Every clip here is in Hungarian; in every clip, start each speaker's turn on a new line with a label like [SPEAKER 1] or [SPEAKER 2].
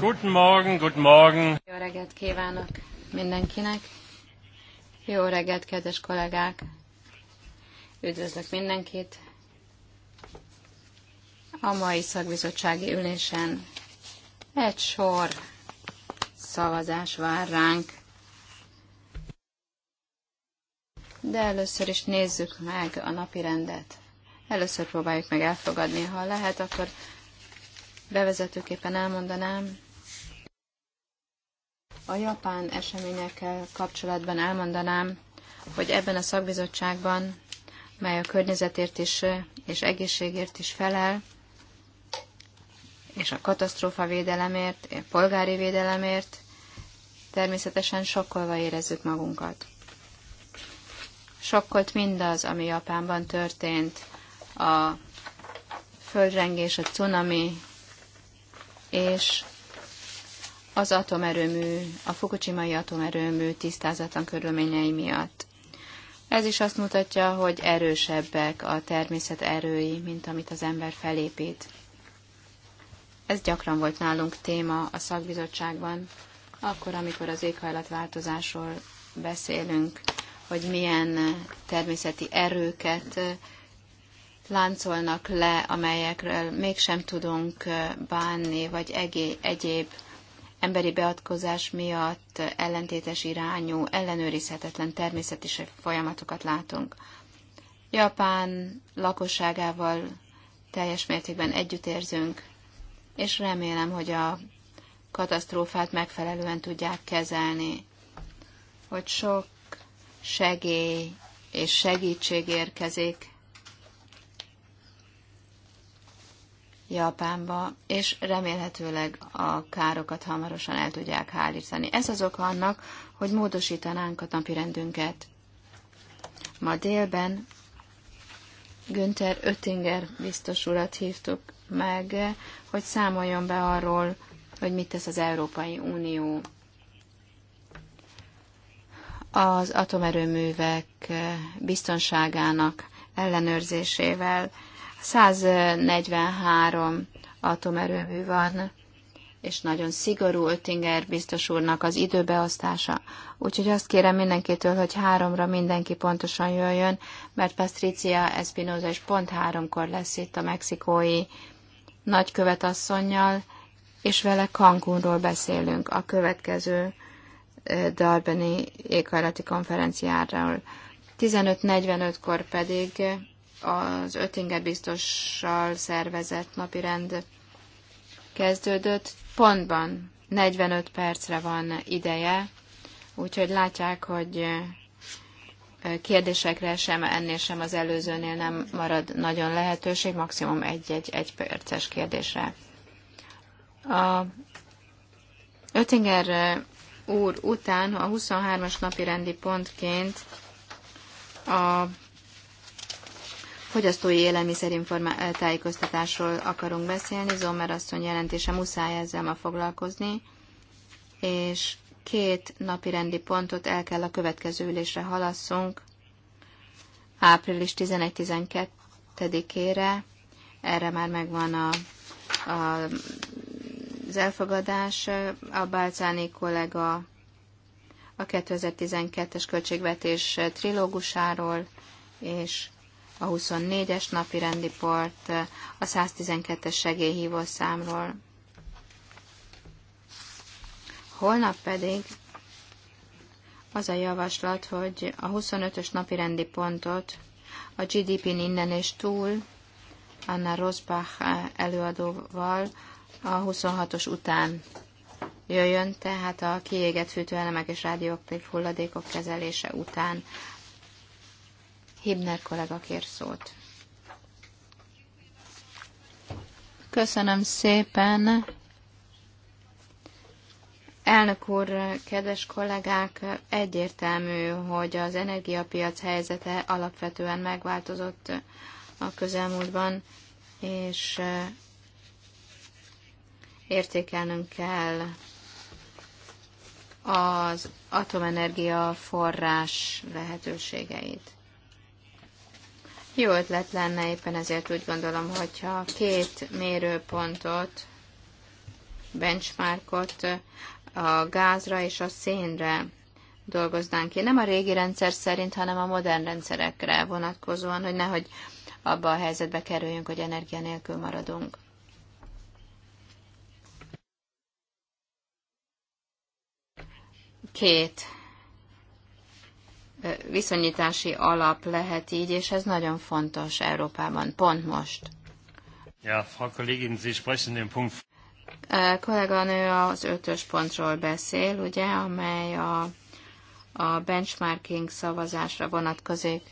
[SPEAKER 1] Guten Morgen, guten Morgen.
[SPEAKER 2] Jó reggelt kívánok mindenkinek. Jó reggelt, kedves kollégák. Üdvözlök mindenkit. A mai szakbizottsági ülésen egy sor szavazás vár ránk. De először is nézzük meg a napi rendet. Először próbáljuk meg elfogadni, ha lehet, akkor bevezetőképpen elmondanám, a japán eseményekkel kapcsolatban elmondanám, hogy ebben a szakbizottságban, mely a környezetért is és egészségért is felel, és a katasztrófa védelemért, a polgári védelemért, természetesen sokkolva érezzük magunkat. Sokkolt mindaz, ami Japánban történt, a földrengés, a cunami, és az atomerőmű, a Fukushimai atomerőmű tisztázatlan körülményei miatt. Ez is azt mutatja, hogy erősebbek a természet erői, mint amit az ember felépít. Ez gyakran volt nálunk téma a szakbizottságban, akkor, amikor az éghajlatváltozásról beszélünk, hogy milyen természeti erőket láncolnak le, amelyekről mégsem tudunk bánni, vagy egyéb emberi beadkozás miatt ellentétes irányú, ellenőrizhetetlen természeti folyamatokat látunk. Japán lakosságával teljes mértékben együttérzünk, és remélem, hogy a katasztrófát megfelelően tudják kezelni, hogy sok segély és segítség érkezik Japánba, és remélhetőleg a károkat hamarosan el tudják hálítani. Ez az oka annak, hogy módosítanánk a napirendünket. Ma délben Günther Öttinger biztos urat hívtuk meg, hogy számoljon be arról, hogy mit tesz az Európai Unió az atomerőművek biztonságának ellenőrzésével, 143 atomerőmű van, és nagyon szigorú Öttinger biztos úrnak az időbeosztása. Úgyhogy azt kérem mindenkitől, hogy háromra mindenki pontosan jöjjön, mert Patricia Espinoza is pont háromkor lesz itt a mexikói nagykövetasszonynal, és vele Cancúnról beszélünk a következő Darbeni éghajlati konferenciáról. 15.45-kor pedig az Ötinger biztossal szervezett rend kezdődött. Pontban 45 percre van ideje, úgyhogy látják, hogy kérdésekre sem ennél sem az előzőnél nem marad nagyon lehetőség, maximum egy-egy egy perces kérdésre. A Ötinger úr után a 23-as napi rendi pontként a fogyasztói élelmiszerinformá- eh, akarunk beszélni. Zomer asszony jelentése muszáj ezzel ma foglalkozni, és két napi rendi pontot el kell a következő ülésre halasszunk, április 11-12-ére. Erre már megvan a, a, az elfogadás. A Bálcáni kollega a 2012-es költségvetés trilógusáról, és a 24-es napi rendi part a 112-es segélyhívó számról. Holnap pedig az a javaslat, hogy a 25-ös napi rendi pontot a GDP-n innen és túl Anna Rosbach eh, előadóval a 26-os után jöjjön, tehát a kiégett fűtőelemek és rádióaktív hulladékok kezelése után Hibner kollega kér szót. Köszönöm szépen. Elnök úr, kedves kollégák, egyértelmű, hogy az energiapiac helyzete alapvetően megváltozott a közelmúltban, és eh, értékelnünk kell az atomenergia forrás lehetőségeit. Jó ötlet lenne, éppen ezért úgy gondolom, hogyha két mérőpontot, benchmarkot a gázra és a szénre dolgoznánk ki. Nem a régi rendszer szerint, hanem a modern rendszerekre vonatkozóan, hogy nehogy abba a helyzetbe kerüljünk, hogy energia nélkül maradunk. Két viszonyítási alap lehet így, és ez nagyon fontos Európában, pont most.
[SPEAKER 1] Ja, Frau Kollegin, Sie sprechen den Punkt.
[SPEAKER 2] A kolléganő az ötös pontról beszél, ugye, amely a, a benchmarking szavazásra vonatkozik.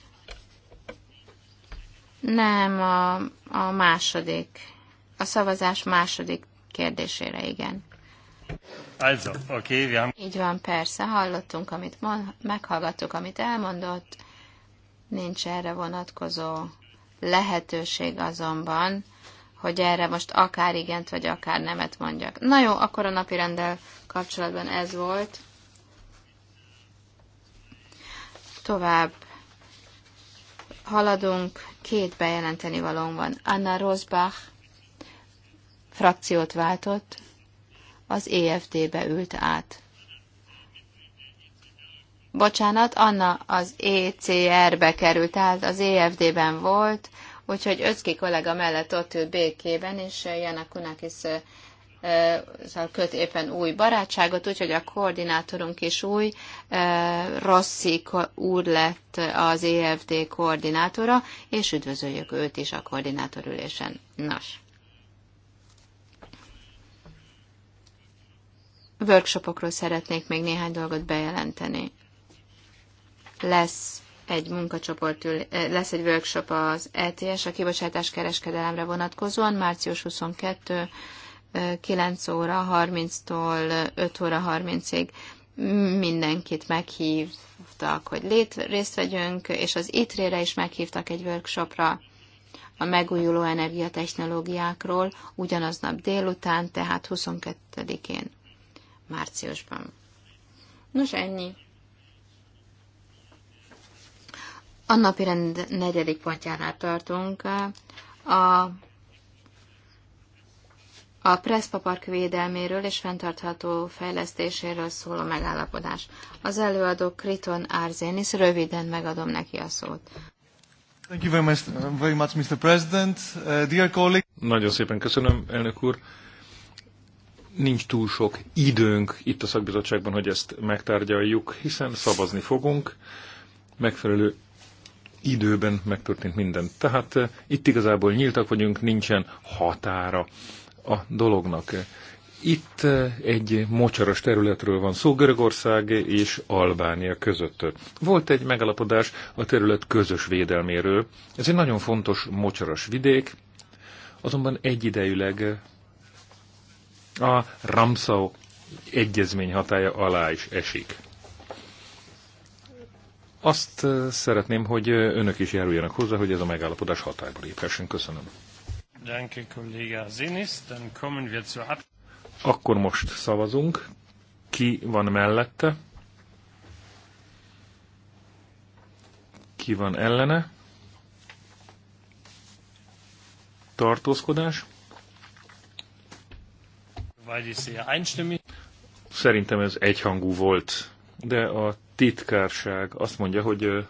[SPEAKER 2] Nem, a, a második, a szavazás második kérdésére, igen.
[SPEAKER 1] Also, okay, wir haben...
[SPEAKER 2] Így van, persze, hallottunk, amit mond, meghallgattuk, amit elmondott. Nincs erre vonatkozó lehetőség azonban, hogy erre most akár igent, vagy akár nemet mondjak. Na jó, akkor a napi rendel kapcsolatban ez volt. Tovább haladunk, két bejelenteni valón van. Anna Rosbach frakciót váltott, az EFT-be ült át. Bocsánat, Anna az ECR-be került tehát az EFD-ben volt, úgyhogy Öcki kollega mellett ott ül békében, és Jana Kunakis szóval köt éppen új barátságot, úgyhogy a koordinátorunk is új. Rossi úr lett az EFD koordinátora, és üdvözöljük őt is a koordinátorülésen. Nos. workshopokról szeretnék még néhány dolgot bejelenteni. Lesz egy munkacsoport, eh, lesz egy workshop az ETS, a kibocsátás kereskedelemre vonatkozóan, március 22 9 eh, óra 30-tól 5 óra 30-ig mindenkit meghívtak, hogy lét, részt vegyünk, és az ITRE-re is meghívtak egy workshopra a megújuló energiatechnológiákról ugyanaznap délután, tehát 22-én márciusban. Nos, ennyi. A napi rend negyedik pontjánál tartunk. A, a Preszpa védelméről és fenntartható fejlesztéséről szóló megállapodás. Az előadó Kriton Arzenis, röviden megadom neki a
[SPEAKER 3] szót. Thank you very much, very much Mr. President. Uh, dear colleague. Nagyon szépen köszönöm, elnök úr. Uh, nincs túl sok időnk itt a szakbizottságban, hogy ezt megtárgyaljuk, hiszen szavazni fogunk, megfelelő időben megtörtént minden. Tehát eh, itt igazából nyíltak vagyunk, nincsen határa a dolognak. Itt eh, egy mocsaros területről van szó, Görögország és Albánia között. Volt egy megalapodás a terület közös védelméről. Ez egy nagyon fontos mocsaras vidék, azonban egyidejűleg a Ramszau egyezmény hatája alá is esik. Azt szeretném, hogy önök is járuljanak hozzá, hogy ez a megállapodás hatályba léphessen. Köszönöm. Akkor most szavazunk. Ki van mellette? Ki van ellene? Tartózkodás? Szerintem ez egyhangú volt, de a titkárság azt mondja, hogy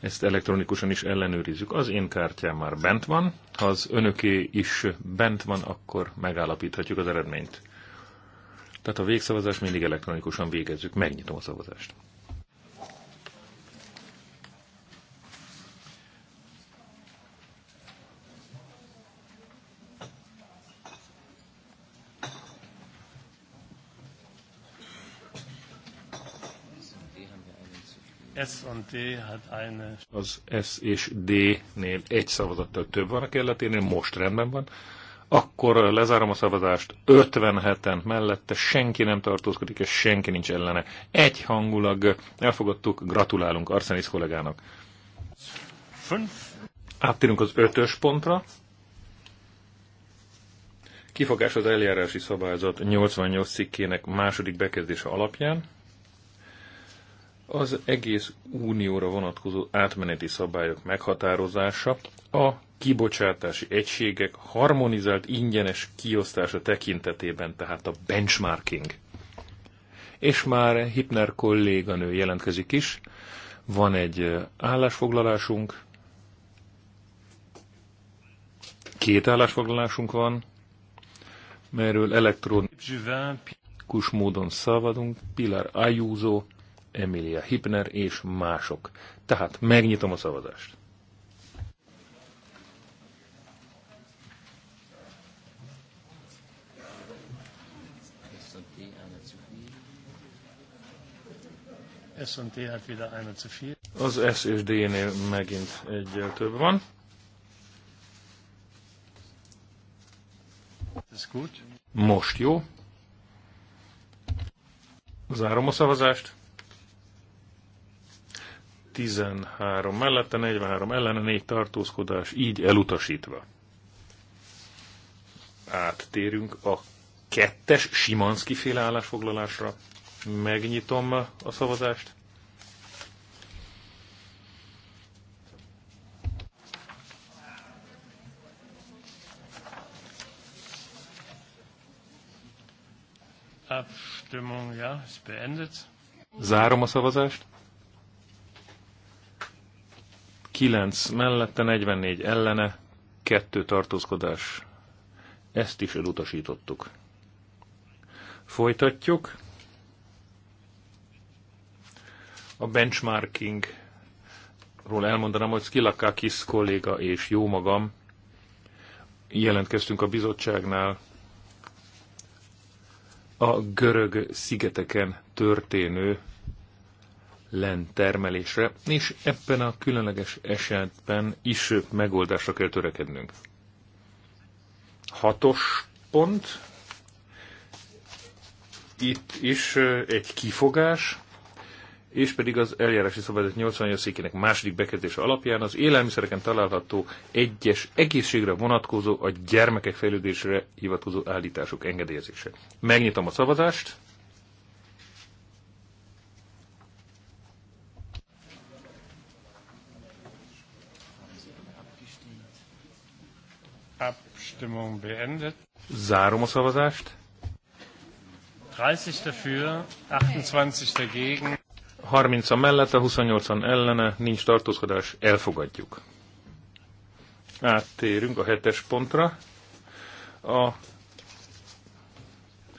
[SPEAKER 3] ezt elektronikusan is ellenőrizzük. Az én kártyám már bent van, ha az önöké is bent van, akkor megállapíthatjuk az eredményt. Tehát a végszavazást mindig elektronikusan végezzük. Megnyitom a szavazást. Az S és D-nél egy szavazattal több van a kelleténél, most rendben van. Akkor lezárom a szavazást, 57-en mellette, senki nem tartózkodik, és senki nincs ellene. Egyhangulag elfogadtuk, gratulálunk Arsenis kollégának. Áttérünk az ötös pontra. Kifogás az eljárási szabályzat 88 cikkének második bekezdése alapján az egész unióra vonatkozó átmeneti szabályok meghatározása, a kibocsátási egységek harmonizált ingyenes kiosztása tekintetében, tehát a benchmarking. És már Hipner kolléganő jelentkezik is, van egy állásfoglalásunk, két állásfoglalásunk van, melyről elektronikus módon szavadunk, Pilar Ayuso, Emilia Hipner és mások. Tehát megnyitom a szavazást. Az S és D-nél megint egy-egy több van. Most jó. Zárom a szavazást. 13 mellette, 43 ellene, 4 tartózkodás, így elutasítva. Áttérünk a kettes Simanszki féle állásfoglalásra. Megnyitom a szavazást.
[SPEAKER 1] Abstimmung, ja, ist beendet.
[SPEAKER 3] Zárom a szavazást. 9 mellette, 44 ellene, 2 tartózkodás. Ezt is elutasítottuk. Folytatjuk. A benchmarkingról elmondanám, hogy Skilakakis kolléga és jó magam jelentkeztünk a bizottságnál a görög szigeteken történő termelésre, és ebben a különleges esetben is megoldásra kell törekednünk. Hatos pont. Itt is egy kifogás, és pedig az eljárási szabályzat 88 székének második bekezdése alapján az élelmiszereken található egyes egészségre vonatkozó, a gyermekek fejlődésre hivatkozó állítások engedélyezése. Megnyitom a szavazást.
[SPEAKER 1] Abstimmung beendet.
[SPEAKER 3] Zárom a szavazást.
[SPEAKER 1] 30 dafür, 28 dagegen.
[SPEAKER 3] 30 a mellette, 28-an ellene, nincs tartózkodás, elfogadjuk. Áttérünk a hetes pontra. A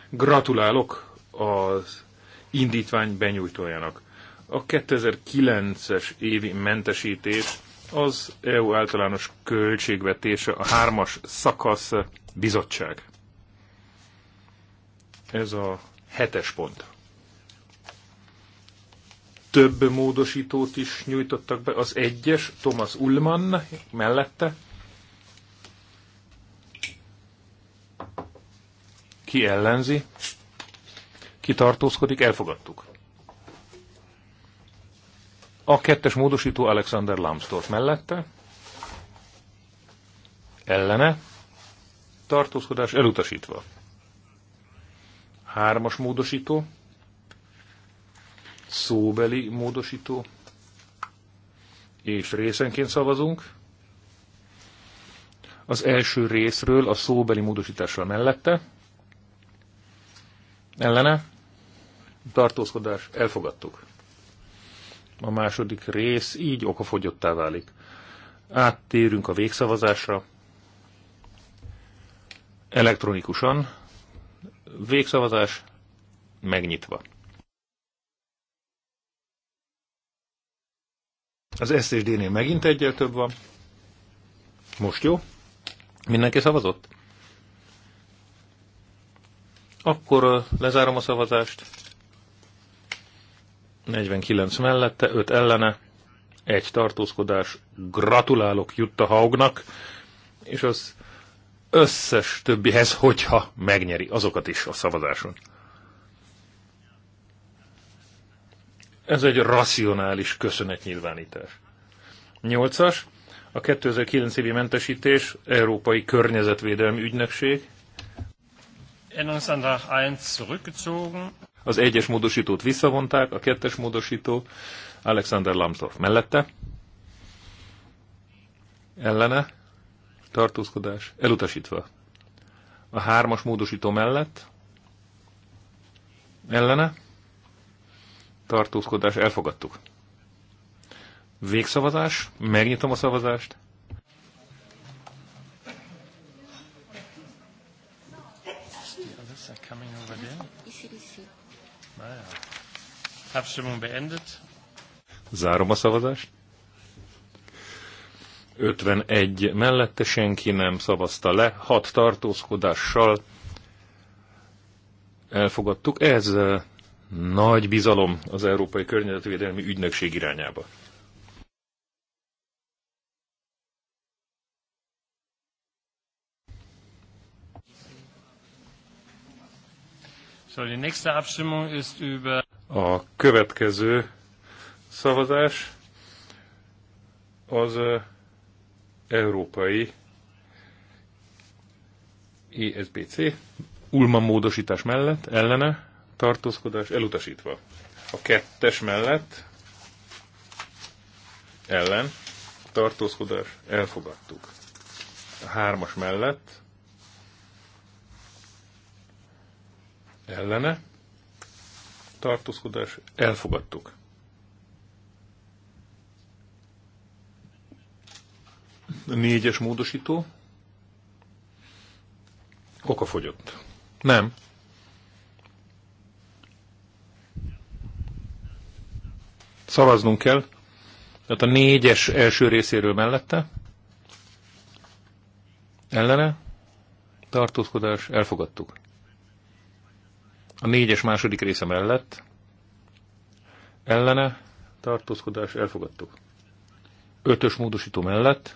[SPEAKER 3] gratulálok az indítvány benyújtójának. A 2009-es évi mentesítés az EU általános költségvetése, a hármas szakasz bizottság. Ez a hetes pont. Több módosítót is nyújtottak be. Az egyes, Thomas Ullmann mellette. Ki ellenzi? Ki tartózkodik? Elfogadtuk. A kettes módosító Alexander Lambsdorff mellette. Ellene. Tartózkodás elutasítva. Hármas módosító. Szóbeli módosító. És részenként szavazunk. Az első részről a szóbeli módosítással mellette. Ellene. Tartózkodás elfogadtuk a második rész így okafogyottá válik. Áttérünk a végszavazásra. Elektronikusan. Végszavazás megnyitva. Az SSD-nél megint egyel több van. Most jó? Mindenki szavazott? Akkor lezárom a szavazást. 49 mellette, 5 ellene, egy tartózkodás. Gratulálok Jutta Haugnak, és az összes többihez, hogyha megnyeri azokat is a szavazáson. Ez egy racionális köszönetnyilvánítás. 8-as, a 2009 évi mentesítés, Európai Környezetvédelmi Ügynökség.
[SPEAKER 1] Änderungsantrag 1 zurückgezogen.
[SPEAKER 3] Az egyes módosítót visszavonták, a kettes módosító Alexander Lambsdorff mellette. Ellene tartózkodás elutasítva. A hármas módosító mellett ellene tartózkodás elfogadtuk. Végszavazás, megnyitom a szavazást.
[SPEAKER 1] Naja. Abstimmung beendet.
[SPEAKER 3] Zárom a szavazást. 51 mellette senki nem szavazta le, 6 tartózkodással elfogadtuk. Ez eh, nagy bizalom az Európai Környezetvédelmi Ügynökség irányába. A következő szavazás az európai ESBC Ulma módosítás mellett, ellene, tartózkodás elutasítva. A kettes mellett, ellen, tartózkodás elfogadtuk. A hármas mellett, ellene, tartózkodás, elfogadtuk. A négyes módosító, Oka fogyott. Nem. Szavaznunk kell. Tehát a négyes első részéről mellette. Ellene. Tartózkodás. Elfogadtuk. A négyes második része mellett ellene tartózkodás elfogadtuk. Ötös módosító mellett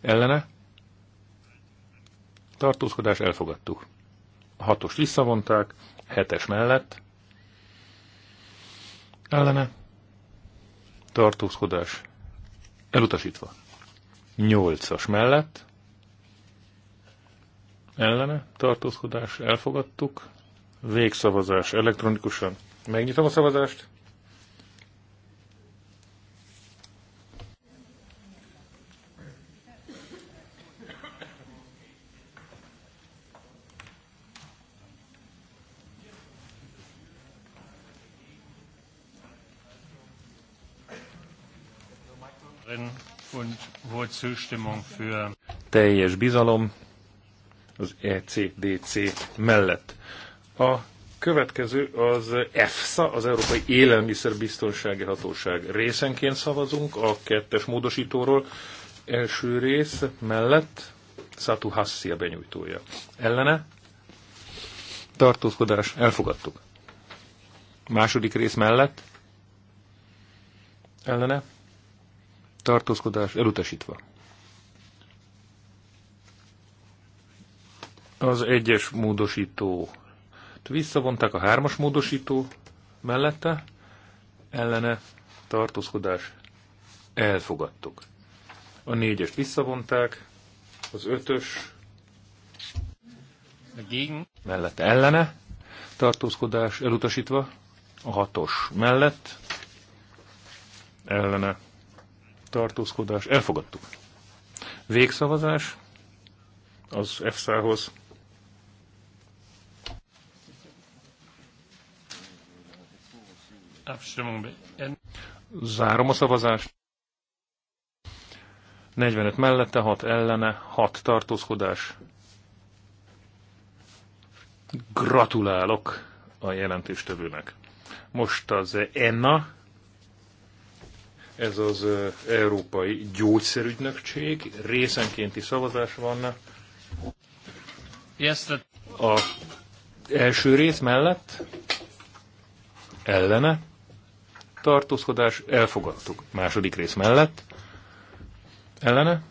[SPEAKER 3] ellene tartózkodás elfogadtuk. A hatost visszavonták, hetes mellett ellene tartózkodás elutasítva. Nyolcas mellett ellene tartózkodás elfogadtuk. Végszavazás elektronikusan. Megnyitom a szavazást. Teljes bizalom, az ECDC mellett. A következő az EFSA, az Európai Élelmiszerbiztonsági Hatóság. Részenként szavazunk a kettes módosítóról. Első rész mellett Hassi a benyújtója. Ellene tartózkodás elfogadtuk. Második rész mellett ellene tartózkodás elutasítva. Az egyes módosító. Visszavonták a hármas módosító mellette, ellene tartózkodás elfogadtuk. A négyest visszavonták, az ötös Dagegen. mellett ellene tartózkodás elutasítva, a hatos mellett ellene tartózkodás elfogadtuk. Végszavazás az EFSA-hoz Zárom a szavazást. 45 mellette, 6 ellene, 6 tartózkodás. Gratulálok a jelentéstevőnek. Most az ENNA, ez az Európai Gyógyszerügynökség, részenkénti szavazás van. Yes, that... A első rész mellett, ellene, tartózkodás, elfogadtuk. Második rész mellett, ellene,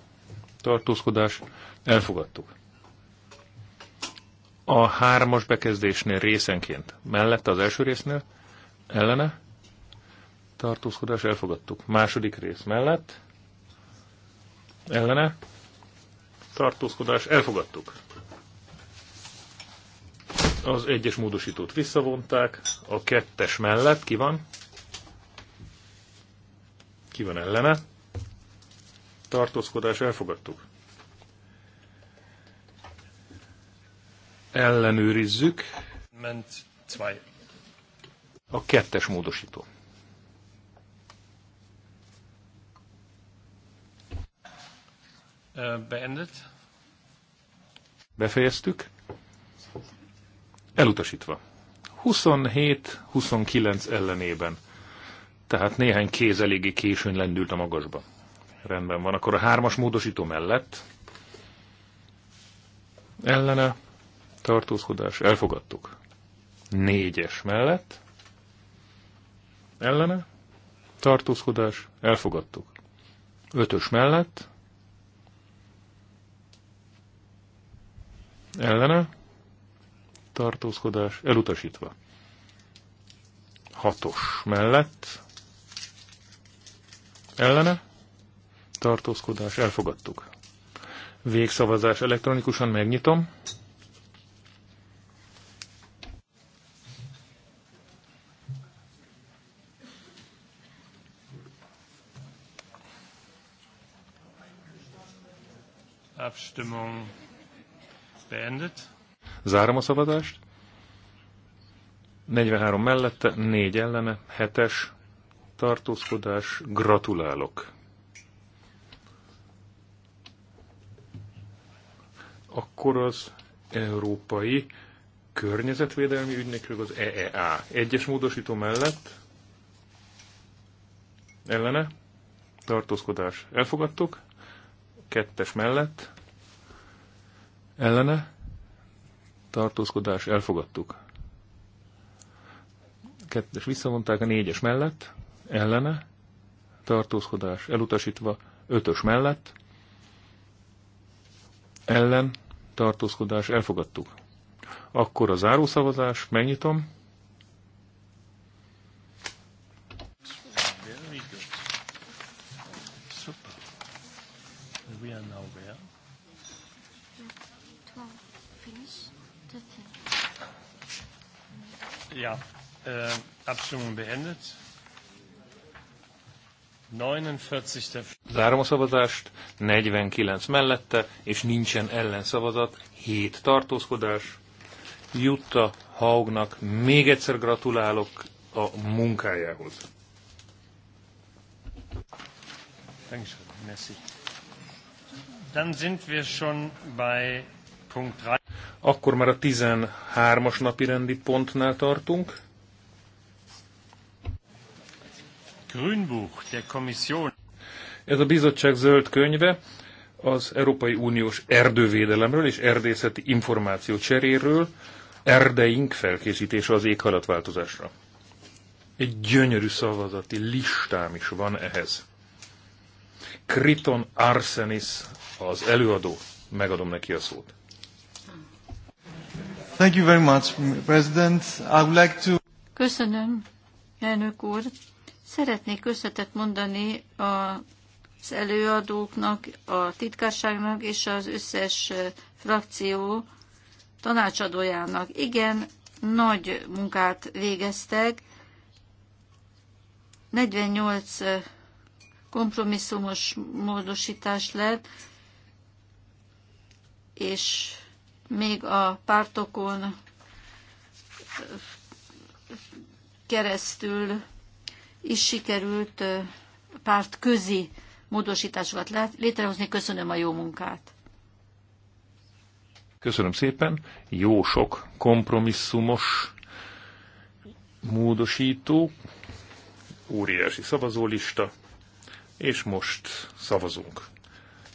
[SPEAKER 3] tartózkodás, elfogadtuk. A hármas bekezdésnél részenként, mellette az első résznél, ellene, tartózkodás, elfogadtuk. Második rész mellett, ellene, tartózkodás, elfogadtuk. Az egyes módosítót visszavonták, a kettes mellett ki van, ki van ellene, tartózkodás elfogadtuk. Ellenőrizzük.
[SPEAKER 1] Ment zwei.
[SPEAKER 3] A kettes módosító. Beendet. Befejeztük. Elutasítva. 27-29 ellenében. Tehát néhány kéz eléggé későn lendült a magasba. Rendben van. Akkor a hármas módosító mellett ellene tartózkodás elfogadtuk. Négyes mellett ellene tartózkodás elfogadtuk. Ötös mellett ellene tartózkodás elutasítva. Hatos mellett Ellene? Tartózkodás. Elfogadtuk. Végszavazás elektronikusan megnyitom.
[SPEAKER 1] Abstimmung
[SPEAKER 3] beendet. Zárom a szavazást. 43 mellette, 4 ellene, 7-es tartózkodás, gratulálok. Akkor az Európai Környezetvédelmi Ügynökség az EEA. Egyes módosító mellett ellene tartózkodás elfogadtuk, kettes mellett ellene tartózkodás elfogadtuk. Kettes visszavonták a négyes mellett, ellene, tartózkodás elutasítva, ötös mellett, ellen, tartózkodás elfogadtuk. Akkor a zárószavazás, megnyitom.
[SPEAKER 1] Ja, äh, Abstimmung beendet.
[SPEAKER 3] Zárom a szavazást, 49 mellette, és nincsen ellenszavazat, 7 tartózkodás. Jutta Haugnak még egyszer gratulálok a munkájához. Akkor már a 13-as napi rendi pontnál tartunk. Grünbuch der Kommission. Ez a bizottság zöld könyve az Európai Uniós erdővédelemről és erdészeti információ cseréről, erdeink felkészítése az éghajlatváltozásra. Egy gyönyörű szavazati listám is van ehhez. Kriton Arsenis az előadó. Megadom neki a szót.
[SPEAKER 4] Thank you very much, President. I would like to... Köszönöm, elnök úr. Szeretnék összetett mondani az előadóknak, a titkárságnak és az összes frakció tanácsadójának. Igen, nagy munkát végeztek, 48 kompromisszumos módosítás lett, és még a pártokon keresztül is sikerült párt közi módosításokat létrehozni. Köszönöm a jó munkát!
[SPEAKER 3] Köszönöm szépen! Jó sok kompromisszumos módosító, óriási szavazólista, és most szavazunk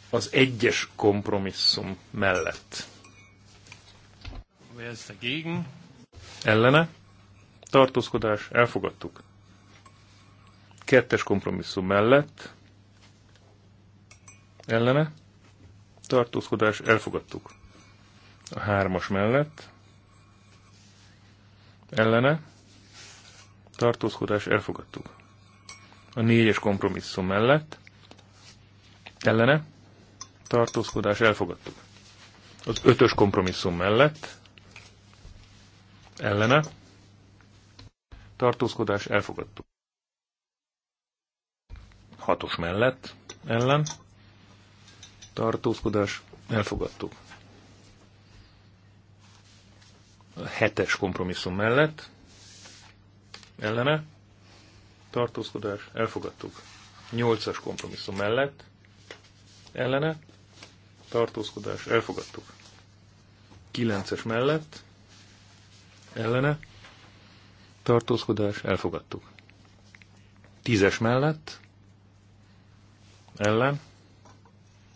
[SPEAKER 3] az egyes kompromisszum mellett. Ellene? Tartózkodás, elfogadtuk. Kettes kompromisszum mellett ellene tartózkodás elfogadtuk. A hármas mellett ellene tartózkodás elfogadtuk. A négyes kompromisszum mellett ellene tartózkodás elfogadtuk. Az ötös kompromisszum mellett ellene tartózkodás elfogadtuk hatos mellett ellen tartózkodás elfogadtuk. A hetes kompromisszum mellett ellene tartózkodás elfogadtuk. Nyolcas kompromisszum mellett ellene tartózkodás elfogadtuk. Kilences mellett ellene tartózkodás elfogadtuk. Tízes mellett ellen,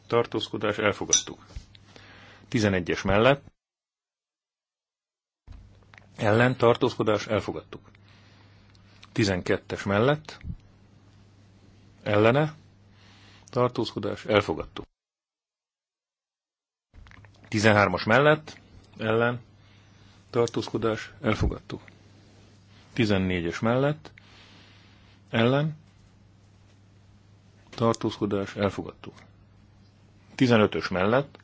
[SPEAKER 3] tartózkodás elfogadtuk. 11-es mellett, ellen, tartózkodás elfogadtuk. 12-es mellett, ellene, tartózkodás elfogadtuk. 13-as mellett, ellen, tartózkodás elfogadtuk. 14-es mellett, ellen, tartózkodás, elfogadtó. 15-ös mellett,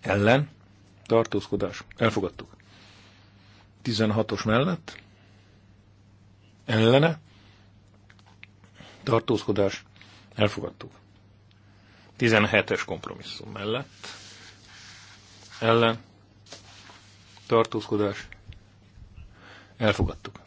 [SPEAKER 3] ellen, tartózkodás, elfogadtuk. 16-os mellett, ellene, tartózkodás, elfogadtuk. 17-es kompromisszum mellett, ellen, tartózkodás, elfogadtuk.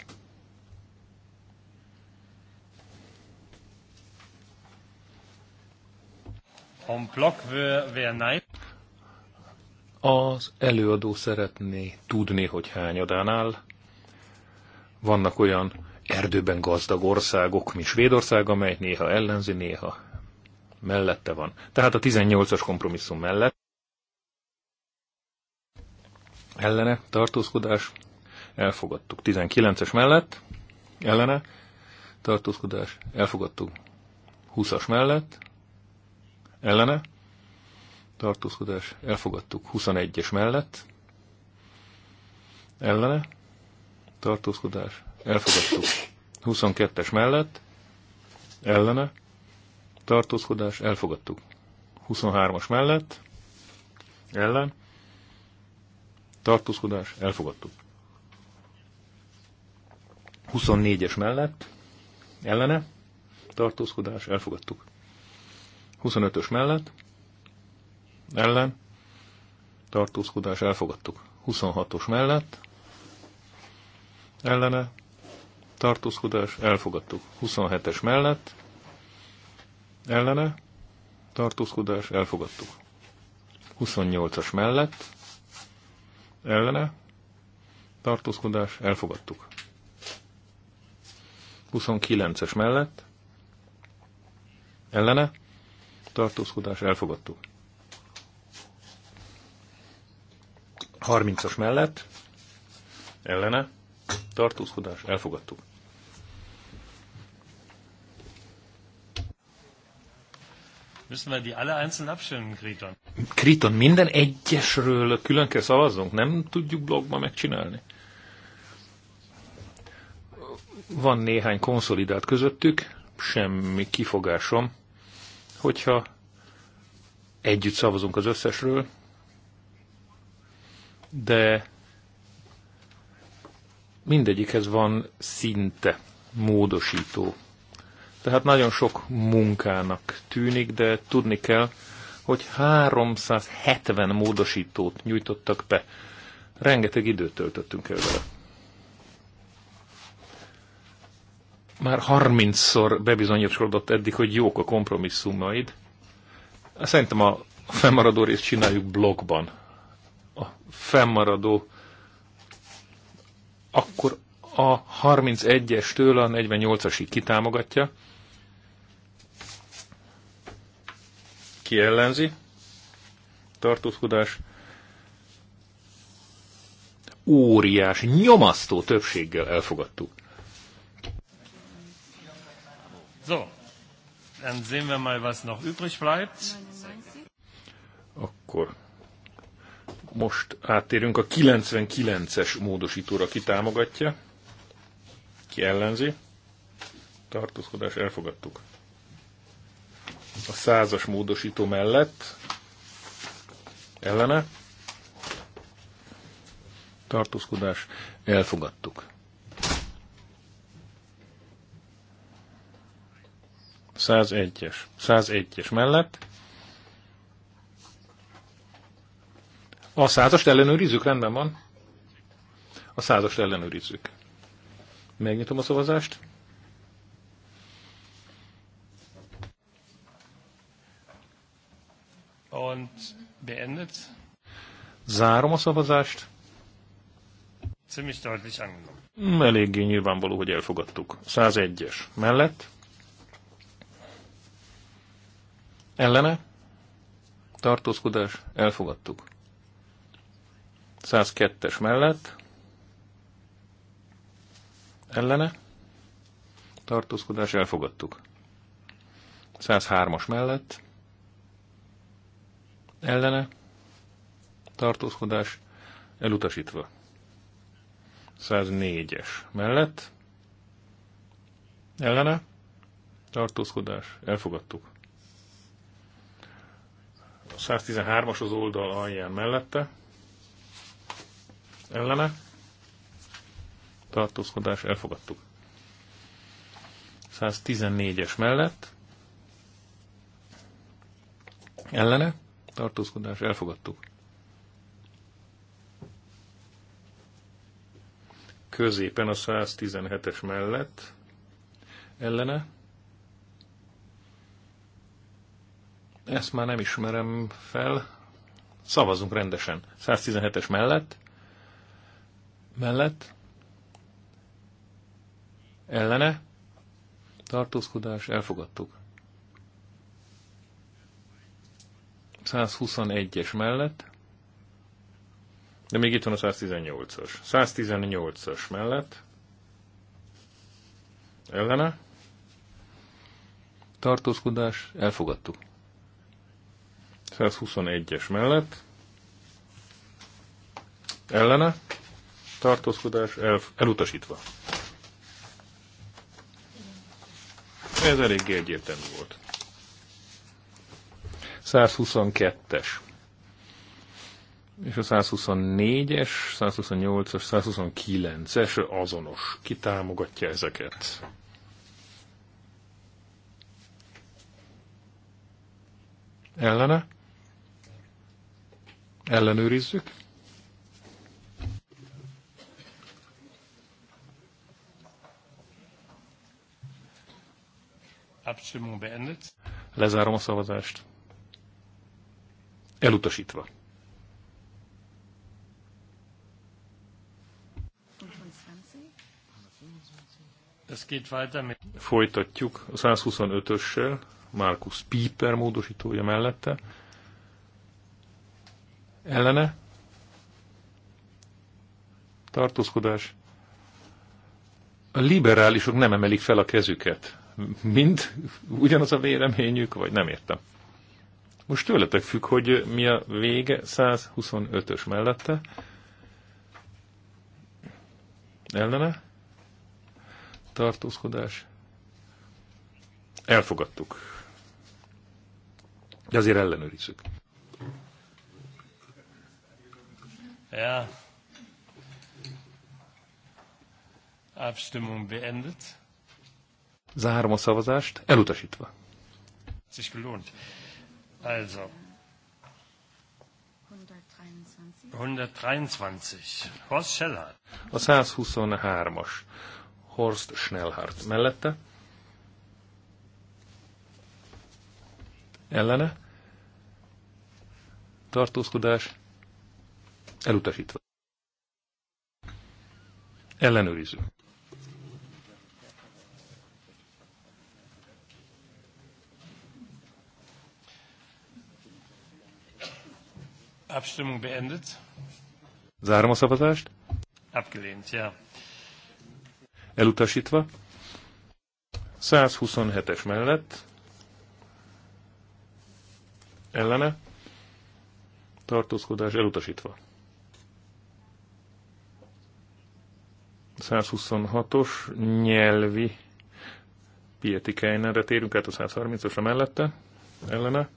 [SPEAKER 3] Az előadó szeretné tudni, hogy hányadán áll. Vannak olyan erdőben gazdag országok, mint Svédország, amely néha ellenzi, néha mellette van. Tehát a 18-as kompromisszum mellett ellene tartózkodás, elfogadtuk. 19-es mellett ellene tartózkodás, elfogadtuk. 20-as mellett ellene, tartózkodás, elfogadtuk 21-es mellett, ellene, tartózkodás, elfogadtuk 22-es mellett, ellene, tartózkodás, elfogadtuk 23-as mellett, ellen, tartózkodás, elfogadtuk 24-es mellett, ellene, tartózkodás, elfogadtuk 25-ös mellett, ellen, tartózkodás elfogadtuk. 26-os mellett, ellene, tartózkodás elfogadtuk. 27-es mellett, ellene, tartózkodás elfogadtuk. 28-as mellett, ellene, tartózkodás elfogadtuk. 29-es mellett, ellene, tartózkodás elfogadtuk. 30-as mellett ellene tartózkodás elfogadtuk.
[SPEAKER 1] Müssen wir die alle einzeln abstimmen, Kriton?
[SPEAKER 3] Kriton, minden egyesről külön kell szavazzunk? Nem tudjuk blogban megcsinálni? Van néhány konszolidált közöttük, semmi kifogásom hogyha együtt szavazunk az összesről, de mindegyikhez van szinte módosító. Tehát nagyon sok munkának tűnik, de tudni kell, hogy 370 módosítót nyújtottak be. Rengeteg időt töltöttünk el vele. már 30-szor bebizonyosodott eddig, hogy jók a kompromisszumaid. Szerintem a fennmaradó részt csináljuk blogban. A fennmaradó akkor a 31-estől a 48-asig kitámogatja. kiellenzi, Tartózkodás. Óriás, nyomasztó többséggel elfogadtuk.
[SPEAKER 1] So, dann sehen wir mal, was noch übrig bleibt.
[SPEAKER 3] Akkor most áttérünk a 99-es módosítóra, ki támogatja, ki ellenzi. Tartózkodás elfogadtuk. A százas módosító mellett ellene tartózkodás elfogadtuk. 101-es. 101-es mellett. A százast ellenőrizzük, rendben van. A százast ellenőrizzük. Megnyitom a szavazást. Und beendet. Zárom a szavazást.
[SPEAKER 1] Ziemlich deutlich
[SPEAKER 3] angenommen. Eléggé nyilvánvaló, hogy elfogadtuk. 101-es mellett. ellene, tartózkodás, elfogadtuk. 102-es mellett, ellene, tartózkodás, elfogadtuk. 103-as mellett, ellene, tartózkodás, elutasítva. 104-es mellett, ellene, tartózkodás, elfogadtuk. 113-as az oldal alján mellette, ellene, tartózkodás, elfogadtuk. 114-es mellett, ellene, tartózkodás, elfogadtuk. Középen a 117-es mellett, ellene, Ezt már nem ismerem fel. Szavazunk rendesen. 117-es mellett. Mellett. Ellene. Tartózkodás. Elfogadtuk. 121-es mellett. De még itt van a 118-as. 118 os mellett. Ellene. Tartózkodás. Elfogadtuk. 121-es mellett ellene tartózkodás el, elutasítva. Ez eléggé egyértelmű volt. 122-es. És a 124-es, 128-as, 129-es azonos. Ki támogatja ezeket? Ellene? Ellenőrizzük. Lezárom a szavazást. Elutasítva. Folytatjuk a 125-össel, Markus Piper módosítója mellette, ellene, tartózkodás. A liberálisok nem emelik fel a kezüket. Mind ugyanaz a véleményük, vagy nem értem. Most tőletek függ, hogy mi a vége 125-ös mellette. Ellene? Tartózkodás. Elfogadtuk. De azért ellenőrizzük.
[SPEAKER 1] Ja. Abstimmung beendet.
[SPEAKER 3] Zárom a szavazást, elutasítva.
[SPEAKER 1] Ez is gelohnt. Also. 123. Horst Schellhardt.
[SPEAKER 3] A 123-as. Horst Schnellhardt mellette. Ellene. Tartózkodás Elutasítva. Ellenőrizzük.
[SPEAKER 1] Abstimmung beendet.
[SPEAKER 3] Zárom a szavazást.
[SPEAKER 1] Abgelehnt, ja.
[SPEAKER 3] Elutasítva. 127-es mellett. Ellene. Tartózkodás elutasítva. 126-os nyelvi Pieti Kejnerre térünk át a 130-osra mellette, ellene,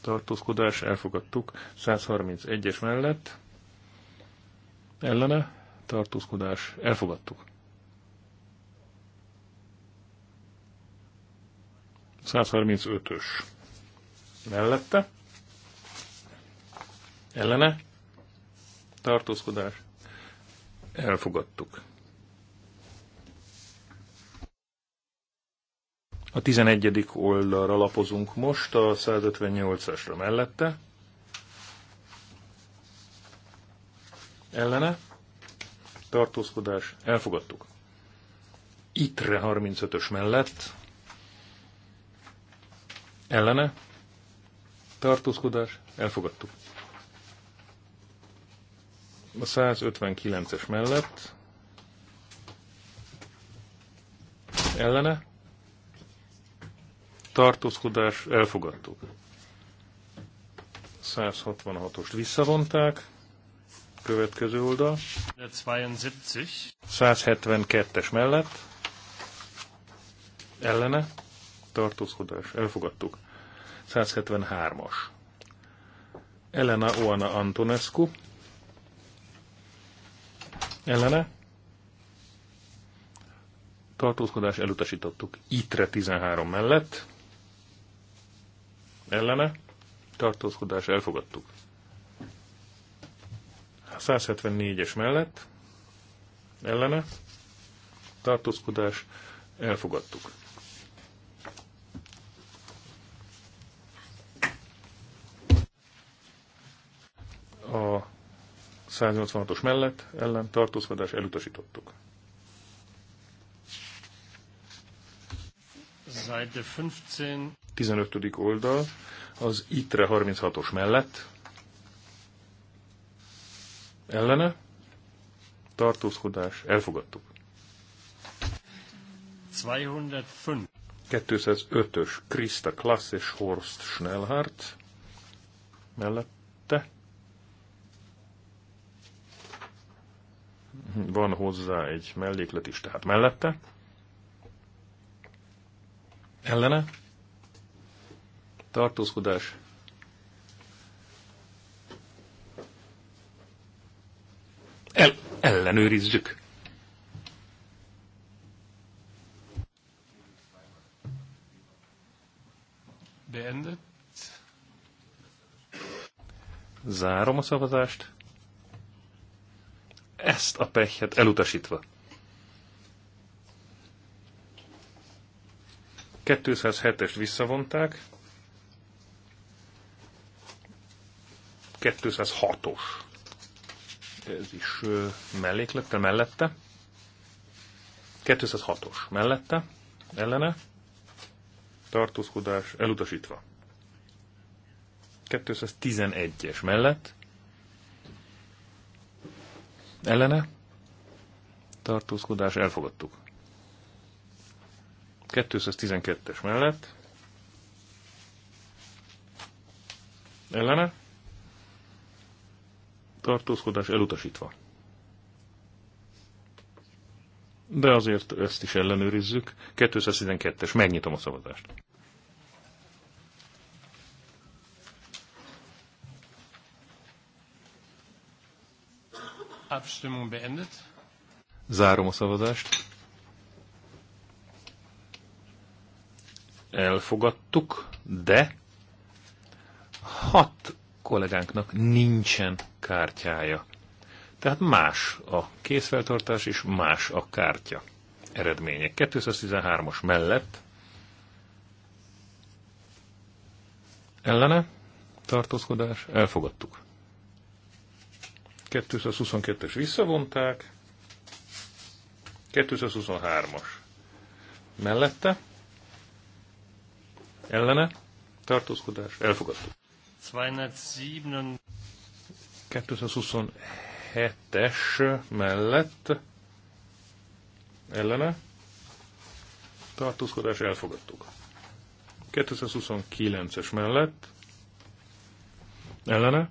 [SPEAKER 3] tartózkodás, elfogadtuk, 131-es mellett, ellene, tartózkodás, elfogadtuk. 135-ös mellette, ellene, tartózkodás, elfogadtuk. A 11. oldalra lapozunk most, a 158-asra mellette. Ellene. Tartózkodás. Elfogadtuk. Ittre 35-ös mellett. Ellene. Tartózkodás. Elfogadtuk. A 159-es mellett. Ellene tartózkodás elfogadtuk. 166-ost visszavonták. Következő oldal. 172-es mellett. Ellene. Tartózkodás. Elfogadtuk. 173-as. Elena Oana Antonescu. Ellene. Tartózkodás elutasítottuk. Itre 13 mellett ellene, tartózkodás elfogadtuk. 174-es mellett, ellene, tartózkodás elfogadtuk. A 186-os mellett ellen tartózkodás elutasítottuk.
[SPEAKER 1] Seite 15.
[SPEAKER 3] 15. oldal, az ITRE 36-os mellett, ellene, tartózkodás, elfogadtuk. 205. 205-ös Krista Klass és Horst Schnellhardt mellette. Van hozzá egy melléklet is, tehát mellette. Ellene tartózkodás. El, ellenőrizzük. Beendett. Zárom a szavazást. Ezt a pechet elutasítva. 207-est visszavonták. 206-os. Ez is melléklete mellette. 206-os mellette, ellene, tartózkodás elutasítva. 211-es mellett, ellene, tartózkodás elfogadtuk. 212-es mellett, ellene, tartózkodás elutasítva. De azért ezt is ellenőrizzük. 212-es, megnyitom a szavazást.
[SPEAKER 1] Abstimmung beendet.
[SPEAKER 3] Zárom a szavazást. Elfogadtuk, de hat kollégánknak nincsen kártyája. Tehát más a készfeltartás és más a kártya eredménye. 213-as mellett ellene tartózkodás elfogadtuk. 222-es visszavonták, 223-as mellette ellene tartózkodás elfogadtuk.
[SPEAKER 1] 227-es
[SPEAKER 3] mellett ellene tartózkodás elfogadtuk. 229-es mellett ellene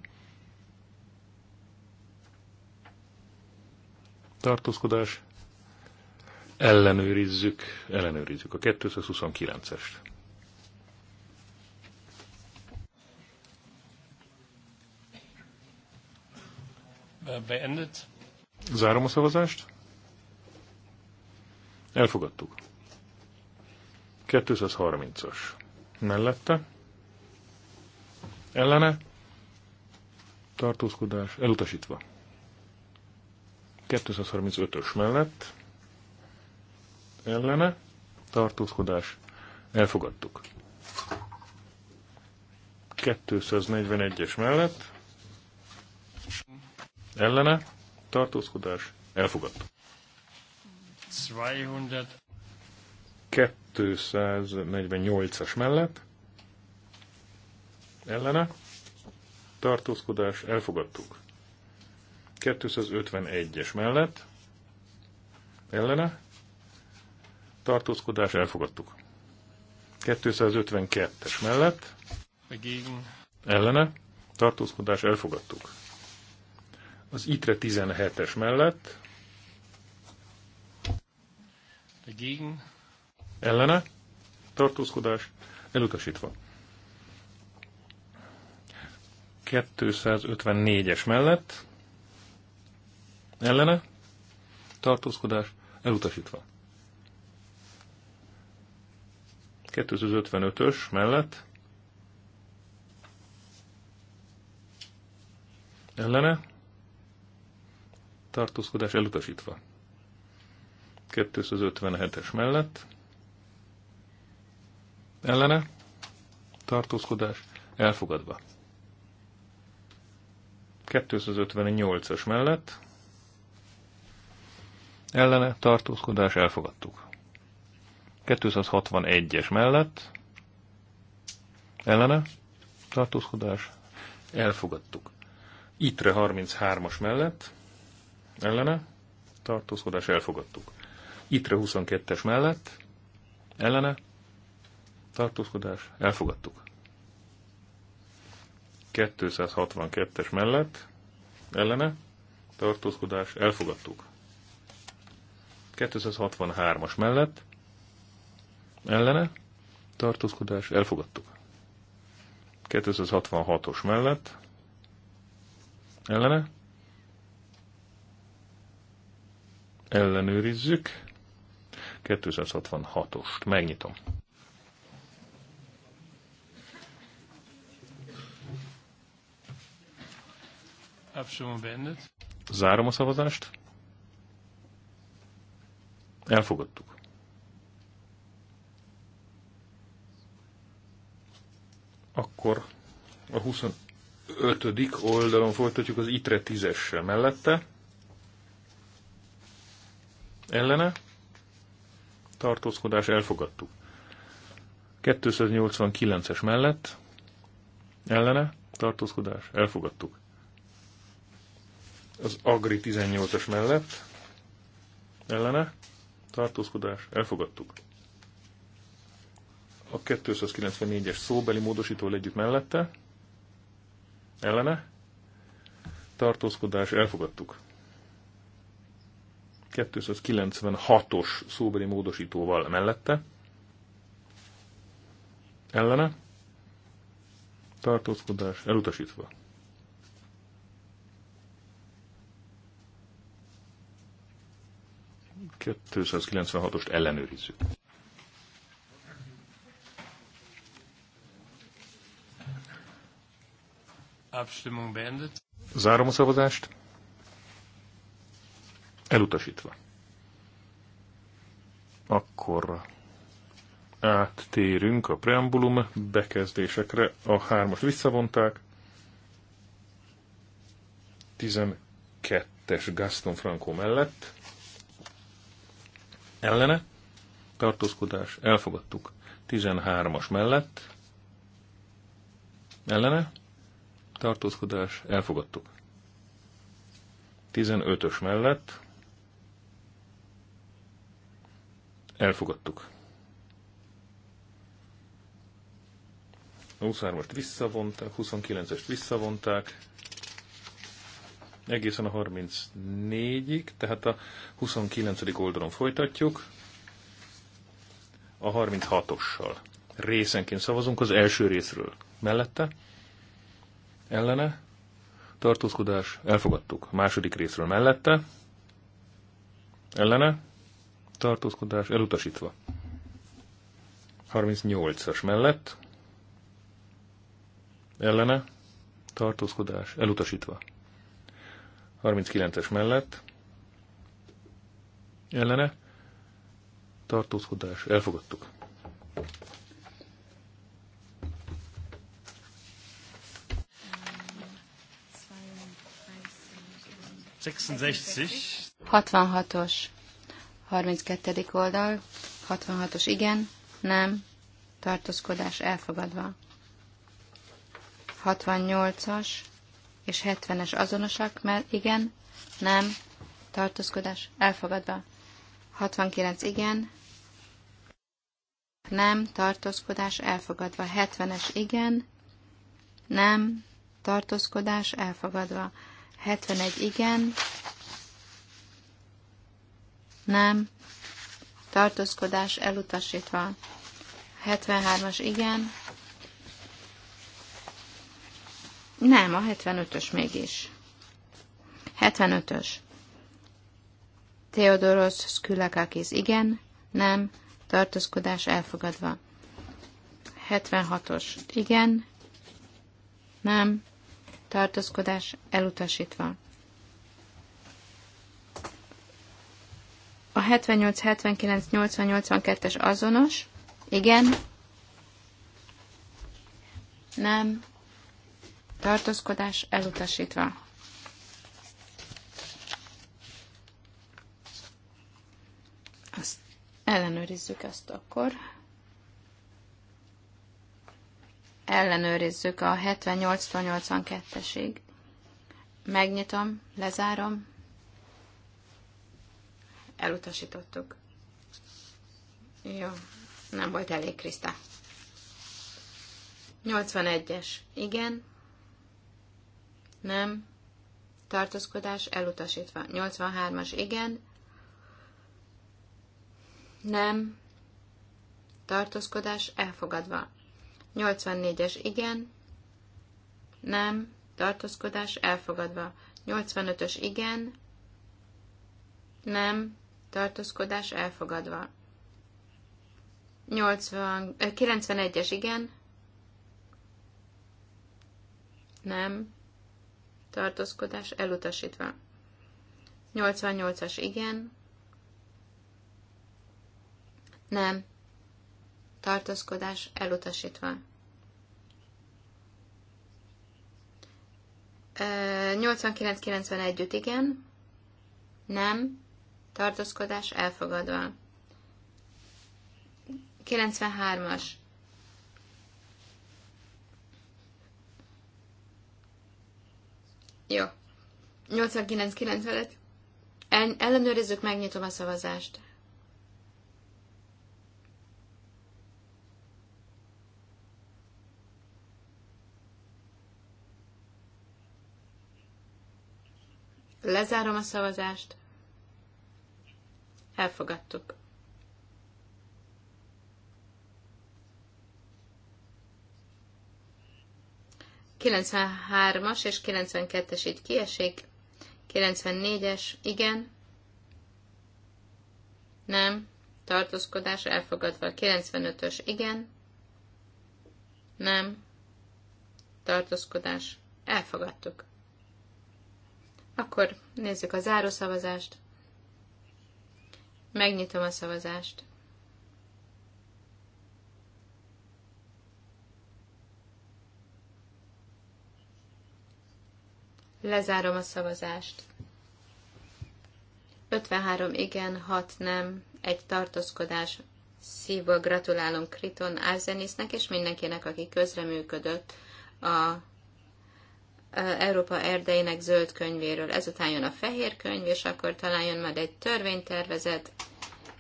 [SPEAKER 3] tartózkodás ellenőrizzük, ellenőrizzük a 229-est.
[SPEAKER 1] Äh, beendet.
[SPEAKER 3] Zárom a szavazást. Elfogadtuk. 230-as. Mellette. Ellene. Tartózkodás elutasítva. 235-ös mellett. Ellene. Tartózkodás elfogadtuk. 241-es mellett Ellene tartózkodás elfogadta. 248-as mellett ellene tartózkodás elfogadtuk. 251-es mellett ellene tartózkodás elfogadtuk. 252-es mellett ellene tartózkodás elfogadtuk. Az ITRE 17-es mellett. Dagegen. Ellene. Tartózkodás. Elutasítva. 254-es mellett. Ellene. Tartózkodás. Elutasítva. 255-ös mellett. Ellene tartózkodás elutasítva. 257-es mellett ellene tartózkodás elfogadva. 258-as mellett ellene tartózkodás elfogadtuk. 261-es mellett ellene tartózkodás elfogadtuk. Itre 33-as mellett ellene, tartózkodás elfogadtuk. Itre 22-es mellett, ellene, tartózkodás elfogadtuk. 262-es mellett, ellene, tartózkodás elfogadtuk. 263-as mellett, ellene, tartózkodás elfogadtuk. 266-os mellett, ellene, ellenőrizzük. 266-ost megnyitom. Zárom a szavazást. Elfogadtuk. Akkor a 25. oldalon folytatjuk az ITRE 10-essel mellette ellene, tartózkodás elfogadtuk. 289-es mellett, ellene, tartózkodás elfogadtuk. Az Agri 18-es mellett, ellene, tartózkodás elfogadtuk. A 294-es szóbeli módosító együtt mellette, ellene, tartózkodás elfogadtuk. 296-os szóbeli módosítóval mellette, ellene, tartózkodás elutasítva. ...296-ost ellenőrizzük. Zárom a szavazást. Elutasítva. Akkor áttérünk a preambulum bekezdésekre. A hármas visszavonták. 12-es Gaston Franco mellett. Ellene. Tartózkodás. Elfogadtuk. 13-as mellett. Ellene. Tartózkodás. Elfogadtuk. 15-ös mellett. Elfogadtuk. 23-ast visszavonták, 29-est visszavonták, egészen a 34-ig, tehát a 29. oldalon folytatjuk, a 36-ossal. Részenként szavazunk az első részről. Mellette, ellene, tartózkodás, elfogadtuk. A második részről mellette, ellene, tartózkodás elutasítva. 38-as mellett ellene tartózkodás elutasítva. 39-es mellett ellene tartózkodás elfogadtuk.
[SPEAKER 2] Hatvanhatos. 32. oldal, 66-os igen, nem, tartózkodás elfogadva. 68-as és 70-es azonosak, mert igen, nem, tartózkodás elfogadva. 69 igen, nem, tartózkodás elfogadva. 70-es igen, nem, tartózkodás elfogadva. 71 igen, nem, tartózkodás elutasítva. 73-as igen, nem, a 75-ös mégis. 75-ös. Theodoros Skylakakis igen, nem, tartózkodás elfogadva. 76-os igen, nem, tartózkodás elutasítva. A 78, 79, 80, 82-es azonos. Igen. Nem. Tartózkodás elutasítva. Azt ellenőrizzük ezt akkor. Ellenőrizzük a 78-82-esig. Megnyitom, lezárom. Elutasítottuk. Jó, nem volt elég, Kriszta. 81-es. Igen. Nem. Tartózkodás elutasítva. 83-as. Igen. Nem. Tartózkodás elfogadva. 84-es. Igen. Nem. Tartózkodás elfogadva. 85-ös. Igen. Nem tartózkodás elfogadva. 80, 91-es igen, nem, tartózkodás elutasítva. 88-as igen, nem, tartózkodás elutasítva. 89-91 igen, nem, tartózkodás elfogadva. 93-as. Jó. 89-95. El, ellenőrizzük, megnyitom a szavazást. Lezárom a szavazást. 89-95. Elfogadtuk. Kilencvenhármas és 92-es így kiesik. 94-es, igen. Nem. Tartózkodás elfogadva. 95-ös, igen. Nem. Tartózkodás. Elfogadtuk. Akkor nézzük a zárószavazást. Megnyitom a szavazást. Lezárom a szavazást. 53 igen, 6 nem, egy tartózkodás. Szívből gratulálunk Kriton Arzenisnek és mindenkinek, aki közreműködött a Európa erdeinek zöld könyvéről. Ezután jön a fehér könyv, és akkor talán jön majd egy törvénytervezet.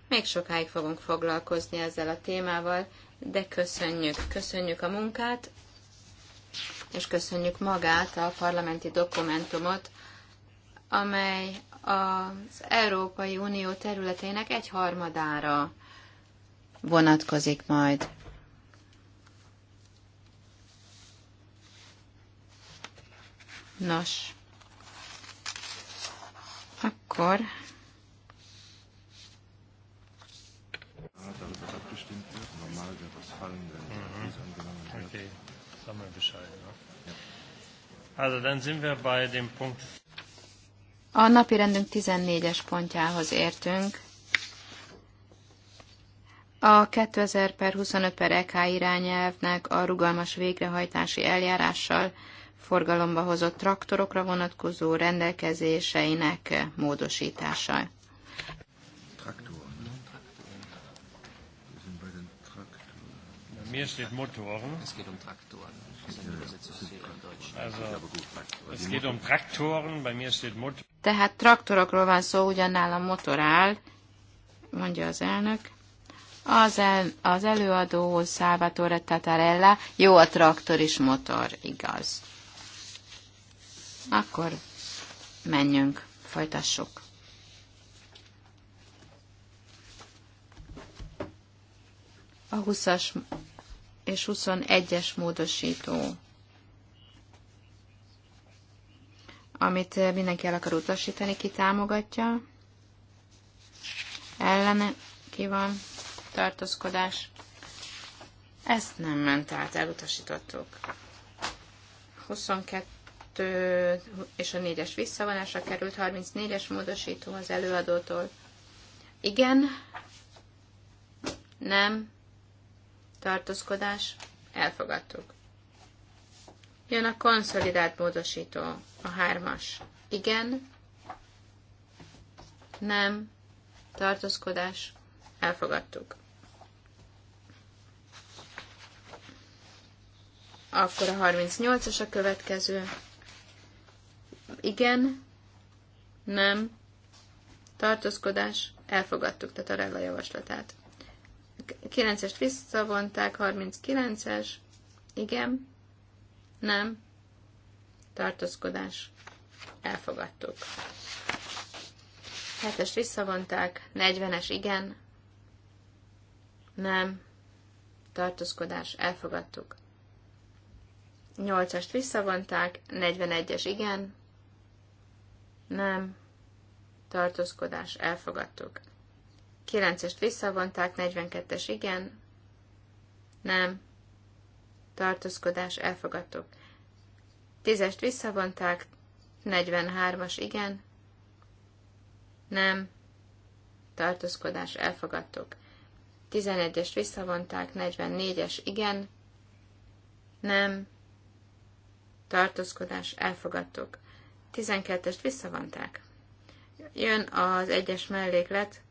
[SPEAKER 2] Még sokáig fogunk foglalkozni ezzel a témával, de köszönjük. Köszönjük a munkát, és köszönjük magát a parlamenti dokumentumot, amely az Európai Unió területének egy harmadára vonatkozik majd. Nos, akkor mhm. A napi rendünk 14-es pontjához értünk. A 2000 per 25 per EK irányelvnek a rugalmas végrehajtási eljárással forgalomba hozott traktorokra vonatkozó rendelkezéseinek módosítása.
[SPEAKER 3] Mir steht
[SPEAKER 1] Motoren. Es geht um Traktoren.
[SPEAKER 2] Tehát traktorokról van szó, ugyannál a motor áll, mondja az elnök. Az, el, az előadó Salvatore Tatarella, jó a traktor is motor, igaz. Akkor menjünk, folytassuk. A 20-as és 21-es módosító, amit mindenki el akar utasítani, ki támogatja, ellene ki van, tartózkodás. Ezt nem ment át, elutasítottuk. 22 2 és a 4-es visszavonásra került, 34-es módosító az előadótól. Igen, nem, tartózkodás, elfogadtuk. Jön a konszolidált módosító, a hármas. Igen, nem, tartózkodás, elfogadtuk. Akkor a 38-as a következő igen, nem, tartózkodás, elfogadtuk tehát a regla javaslatát. 9-est visszavonták, 39-es, igen, nem, tartózkodás, elfogadtuk. 7-est visszavonták, 40-es, igen, nem, tartózkodás, elfogadtuk. 8-est visszavonták, 41-es, igen, nem, tartózkodás, elfogadtuk. 9-est visszavonták, 42-es igen, nem, tartózkodás, elfogadtuk. 10-est visszavonták, 43-as igen, nem, tartózkodás, elfogadtuk. 11-est visszavonták, 44-es igen, nem, tartózkodás, elfogadtuk. 12-est visszavonták. Jön az egyes melléklet,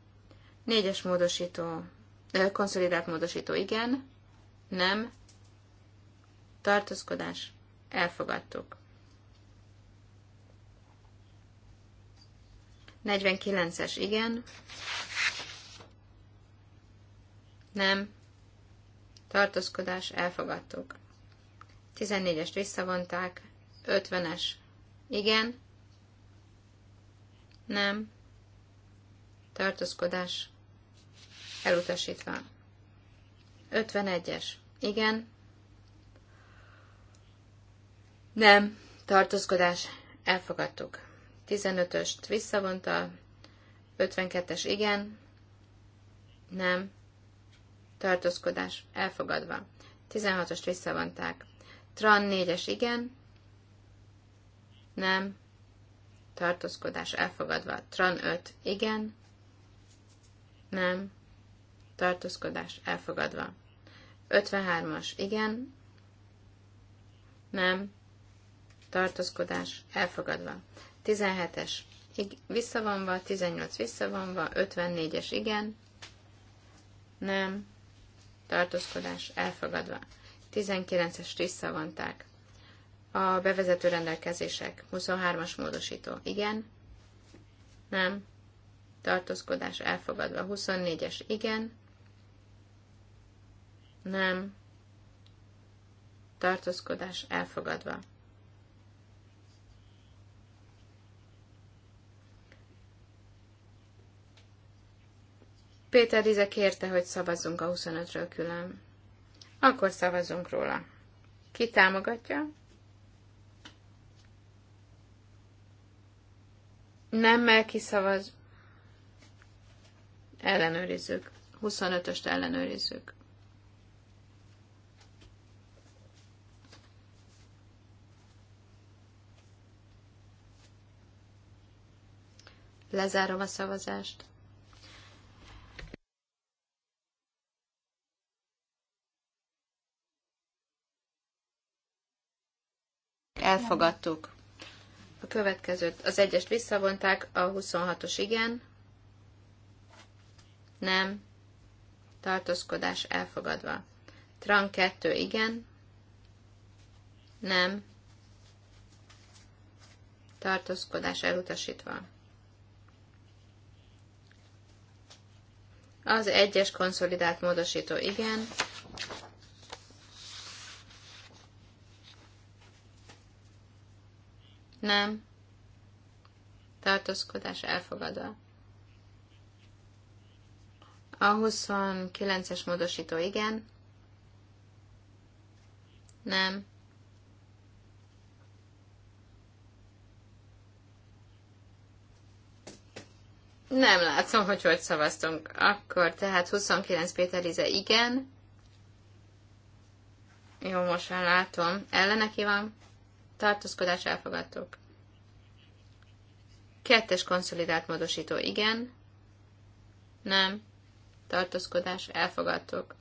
[SPEAKER 2] négyes módosító, konszolidált módosító igen, nem, tartózkodás, elfogadtuk. 49-es igen, nem, tartózkodás, elfogadtuk. 14-est visszavonták, 50-es igen. Nem. Tartózkodás. Elutasítva. 51-es. Igen. Nem. Tartózkodás. Elfogadtuk. 15-öst visszavonta. 52-es. Igen. Nem. Tartózkodás. Elfogadva. 16-ost visszavonták. Tran 4-es. Igen nem, tartózkodás elfogadva. Tran 5, igen, nem, tartózkodás elfogadva. 53-as, igen, nem, tartózkodás elfogadva. 17-es, visszavonva, 18 visszavonva, 54-es, igen, nem, tartózkodás elfogadva. 19 es visszavonták. A bevezető rendelkezések. 23-as módosító. Igen. Nem. Tartózkodás elfogadva. 24-es. Igen. Nem. Tartózkodás elfogadva. Péter Dize kérte, hogy szavazzunk a 25-ről külön. Akkor szavazzunk róla. Ki támogatja? mert kiszavaz. Ellenőrizzük. 25-öst ellenőrizzük. Lezárom a szavazást. Elfogadtuk következőt, az egyest visszavonták, a 26-os igen, nem, tartózkodás elfogadva. Tran 2 igen, nem, tartózkodás elutasítva. Az egyes konszolidált módosító igen, Nem. Tartózkodás elfogadva. A 29-es módosító igen. Nem. Nem látom, hogy hogy szavaztunk. Akkor tehát 29 Péter Ize igen. Jó, most már látom. Ellene ki van? tartózkodás elfogadtuk. Kettes konszolidált módosító igen, nem, tartózkodás elfogadtuk.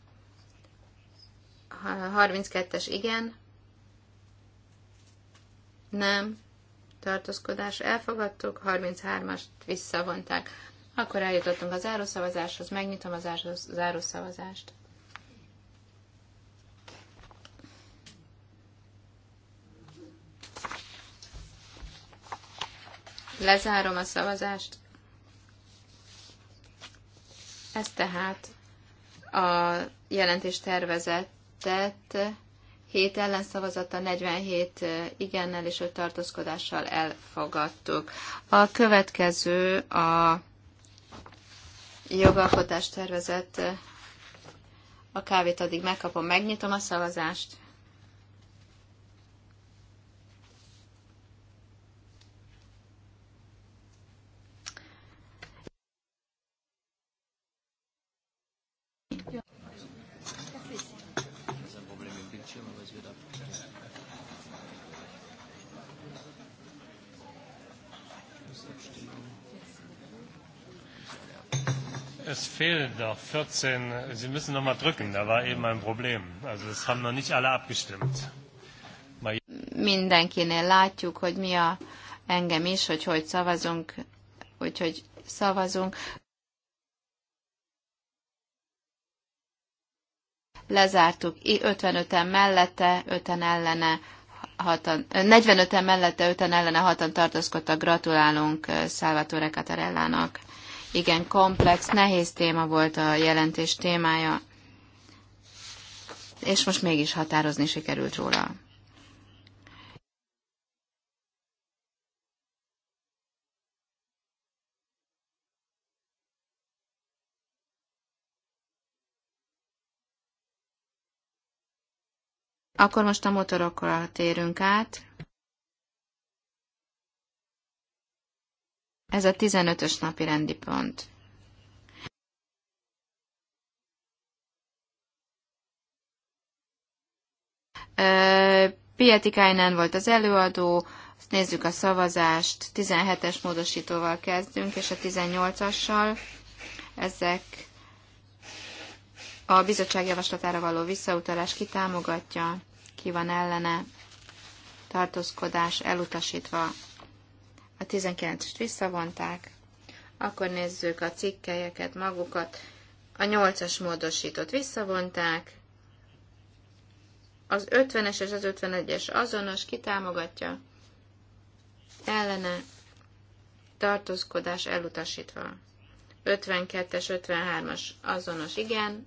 [SPEAKER 2] 32-es igen, nem, tartózkodás elfogadtuk, 33-ast visszavonták. Akkor eljutottunk a zárószavazáshoz, megnyitom a zárószavazást. Lezárom a szavazást. Ez tehát a jelentés tervezettet 7 ellenszavazata, 47 igennel és 5 tartózkodással elfogadtuk. A következő a jogalkotás tervezet. A kávét addig megkapom, megnyitom a szavazást.
[SPEAKER 1] fehlen 14. Sie müssen noch mal drücken, da war eben ein Problem. Also es haben noch nicht alle abgestimmt.
[SPEAKER 2] Mindenkinél látjuk, hogy mi a engem is, hogy hogy szavazunk, hogy hogy szavazunk. Lezártuk 55-en mellette, 5-en ellene, 45-en mellette, 5-en ellene, 6-an tartózkodtak. Gratulálunk Salvatore Catarellának igen komplex, nehéz téma volt a jelentés témája, és most mégis határozni sikerült róla. Akkor most a motorokra térünk át. Ez a 15-ös napi rendi pont. Pietikainen volt az előadó, azt nézzük a szavazást, 17-es módosítóval kezdünk, és a 18-assal. Ezek a bizottság javaslatára való visszautalás kitámogatja, ki van ellene, tartózkodás elutasítva a 19-est visszavonták, akkor nézzük a cikkelyeket, magukat. A 8-as módosítót visszavonták, az 50-es és az 51-es azonos, kitámogatja ellene tartózkodás elutasítva. 52-es, 53-as azonos, igen,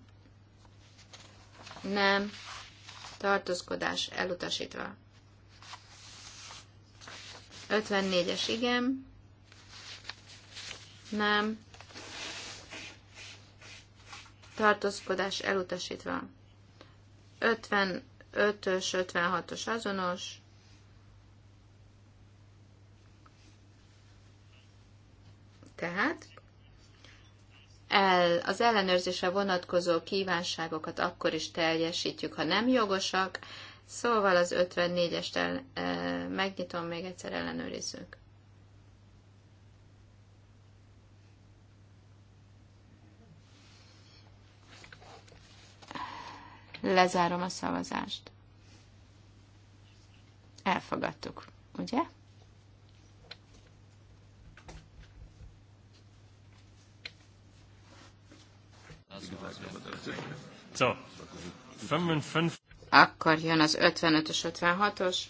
[SPEAKER 2] nem, tartózkodás elutasítva. 54-es igen. Nem. Tartózkodás elutasítva. 55-ös, 56-os azonos. Tehát el, az ellenőrzésre vonatkozó kívánságokat akkor is teljesítjük, ha nem jogosak, Szóval az 54-est el, e, megnyitom, még egyszer ellenőrizzük. Lezárom a szavazást. Elfogadtuk, ugye?
[SPEAKER 1] So, 55. Akkor
[SPEAKER 2] jön az 55-ös, 56-os.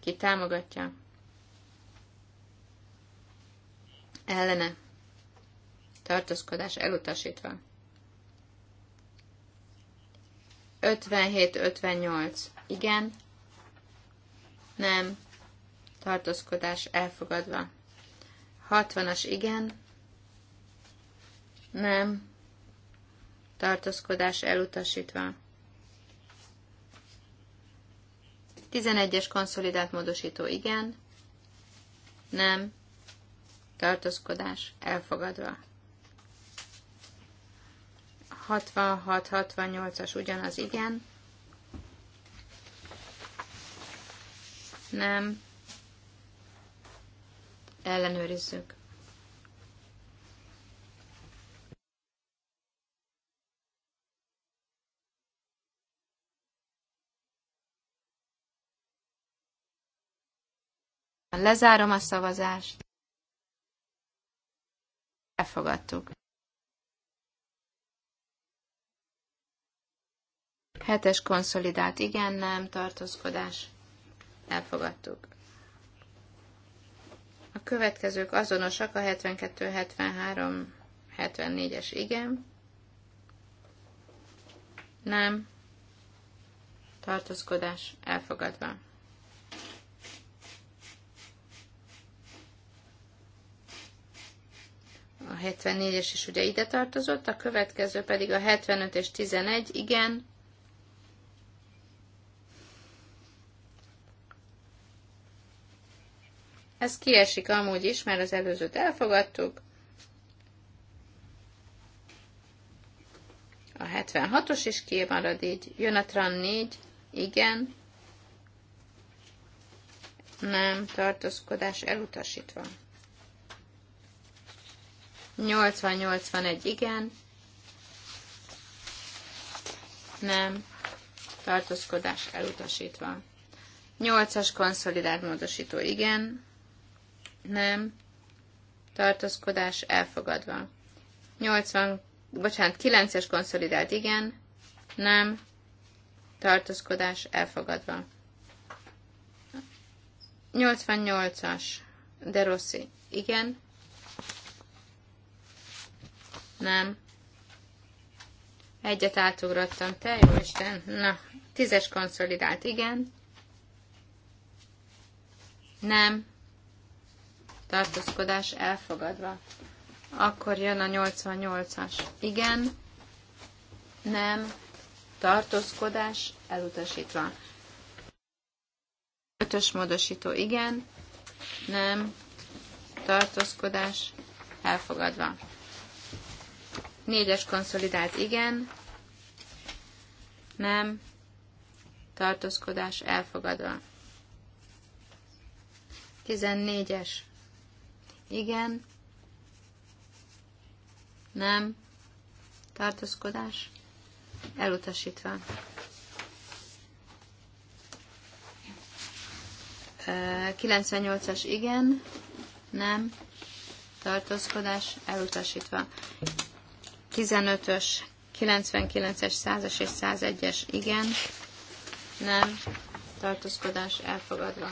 [SPEAKER 2] Ki támogatja? Ellene. Tartózkodás elutasítva. 57-58. Igen. Nem. Tartózkodás elfogadva. 60-as igen. Nem. Tartózkodás elutasítva. 11-es konszolidált módosító igen, nem, tartózkodás elfogadva. 66-68-as ugyanaz igen, nem, ellenőrizzük. Lezárom a szavazást. Elfogadtuk. Hetes konszolidált igen, nem, tartózkodás. Elfogadtuk. A következők azonosak a 72, 73, 74-es igen. Nem. Tartózkodás elfogadva. 74-es is ugye ide tartozott, a következő pedig a 75 és 11, igen. Ez kiesik amúgy is, mert az előzőt elfogadtuk. A 76-os is kimarad így. Jön a Tran 4, igen. Nem, tartózkodás elutasítva. 80-81 igen, nem, tartózkodás elutasítva. 8-as konszolidált módosító igen, nem, tartózkodás elfogadva. 80, bocsánat, 9-es konszolidált igen, nem, tartózkodás elfogadva. 88-as, de rossz, igen, nem. Egyet átugrottam. Te jó Isten. Na, tízes konszolidált. Igen. Nem. Tartózkodás elfogadva. Akkor jön a 88-as. Igen. Nem. Tartózkodás elutasítva. Ötös módosító. Igen. Nem. Tartózkodás elfogadva. Négyes konszolidált igen, nem, tartózkodás elfogadva. 14-es igen, nem, tartózkodás elutasítva. Uh, 98-as igen, nem, tartózkodás elutasítva. 15-ös, 99-es, 100-as és 101-es igen, nem, tartózkodás elfogadva.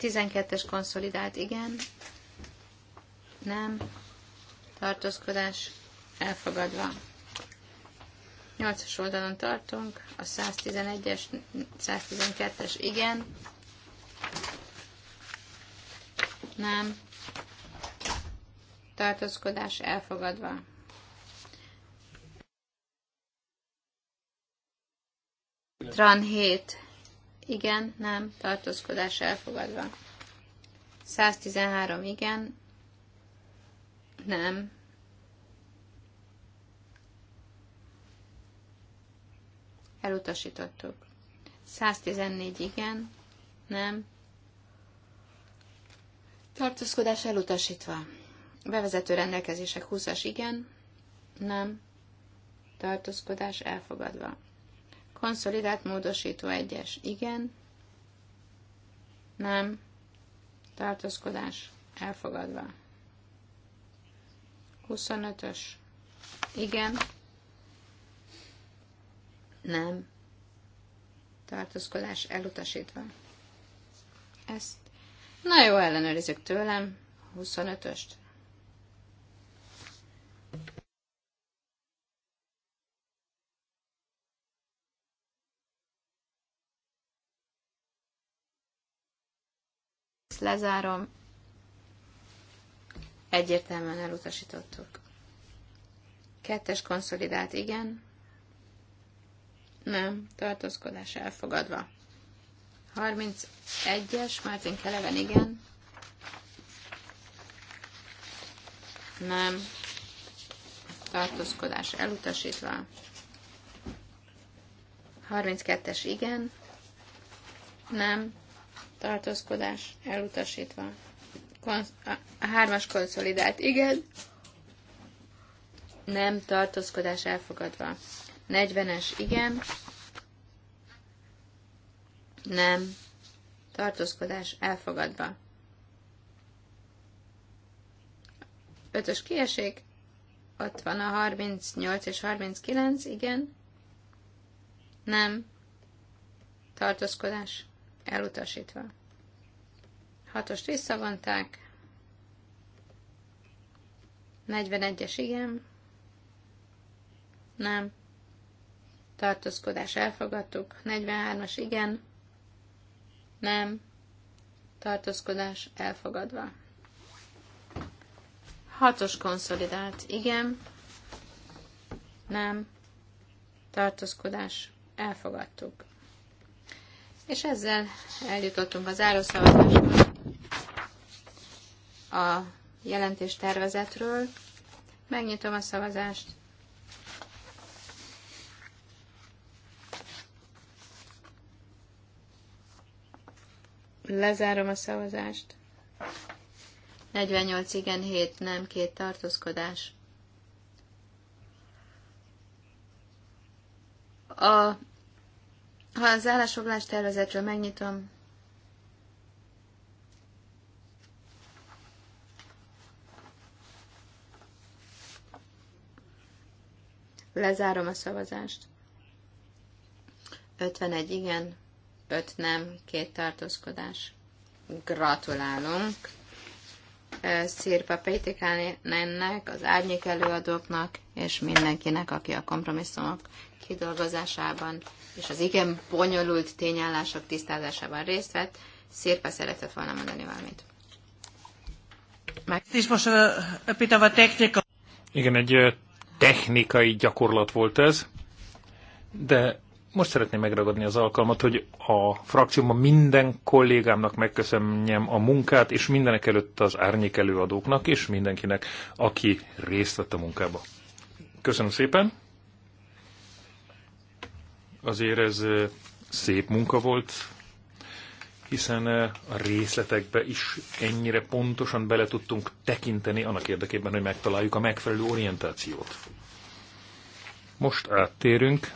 [SPEAKER 2] 12-es konszolidált igen, nem, tartózkodás elfogadva. 8-as oldalon tartunk, a 111-es, 112-es igen, nem, tartózkodás elfogadva. Tran 7. Igen, nem, tartózkodás elfogadva. 113. Igen, nem. Elutasítottuk. 114. Igen, nem. Tartózkodás elutasítva. Bevezető rendelkezések 20-as igen, nem, tartózkodás elfogadva. Konszolidált módosító 1-es igen, nem, tartózkodás elfogadva. 25-ös igen, nem, tartózkodás elutasítva. Ezt na jó, ellenőrizzük tőlem, 25-öst. lezárom. Egyértelműen elutasítottuk. Kettes konszolidált igen. Nem, tartózkodás elfogadva. 31-es, Martin Keleven igen. Nem, tartózkodás elutasítva. 32-es igen. Nem, tartózkodás elutasítva. Kon- a hármas konszolidált, igen. Nem, tartózkodás elfogadva. 40-es, igen. Nem, tartózkodás elfogadva. Ötös kiesék, ott van a 38 és 39, igen. Nem, tartózkodás Elutasítva. Hatost visszavonták. 41-es igen. Nem. Tartózkodás elfogadtuk. 43-as igen. Nem. Tartózkodás elfogadva. Hatos konszolidált. Igen. Nem. Tartózkodás. Elfogadtuk. És ezzel eljutottunk az árószavazáshoz a jelentés tervezetről. Megnyitom a szavazást. Lezárom a szavazást. 48 igen, 7 nem, két tartózkodás. A ha az állásfoglalás tervezetről megnyitom, lezárom a szavazást. 51 igen, 5 nem, két tartózkodás. Gratulálunk! Szirpa Pétikánennek, az árnyék előadóknak, és mindenkinek, aki a kompromisszumok kidolgozásában és az igen bonyolult tényállások tisztázásában részt vett. Szirpa szeretett volna mondani valamit. Meg... is
[SPEAKER 3] most a, a bit a Igen, egy technikai gyakorlat volt ez, de most szeretném megragadni az alkalmat, hogy a frakciómban minden kollégámnak megköszönjem a munkát, és mindenek előtt az árnyék előadóknak, és mindenkinek, aki részt vett a munkába. Köszönöm szépen! Azért ez szép munka volt, hiszen a részletekbe is ennyire pontosan bele tudtunk tekinteni annak érdekében, hogy megtaláljuk a megfelelő orientációt. Most áttérünk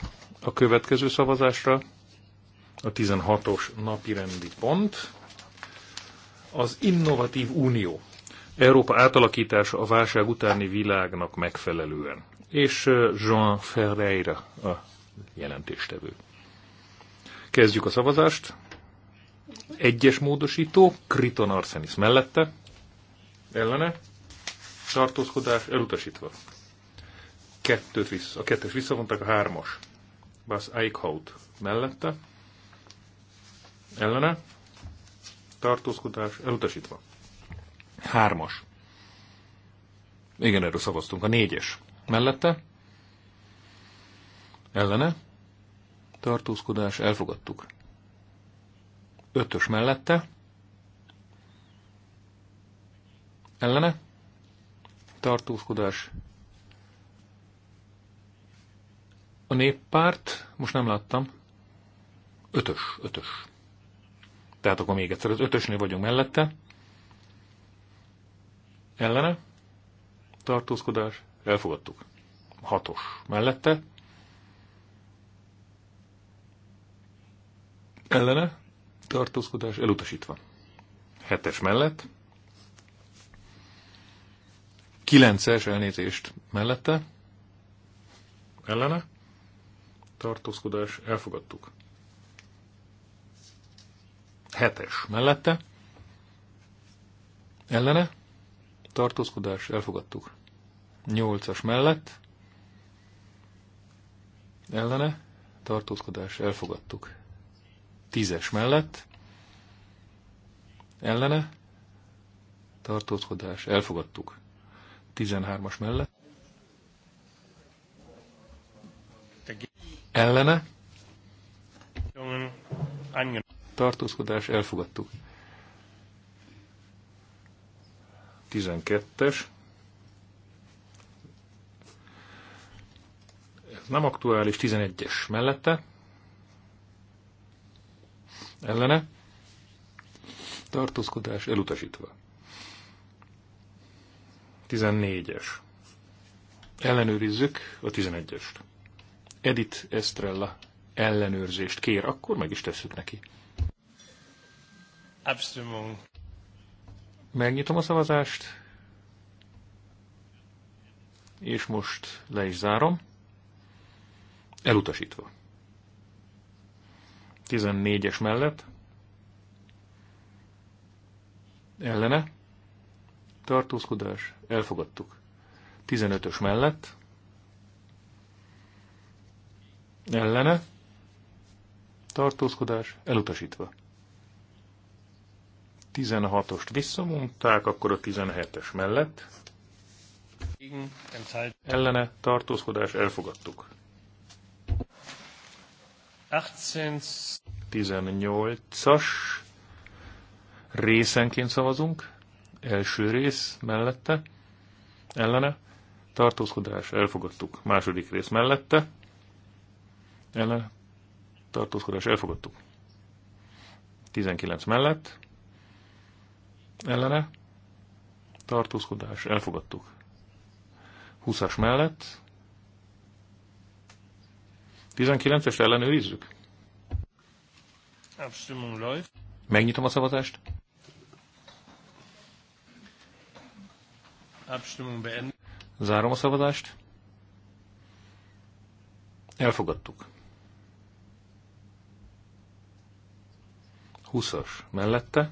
[SPEAKER 3] a következő szavazásra, a 16-os napi rendi pont, az Innovatív Unió, Európa átalakítása a válság utáni világnak megfelelően, és Jean Ferreira a jelentéstevő. Kezdjük a szavazást. Egyes módosító, Kriton Arsenis mellette, ellene, tartózkodás elutasítva. Kettőt vissza, a kettes visszavontak, a hármas Bas Eichhout mellette, ellene, tartózkodás elutasítva. Hármas. Igen, erről szavaztunk. A négyes. Mellette? Ellene? Tartózkodás, elfogadtuk. Ötös mellette? Ellene? Tartózkodás, A néppárt, most nem láttam, ötös, ötös. Tehát akkor még egyszer, az ötösnél vagyunk mellette. Ellene, tartózkodás, elfogadtuk. Hatos mellette. Ellene, tartózkodás, elutasítva. Hetes mellett. Kilences elnézést mellette. Ellene tartózkodás, elfogadtuk. Hetes mellette, ellene, tartózkodás, elfogadtuk. Nyolcas mellett, ellene, tartózkodás, elfogadtuk. Tízes mellett, ellene, tartózkodás, elfogadtuk. Tizenhármas mellett, Ellene? Tartózkodás elfogadtuk. 12-es. Ez nem aktuális, 11-es mellette. Ellene? Tartózkodás elutasítva. 14-es. Ellenőrizzük a 11-est. Edith Estrella ellenőrzést kér, akkor meg is tesszük neki.
[SPEAKER 1] Abstimmung.
[SPEAKER 3] Megnyitom a szavazást, és most le is zárom. Elutasítva. 14-es mellett ellene tartózkodás, elfogadtuk. 15-ös mellett ellene, tartózkodás elutasítva. 16-ost visszamondták, akkor a 17-es mellett. Ellene tartózkodás elfogadtuk. 18-as részenként szavazunk. Első rész mellette. Ellene tartózkodás elfogadtuk. Második rész mellette ellen tartózkodás elfogadtuk. 19 mellett ellene tartózkodás elfogadtuk. 20-as mellett 19-est ellenőrizzük. Megnyitom a szavazást. Zárom a szavazást. Elfogadtuk. 20-as mellette.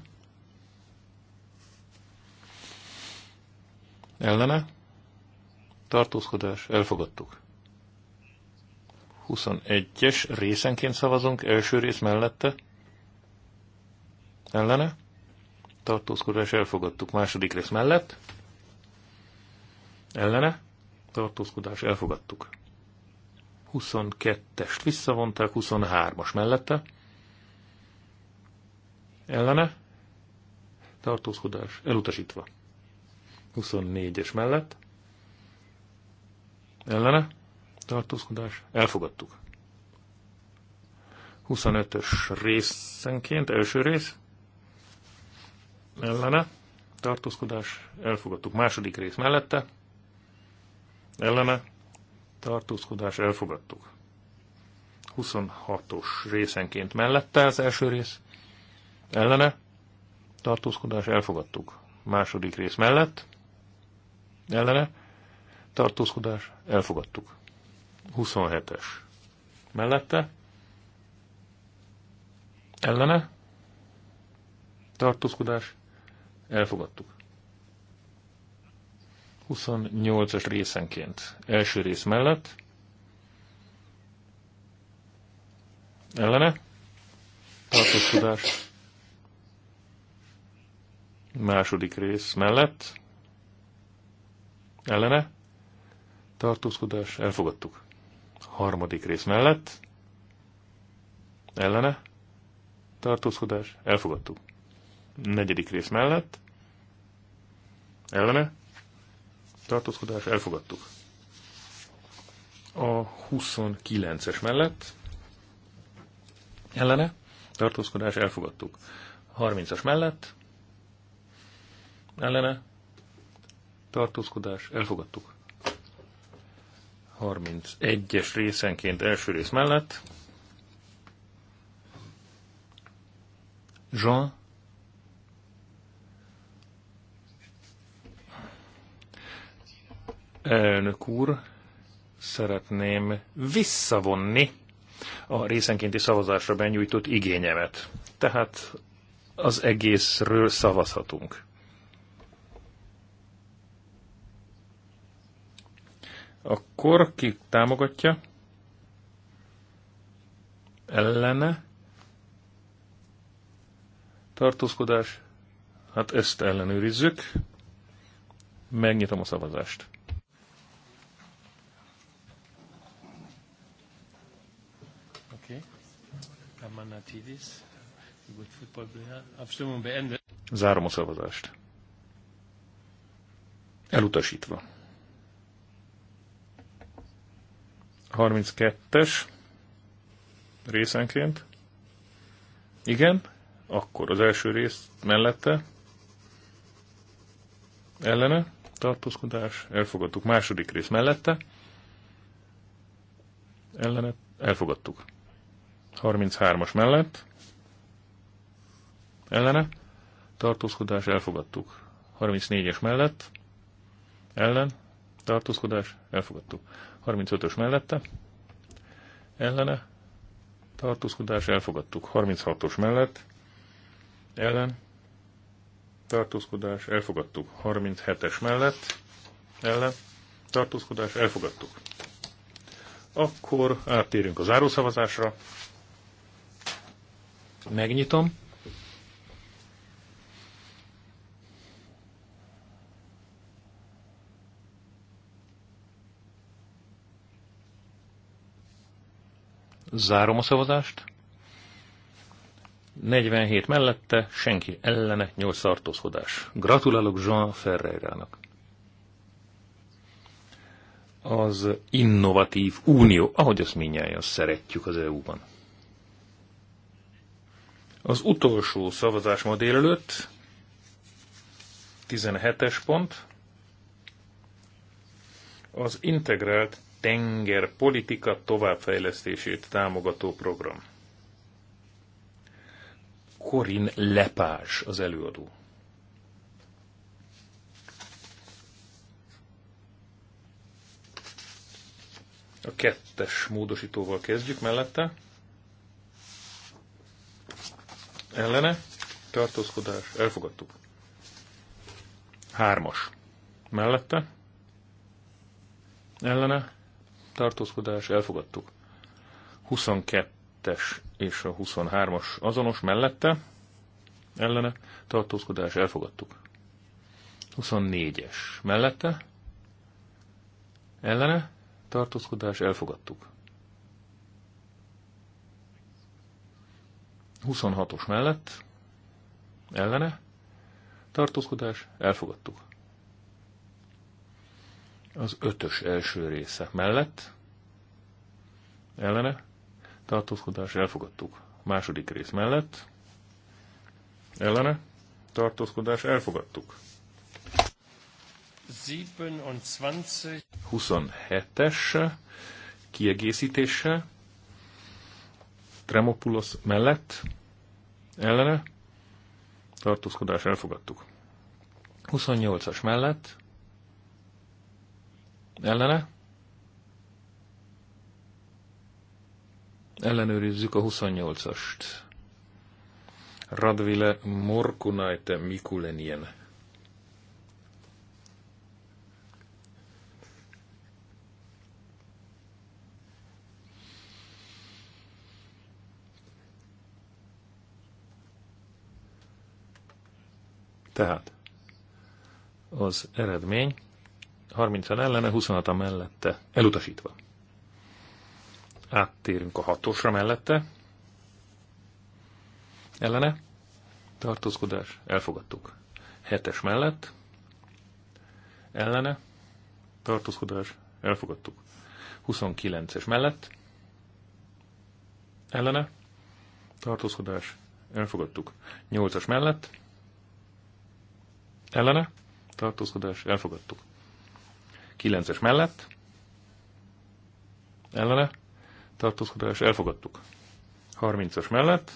[SPEAKER 3] Ellene. Tartózkodás. Elfogadtuk. 21-es részenként szavazunk. Első rész mellette. Ellene. Tartózkodás. Elfogadtuk. Második rész mellett. Ellene. Tartózkodás. Elfogadtuk. 22-est visszavonták, 23-as mellette ellene, tartózkodás elutasítva. 24-es mellett, ellene, tartózkodás, elfogadtuk. 25-ös részenként, első rész, ellene, tartózkodás, elfogadtuk. Második rész mellette, ellene, tartózkodás, elfogadtuk. 26-os részenként mellette az első rész, ellene, tartózkodás elfogadtuk. Második rész mellett, ellene, tartózkodás elfogadtuk. 27-es mellette, ellene, tartózkodás elfogadtuk. 28-as részenként első rész mellett, ellene, tartózkodás Második rész mellett. Ellene. Tartózkodás. Elfogadtuk. Harmadik rész mellett. Ellene. Tartózkodás. Elfogadtuk. Negyedik rész mellett. Ellene. Tartózkodás. Elfogadtuk. A 29-es mellett. Ellene. Tartózkodás. Elfogadtuk. 30-as mellett ellene tartózkodás elfogadtuk. 31-es részenként első rész mellett. Jean elnök úr, szeretném visszavonni a részenkénti szavazásra benyújtott igényemet. Tehát az egészről szavazhatunk. akkor ki támogatja? Ellene? Tartózkodás? Hát ezt ellenőrizzük. Megnyitom a szavazást. Zárom a szavazást. Elutasítva. 32-es részenként. Igen, akkor az első rész mellette ellene tartózkodás, elfogadtuk második rész mellette, ellene elfogadtuk. 33-as mellett ellene tartózkodás elfogadtuk. 34-es mellett ellen tartózkodás, elfogadtuk. 35-ös mellette, ellene, tartózkodás, elfogadtuk. 36-os mellett, ellen, tartózkodás, elfogadtuk. 37-es mellett, ellen, tartózkodás, elfogadtuk. Akkor áttérünk a zárószavazásra. Megnyitom. Zárom a szavazást. 47 mellette, senki ellene, 8 tartózkodás. Gratulálok Jean Ferreira-nak. Az innovatív unió, ahogy azt minnyáján szeretjük az EU-ban. Az utolsó szavazás ma délelőtt, 17-es pont, az integrált tengerpolitika továbbfejlesztését támogató program. Korin Lepás az előadó. A kettes módosítóval kezdjük mellette. Ellene. Tartózkodás. Elfogadtuk. Hármas. Mellette. Ellene tartózkodás, elfogadtuk. 22-es és a 23-as azonos mellette, ellene, tartózkodás, elfogadtuk. 24-es mellette, ellene, tartózkodás, elfogadtuk. 26-os mellett, ellene, tartózkodás, elfogadtuk az ötös első része mellett, ellene, tartózkodás, elfogadtuk. Második rész mellett, ellene, tartózkodás, elfogadtuk. 27-es kiegészítéssel, Tremopulos mellett, ellene, tartózkodás, elfogadtuk. 28-as mellett, ellene. Ellenőrizzük a 28-ast. Radvile Morkunajte Mikulenien. Tehát az eredmény 30-an ellene, 26 mellette, elutasítva. Áttérünk a hatosra mellette. Ellene. Tartózkodás. Elfogadtuk. Hetes mellett. Ellene. Tartózkodás. Elfogadtuk. 29-es mellett. Ellene. Tartózkodás. Elfogadtuk. 8-as mellett. Ellene. Tartózkodás. Elfogadtuk. 9-es mellett, ellene, tartózkodás, elfogadtuk. 30-as mellett,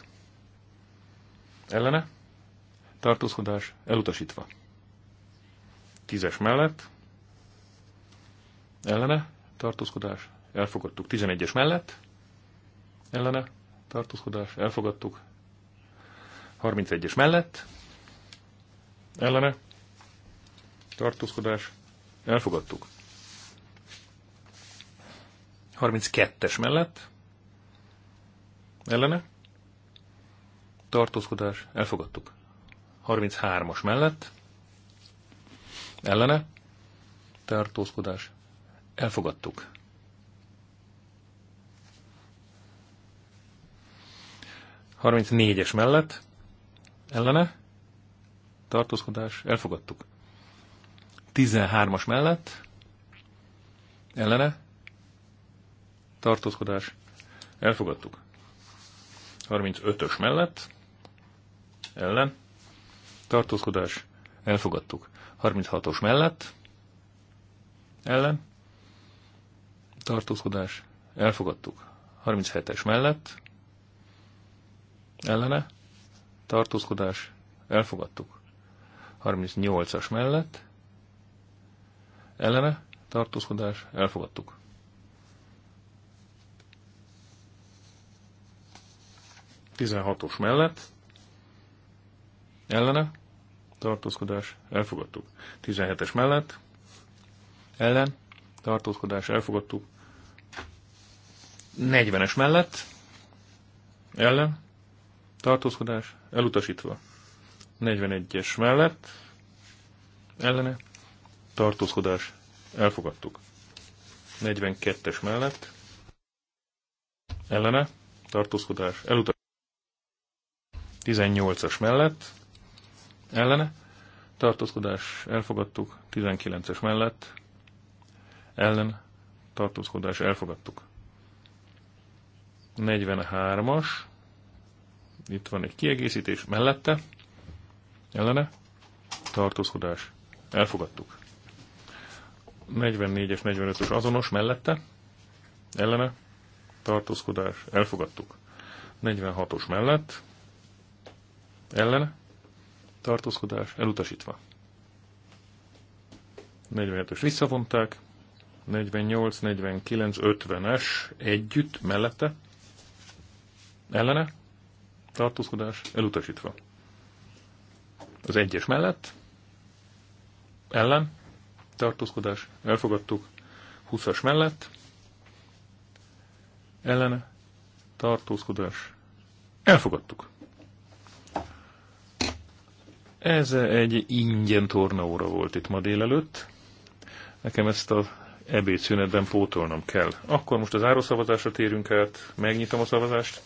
[SPEAKER 3] ellene, tartózkodás, elutasítva. 10-es mellett, ellene, tartózkodás, elfogadtuk. 11-es mellett, ellene, tartózkodás, elfogadtuk. 31-es mellett, ellene, tartózkodás, Elfogadtuk. 32-es mellett. Ellene. Tartózkodás. Elfogadtuk. 33-as mellett. Ellene. Tartózkodás. Elfogadtuk. Harminc négyes mellett. Ellene. Tartózkodás. Elfogadtuk. 13-as mellett ellene tartózkodás elfogadtuk. 35-ös mellett ellen tartózkodás elfogadtuk. 36-os mellett ellen tartózkodás elfogadtuk. 37-es mellett ellene tartózkodás elfogadtuk. 38-as mellett ellene tartózkodás elfogadtuk. Tizenhatos mellett ellene tartózkodás elfogadtuk. 17-es mellett ellen tartózkodás elfogadtuk. 40-es mellett ellen tartózkodás elutasítva. 41-es mellett ellene tartózkodás, elfogadtuk. 42-es mellett, ellene, tartózkodás, elutasítás. 18-as mellett, ellene, tartózkodás, elfogadtuk. 19-es mellett, ellen, tartózkodás, elfogadtuk. 43-as, itt van egy kiegészítés mellette, ellene, tartózkodás, elfogadtuk. 44-es, 45-ös azonos mellette, ellene, tartózkodás, elfogadtuk. 46-os mellett, ellene, tartózkodás, elutasítva. 47-ös visszavonták, 48, 49, 50-es együtt, mellette, ellene, tartózkodás, elutasítva. Az egyes mellett, ellen, tartózkodás, elfogadtuk. 20-as mellett, ellene, tartózkodás, elfogadtuk. Ez egy ingyen tornaóra volt itt ma délelőtt. Nekem ezt a ebédszünetben pótolnom kell. Akkor most az árószavazásra térünk át, megnyitom a szavazást.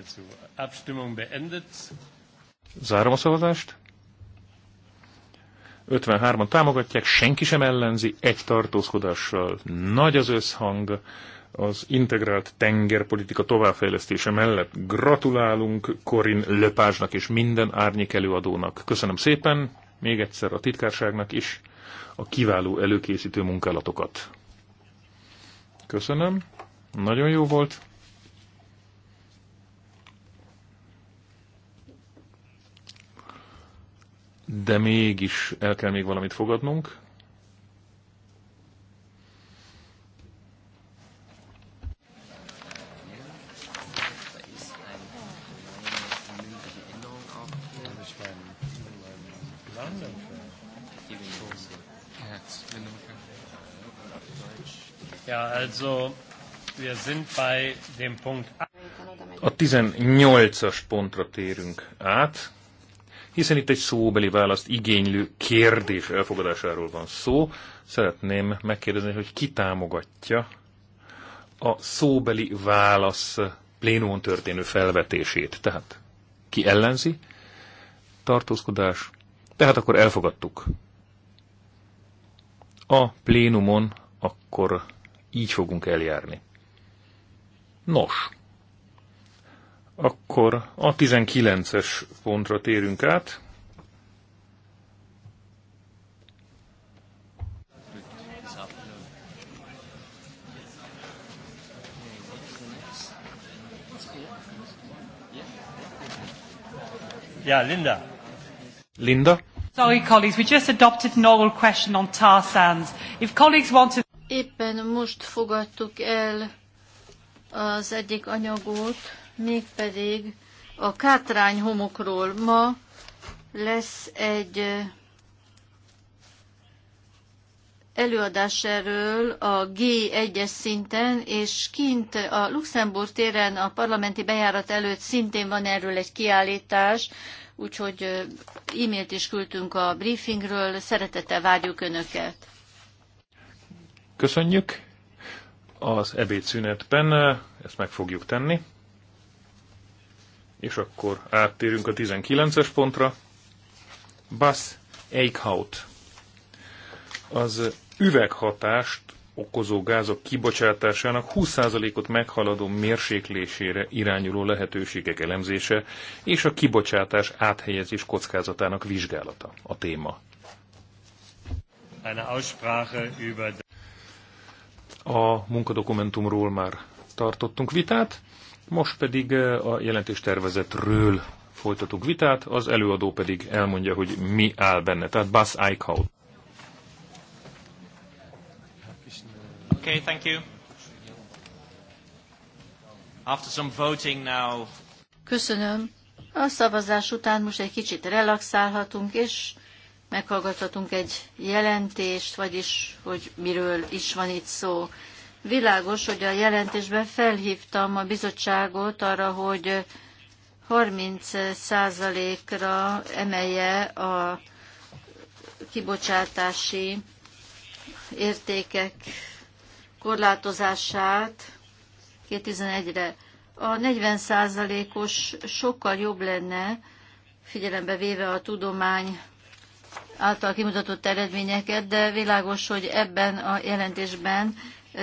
[SPEAKER 1] dazu. Abstimmung beendet.
[SPEAKER 3] Zárom a szavazást. 53-an támogatják, senki sem ellenzi, egy tartózkodással. Nagy az összhang az integrált tengerpolitika továbbfejlesztése mellett. Gratulálunk Korin Löpásnak és minden árnyék előadónak. Köszönöm szépen, még egyszer a titkárságnak is a kiváló előkészítő munkálatokat. Köszönöm, nagyon jó volt. de mégis el kell még valamit fogadnunk. Ja, A 18-as pontra térünk át hiszen itt egy szóbeli választ igénylő kérdés elfogadásáról van szó. Szeretném megkérdezni, hogy ki támogatja a szóbeli válasz plénón történő felvetését. Tehát ki ellenzi? Tartózkodás. Tehát akkor elfogadtuk. A plénumon akkor így fogunk eljárni. Nos, akkor a 19-es pontra térünk át.
[SPEAKER 1] Yeah, Linda. Linda. Sorry, colleagues, we just adopted an oral question on tar sands. If colleagues want to...
[SPEAKER 4] Éppen most fogadtuk el az egyik anyagot, mégpedig a kátrány homokról. Ma lesz egy előadás erről a G1-es szinten, és kint a Luxemburg téren a parlamenti bejárat előtt szintén van erről egy kiállítás, úgyhogy e-mailt is küldtünk a briefingről, szeretettel várjuk Önöket.
[SPEAKER 3] Köszönjük! Az ebédszünetben ezt meg fogjuk tenni. És akkor áttérünk a 19-es pontra. Bass Eichhout. Az üveghatást okozó gázok kibocsátásának 20%-ot meghaladó mérséklésére irányuló lehetőségek elemzése és a kibocsátás áthelyezés kockázatának vizsgálata a téma. A munkadokumentumról már tartottunk vitát, most pedig a jelentés tervezetről folytatunk vitát, az előadó pedig elmondja, hogy mi áll benne, tehát Bas, Eichhout. Okay, thank you. After some voting now.
[SPEAKER 4] Köszönöm. A szavazás után most egy kicsit relaxálhatunk, és meghallgathatunk egy jelentést, vagyis, hogy miről is van itt szó. Világos, hogy a jelentésben felhívtam a bizottságot arra, hogy 30%-ra emelje a kibocsátási értékek korlátozását 2011-re. A 40%-os sokkal jobb lenne, figyelembe véve a tudomány által kimutatott eredményeket, de világos, hogy ebben a jelentésben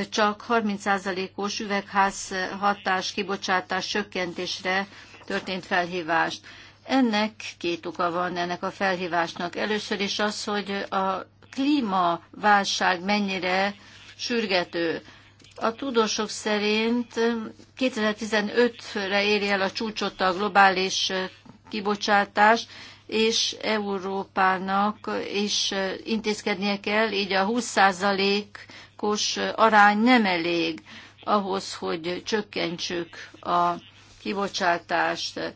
[SPEAKER 4] csak 30%-os üvegház hatás kibocsátás csökkentésre történt felhívást. Ennek két oka van ennek a felhívásnak. Először is az, hogy a klímaválság mennyire sürgető. A tudósok szerint 2015-re éri el a csúcsot a globális kibocsátás, és Európának is intézkednie kell, így a 20 százalékos arány nem elég ahhoz, hogy csökkentsük a kibocsátást.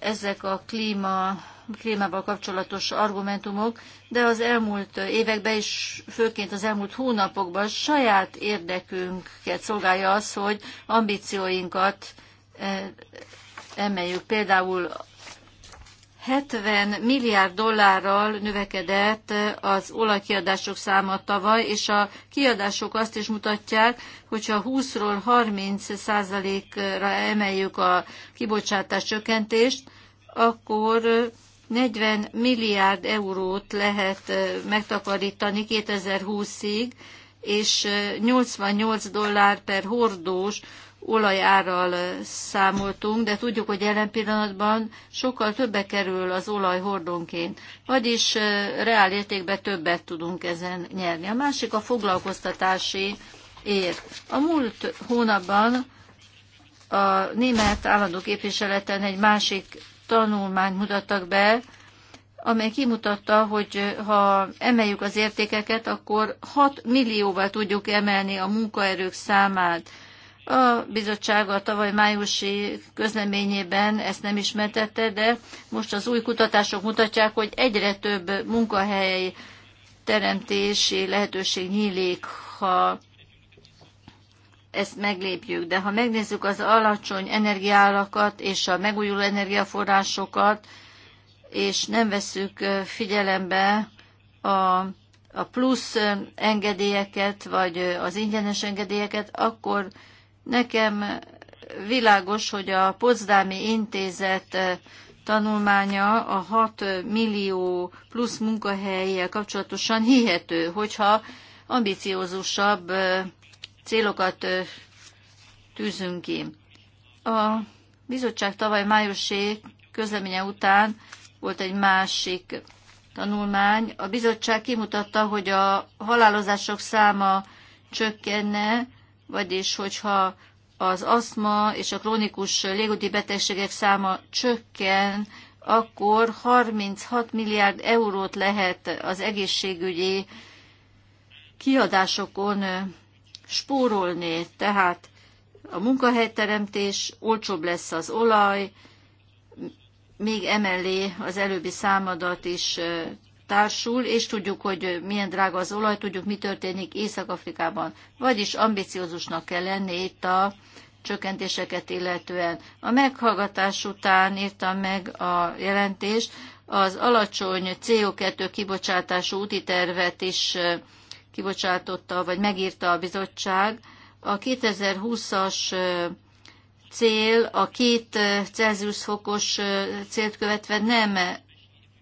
[SPEAKER 4] Ezek a klíma, klímával kapcsolatos argumentumok, de az elmúlt években és főként az elmúlt hónapokban saját érdekünket szolgálja az, hogy ambícióinkat eh, emeljük. Például 70 milliárd dollárral növekedett az olajkiadások száma tavaly, és a kiadások azt is mutatják, hogyha 20-ról 30 százalékra emeljük a kibocsátás csökkentést, akkor 40 milliárd eurót lehet megtakarítani 2020-ig, és 88 dollár per hordós olajárral számoltunk, de tudjuk, hogy jelen pillanatban sokkal többe kerül az olaj hordonként, vagyis reál értékben többet tudunk ezen nyerni. A másik a foglalkoztatási ér. A múlt hónapban a német állandó képviseleten egy másik tanulmányt mutattak be, amely kimutatta, hogy ha emeljük az értékeket, akkor 6 millióval tudjuk emelni a munkaerők számát a bizottság a tavaly májusi közleményében ezt nem ismertette, de most az új kutatások mutatják, hogy egyre több munkahely teremtési lehetőség nyílik, ha ezt meglépjük. De ha megnézzük az alacsony energiárakat és a megújuló energiaforrásokat, és nem veszük figyelembe a a plusz engedélyeket, vagy az ingyenes engedélyeket, akkor Nekem világos, hogy a Pozdámi Intézet eh, tanulmánya a 6 millió plusz munkahelyjel kapcsolatosan hihető, hogyha ambiciózusabb eh, célokat eh, tűzünk ki. A bizottság tavaly májusi közleménye után volt egy másik tanulmány. A bizottság kimutatta, hogy a halálozások száma csökkenne, vagyis hogyha az aszma és a krónikus légúti betegségek száma csökken, akkor 36 milliárd eurót lehet az egészségügyi kiadásokon spórolni. Tehát a munkahelyteremtés, olcsóbb lesz az olaj, még emellé az előbbi számadat is társul, és tudjuk, hogy milyen drága az olaj, tudjuk, mi történik Észak-Afrikában. Vagyis ambiciózusnak kell lenni itt a csökkentéseket illetően. A meghallgatás után írtam meg a jelentést, az alacsony CO2 kibocsátású úti tervet is eh, kibocsátotta, vagy megírta a bizottság. A 2020-as eh, cél a két eh, Celsius fokos célt követve nem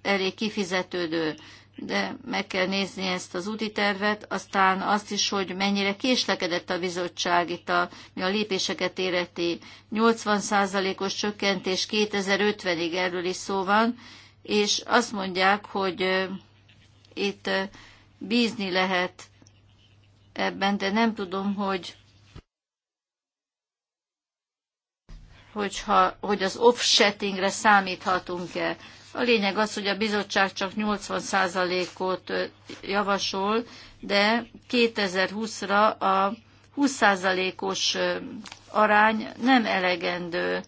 [SPEAKER 4] elég kifizetődő, de meg kell nézni ezt az úti tervet, aztán azt is, hogy mennyire késlekedett a bizottság itt a, mi a lépéseket éreti. 80%-os csökkentés 2050-ig erről is szó van, és azt mondják, hogy itt bízni lehet ebben, de nem tudom, hogy hogyha, hogy az offsettingre számíthatunk-e. A lényeg az, hogy a bizottság csak 80%-ot javasol, de 2020-ra a 20%-os arány nem elegendő.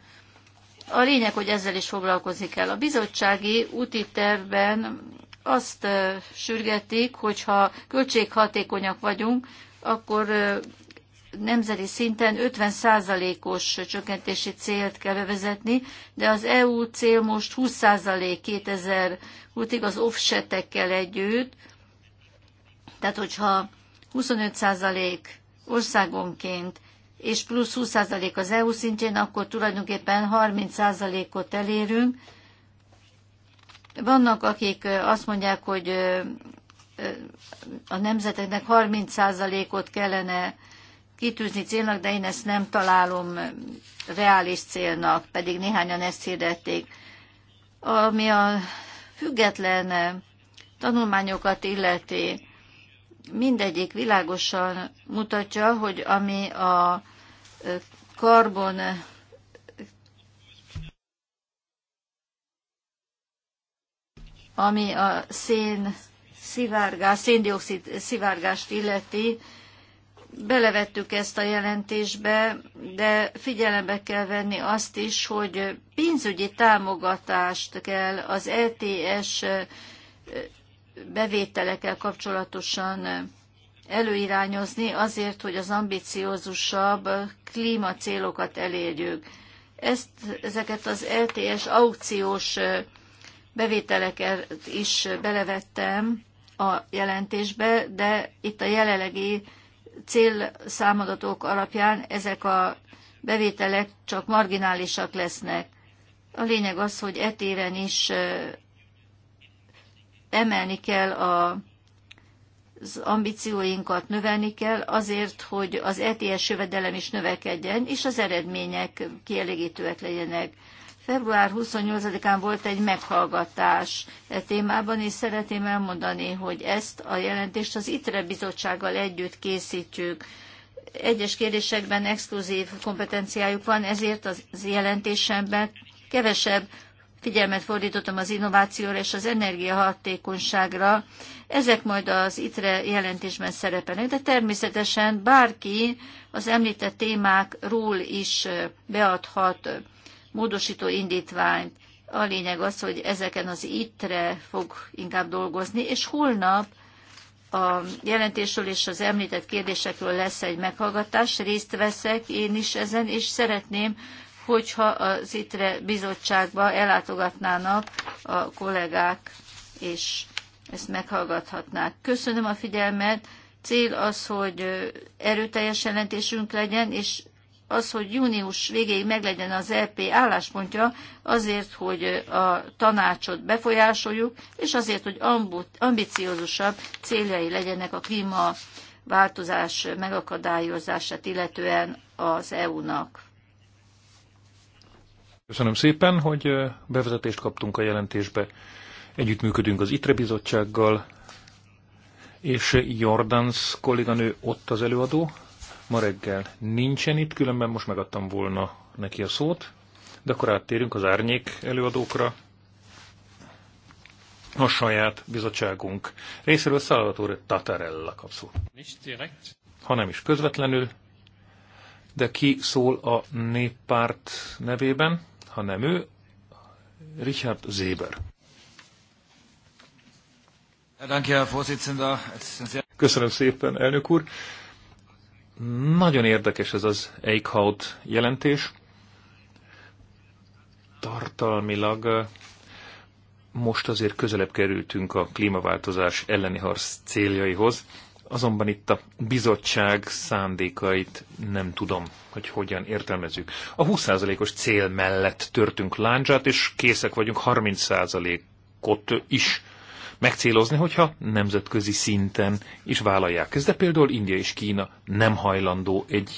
[SPEAKER 4] A lényeg, hogy ezzel is foglalkozni kell. A bizottsági úti tervben azt sürgetik, hogyha költséghatékonyak vagyunk, akkor nemzeti szinten 50%-os csökkentési célt kell bevezetni, de az EU cél most 20% 2020-ig az offsetekkel együtt, tehát hogyha 25% országonként és plusz 20% az EU szintjén, akkor tulajdonképpen 30%-ot elérünk. Vannak, akik azt mondják, hogy a nemzeteknek 30%-ot kellene kitűzni célnak, de én ezt nem találom reális célnak, pedig néhányan ezt hirdették. Ami a független tanulmányokat illeti, mindegyik világosan mutatja, hogy ami a karbon ami a szén szivárgás, széndiokszid szivárgást illeti, belevettük ezt a jelentésbe, de figyelembe kell venni azt is, hogy pénzügyi támogatást kell az ETS bevételekkel kapcsolatosan előirányozni azért, hogy az ambiciózusabb klímacélokat elérjük. Ezt, ezeket az LTS e aukciós bevételeket is belevettem a jelentésbe, de itt a jelenlegi célszámadatok alapján ezek a bevételek csak marginálisak lesznek. A lényeg az, hogy etéren is emelni kell a az ambícióinkat növelni kell azért, hogy az ETS jövedelem is növekedjen, és az eredmények kielégítőek legyenek. Február 28-án volt egy meghallgatás e témában, és szeretném elmondani, hogy ezt a jelentést az ITRE bizottsággal együtt készítjük. Egyes kérdésekben exkluzív kompetenciájuk van, ezért az jelentésemben kevesebb figyelmet fordítottam az innovációra és az energiahatékonyságra. Ezek majd az ITRE jelentésben szerepelnek, de természetesen bárki az említett témákról is beadhat módosító indítványt. A lényeg az, hogy ezeken az ittre fog inkább dolgozni, és holnap a jelentésről és az említett kérdésekről lesz egy meghallgatás, részt veszek én is ezen, és szeretném, hogyha az ITRE bizottságba ellátogatnának a kollégák, és ezt meghallgathatnák. Köszönöm a figyelmet, cél az, hogy erőteljes jelentésünk legyen, és az, hogy június végéig meglegyen az EP álláspontja, azért, hogy a tanácsot befolyásoljuk, és azért, hogy ambiciózusabb céljai legyenek a klímaváltozás megakadályozását, illetően az EU-nak.
[SPEAKER 3] Köszönöm szépen, hogy bevezetést kaptunk a jelentésbe. Együttműködünk az ITRE bizottsággal, és Jordans kolléganő ott az előadó ma reggel nincsen itt, különben most megadtam volna neki a szót, de akkor áttérünk az árnyék előadókra. A saját bizottságunk részéről Salvatore Tatarella kap szót. Ha nem is közvetlenül, de ki szól a néppárt nevében, ha nem ő, Richard Zéber. Köszönöm szépen, elnök úr. Nagyon érdekes ez az Eichhout jelentés. Tartalmilag most azért közelebb kerültünk a klímaváltozás elleni harc céljaihoz, azonban itt a bizottság szándékait nem tudom, hogy hogyan értelmezzük. A 20%-os cél mellett törtünk láncsát, és készek vagyunk 30%-ot is megcélozni, hogyha nemzetközi szinten is vállalják Ez De például India és Kína nem hajlandó egy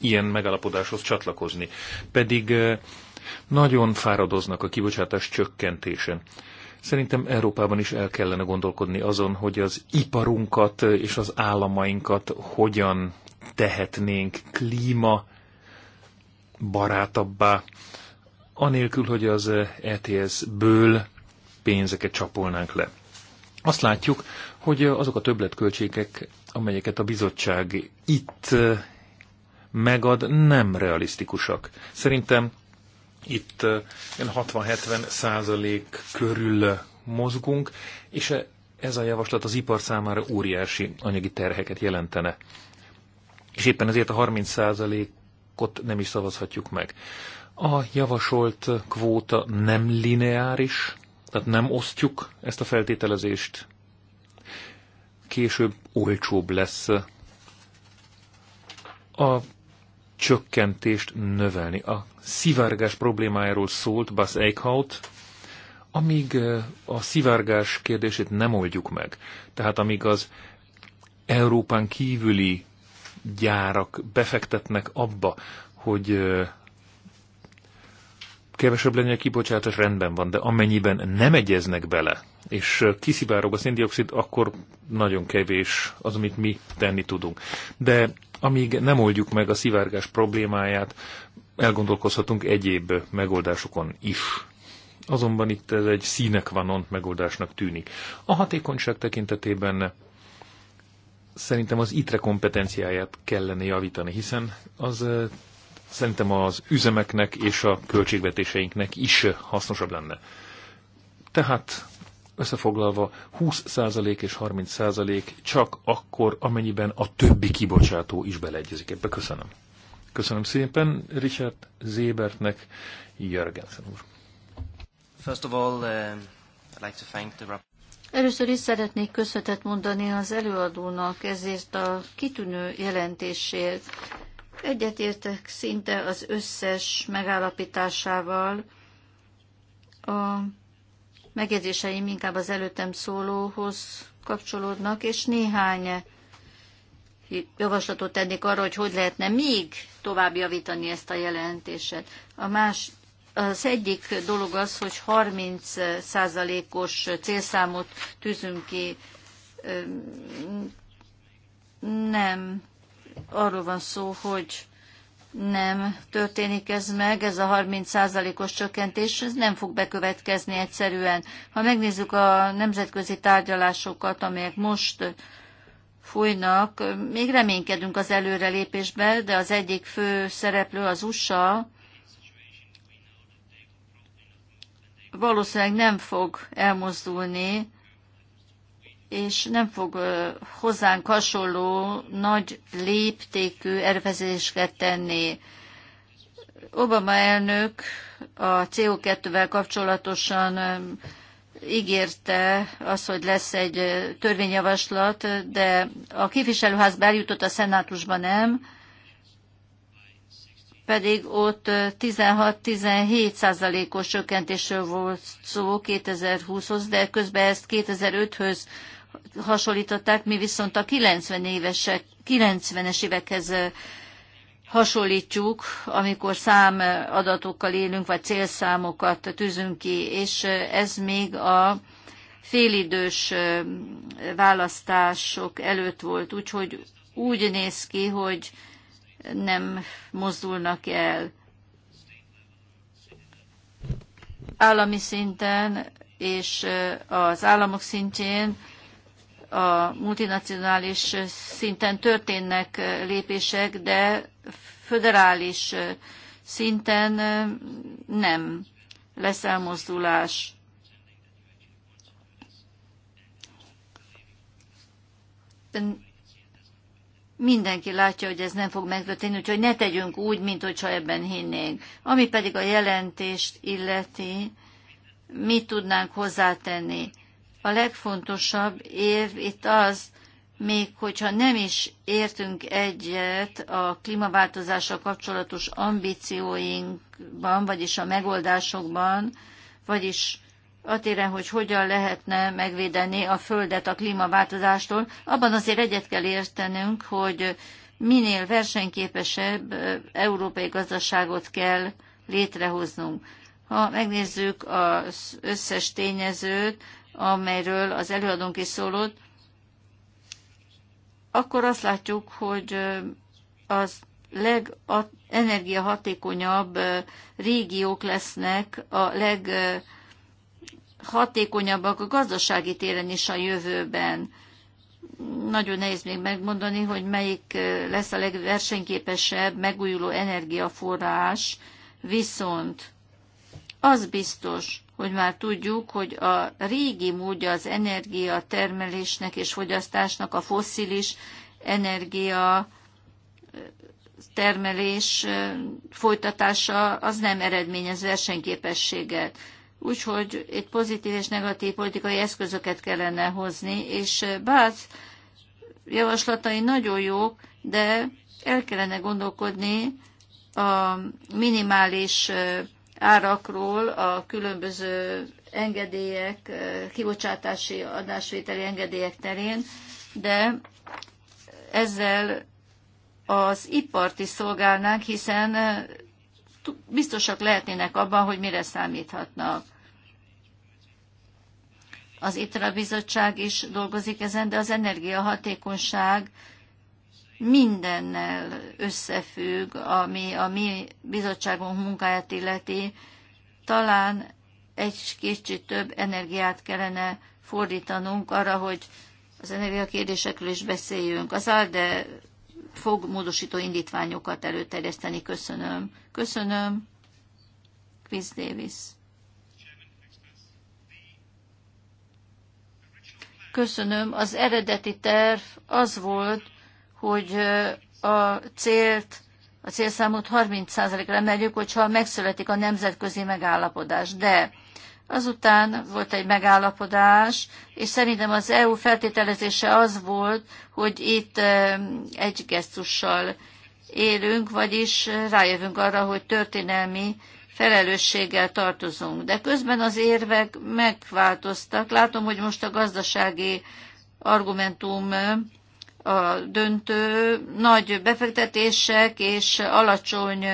[SPEAKER 3] ilyen megalapodáshoz csatlakozni. Pedig nagyon fáradoznak a kibocsátás csökkentésen. Szerintem Európában is el kellene gondolkodni azon, hogy az iparunkat és az államainkat hogyan tehetnénk klíma barátabbá, anélkül, hogy az ETS-ből pénzeket csapolnánk le azt látjuk, hogy azok a többletköltségek, amelyeket a bizottság itt megad, nem realisztikusak. Szerintem itt 60-70 százalék körül mozgunk, és e, ez a javaslat az ipar számára óriási anyagi terheket jelentene. És éppen ezért a 30 százalékot nem is szavazhatjuk meg. A javasolt kvóta nem lineáris, tehát nem osztjuk ezt a feltételezést. Később olcsóbb lesz a csökkentést növelni. A szivárgás problémájáról szólt Bas Eichhout, amíg a szivárgás kérdését nem oldjuk meg, tehát amíg az Európán kívüli gyárak befektetnek abba, hogy kevesebb lenne a kibocsátás, rendben van, de amennyiben nem egyeznek bele, és kiszivárog a széndiokszid, akkor nagyon kevés az, amit mi tenni tudunk. De amíg nem oldjuk meg a szivárgás problémáját, elgondolkozhatunk egyéb megoldásokon is. Azonban itt ez egy színek vanont megoldásnak tűnik. A hatékonyság tekintetében szerintem az ITRE kompetenciáját kellene javítani, hiszen az szerintem az üzemeknek és a költségvetéseinknek is hasznosabb lenne. Tehát összefoglalva 20% és 30% csak akkor, amennyiben a többi kibocsátó is beleegyezik ebbe. Köszönöm. Köszönöm szépen Richard Zébertnek, Jörgensen úr. First of all, uh, I'd like to thank the
[SPEAKER 4] Először is szeretnék köszönetet mondani az előadónak ezért a kitűnő jelentésért. Egyetértek szinte az összes megállapításával. A megjegyzéseim inkább az előttem szólóhoz kapcsolódnak, és néhány javaslatot tennék arra, hogy hogy lehetne még tovább javítani ezt a jelentéset. A más, az egyik dolog az, hogy 30%-os célszámot tűzünk ki. Nem arról van szó, hogy nem történik ez meg, ez a 30%-os csökkentés, ez nem fog bekövetkezni egyszerűen. Ha megnézzük a nemzetközi tárgyalásokat, amelyek most fújnak, még reménykedünk az előrelépésben, de az egyik fő szereplő az USA, valószínűleg nem fog elmozdulni és nem fog hozzánk hasonló nagy léptékű ervezésket tenni. Obama elnök a CO2-vel kapcsolatosan ígérte az, hogy lesz egy törvényjavaslat, de a képviselőház eljutott a szenátusba nem, pedig ott 16-17 százalékos csökkentésről volt szó 2020-hoz, de közben ezt 2005-höz hasonlították, mi viszont a 90 évesek, 90-es évekhez hasonlítjuk, amikor szám adatokkal élünk, vagy célszámokat tűzünk ki, és ez még a félidős választások előtt volt, úgyhogy úgy néz ki, hogy nem mozdulnak el. Állami szinten és az államok szintjén a multinacionális szinten történnek lépések, de föderális szinten nem lesz elmozdulás. Mindenki látja, hogy ez nem fog megtörténni, úgyhogy ne tegyünk úgy, mint hogyha ebben hinnénk. Ami pedig a jelentést illeti, mit tudnánk hozzátenni? a legfontosabb év itt az, még hogyha nem is értünk egyet a klímaváltozással kapcsolatos ambícióinkban, vagyis a megoldásokban, vagyis téren, hogy hogyan lehetne megvédeni a Földet a klímaváltozástól, abban azért egyet kell értenünk, hogy minél versenyképesebb európai gazdaságot kell létrehoznunk. Ha megnézzük az összes tényezőt, amelyről az előadónk is szólott, akkor azt látjuk, hogy az legenergiahatékonyabb régiók lesznek a leghatékonyabbak a gazdasági téren is a jövőben. Nagyon nehéz még megmondani, hogy melyik lesz a legversenyképesebb megújuló energiaforrás, viszont az biztos, hogy már tudjuk, hogy a régi módja az energiatermelésnek és fogyasztásnak a fosszilis energia termelés folytatása az nem eredményez versenyképességet. Úgyhogy itt pozitív és negatív politikai eszközöket kellene hozni, és bár javaslatai nagyon jók, de el kellene gondolkodni a minimális árakról a különböző engedélyek, eh, kibocsátási adásvételi engedélyek terén, de ezzel az ipart is szolgálnánk, hiszen eh, biztosak lehetnének abban, hogy mire számíthatnak. Az ITRA bizottság is dolgozik ezen, de az energiahatékonyság mindennel összefügg, ami a mi bizottságunk munkáját illeti. Talán egy kicsit több energiát kellene fordítanunk arra, hogy az energiakérdésekről is beszéljünk. Az ALDE fog módosító indítványokat előterjeszteni. Köszönöm. Köszönöm. Chris Davis. Köszönöm. Az eredeti terv az volt, hogy a célt, a célszámot 30%-ra emeljük, hogyha megszületik a nemzetközi megállapodás. De Azután volt egy megállapodás, és szerintem az EU feltételezése az volt, hogy itt egy gesztussal élünk, vagyis rájövünk arra, hogy történelmi felelősséggel tartozunk. De közben az érvek megváltoztak. Látom, hogy most a gazdasági argumentum a döntő. Nagy befektetések és alacsony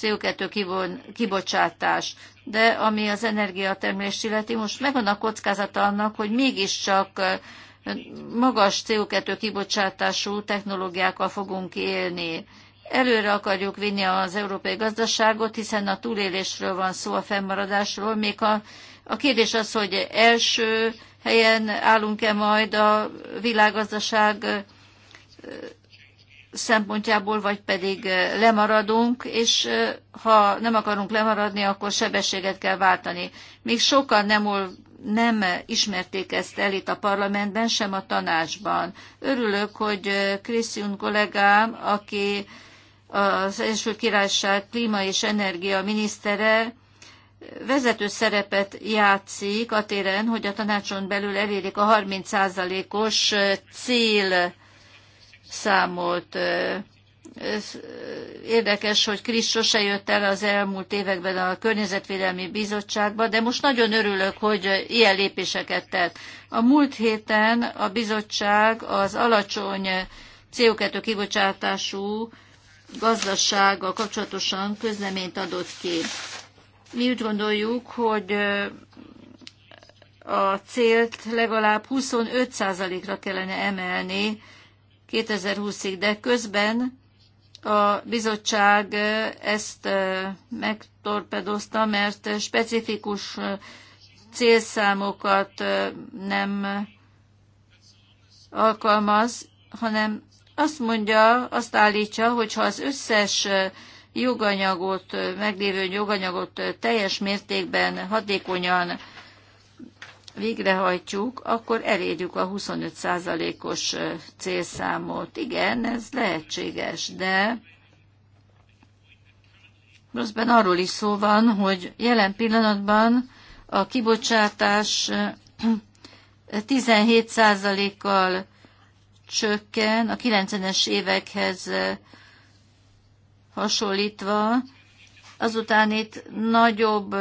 [SPEAKER 4] CO2 kibocsátás. De ami az energiatermelést illeti, most megvan a kockázata annak, hogy mégiscsak magas CO2 kibocsátású technológiákkal fogunk élni. Előre akarjuk vinni az európai gazdaságot, hiszen a túlélésről van szó, a fennmaradásról. Még a, a kérdés az, hogy első helyen állunk-e majd a világgazdaság szempontjából, vagy pedig lemaradunk, és ha nem akarunk lemaradni, akkor sebességet kell váltani. Még sokan nem, nem ismerték ezt el itt a parlamentben, sem a tanácsban. Örülök, hogy Krisztiun kollégám, aki az Egyesült Királyság klíma és energia minisztere, vezető szerepet játszik a téren, hogy a tanácson belül elérik a 30%-os cél számolt. Érdekes, hogy Krisz sose jött el az elmúlt években a Környezetvédelmi Bizottságba, de most nagyon örülök, hogy ilyen lépéseket tett. A múlt héten a bizottság az alacsony CO2 kibocsátású gazdasággal kapcsolatosan közleményt adott ki. Mi úgy gondoljuk, hogy a célt legalább 25%-ra kellene emelni 2020-ig, de közben a bizottság ezt megtorpedozta, mert specifikus célszámokat nem alkalmaz, hanem azt mondja, azt állítja, hogy ha az összes joganyagot, meglévő joganyagot teljes mértékben hatékonyan végrehajtjuk, akkor elérjük a 25%-os célszámot. Igen, ez lehetséges, de rosszban arról is szó van, hogy jelen pillanatban a kibocsátás 17%-kal csökken a 90-es évekhez hasonlítva. Azután itt nagyobb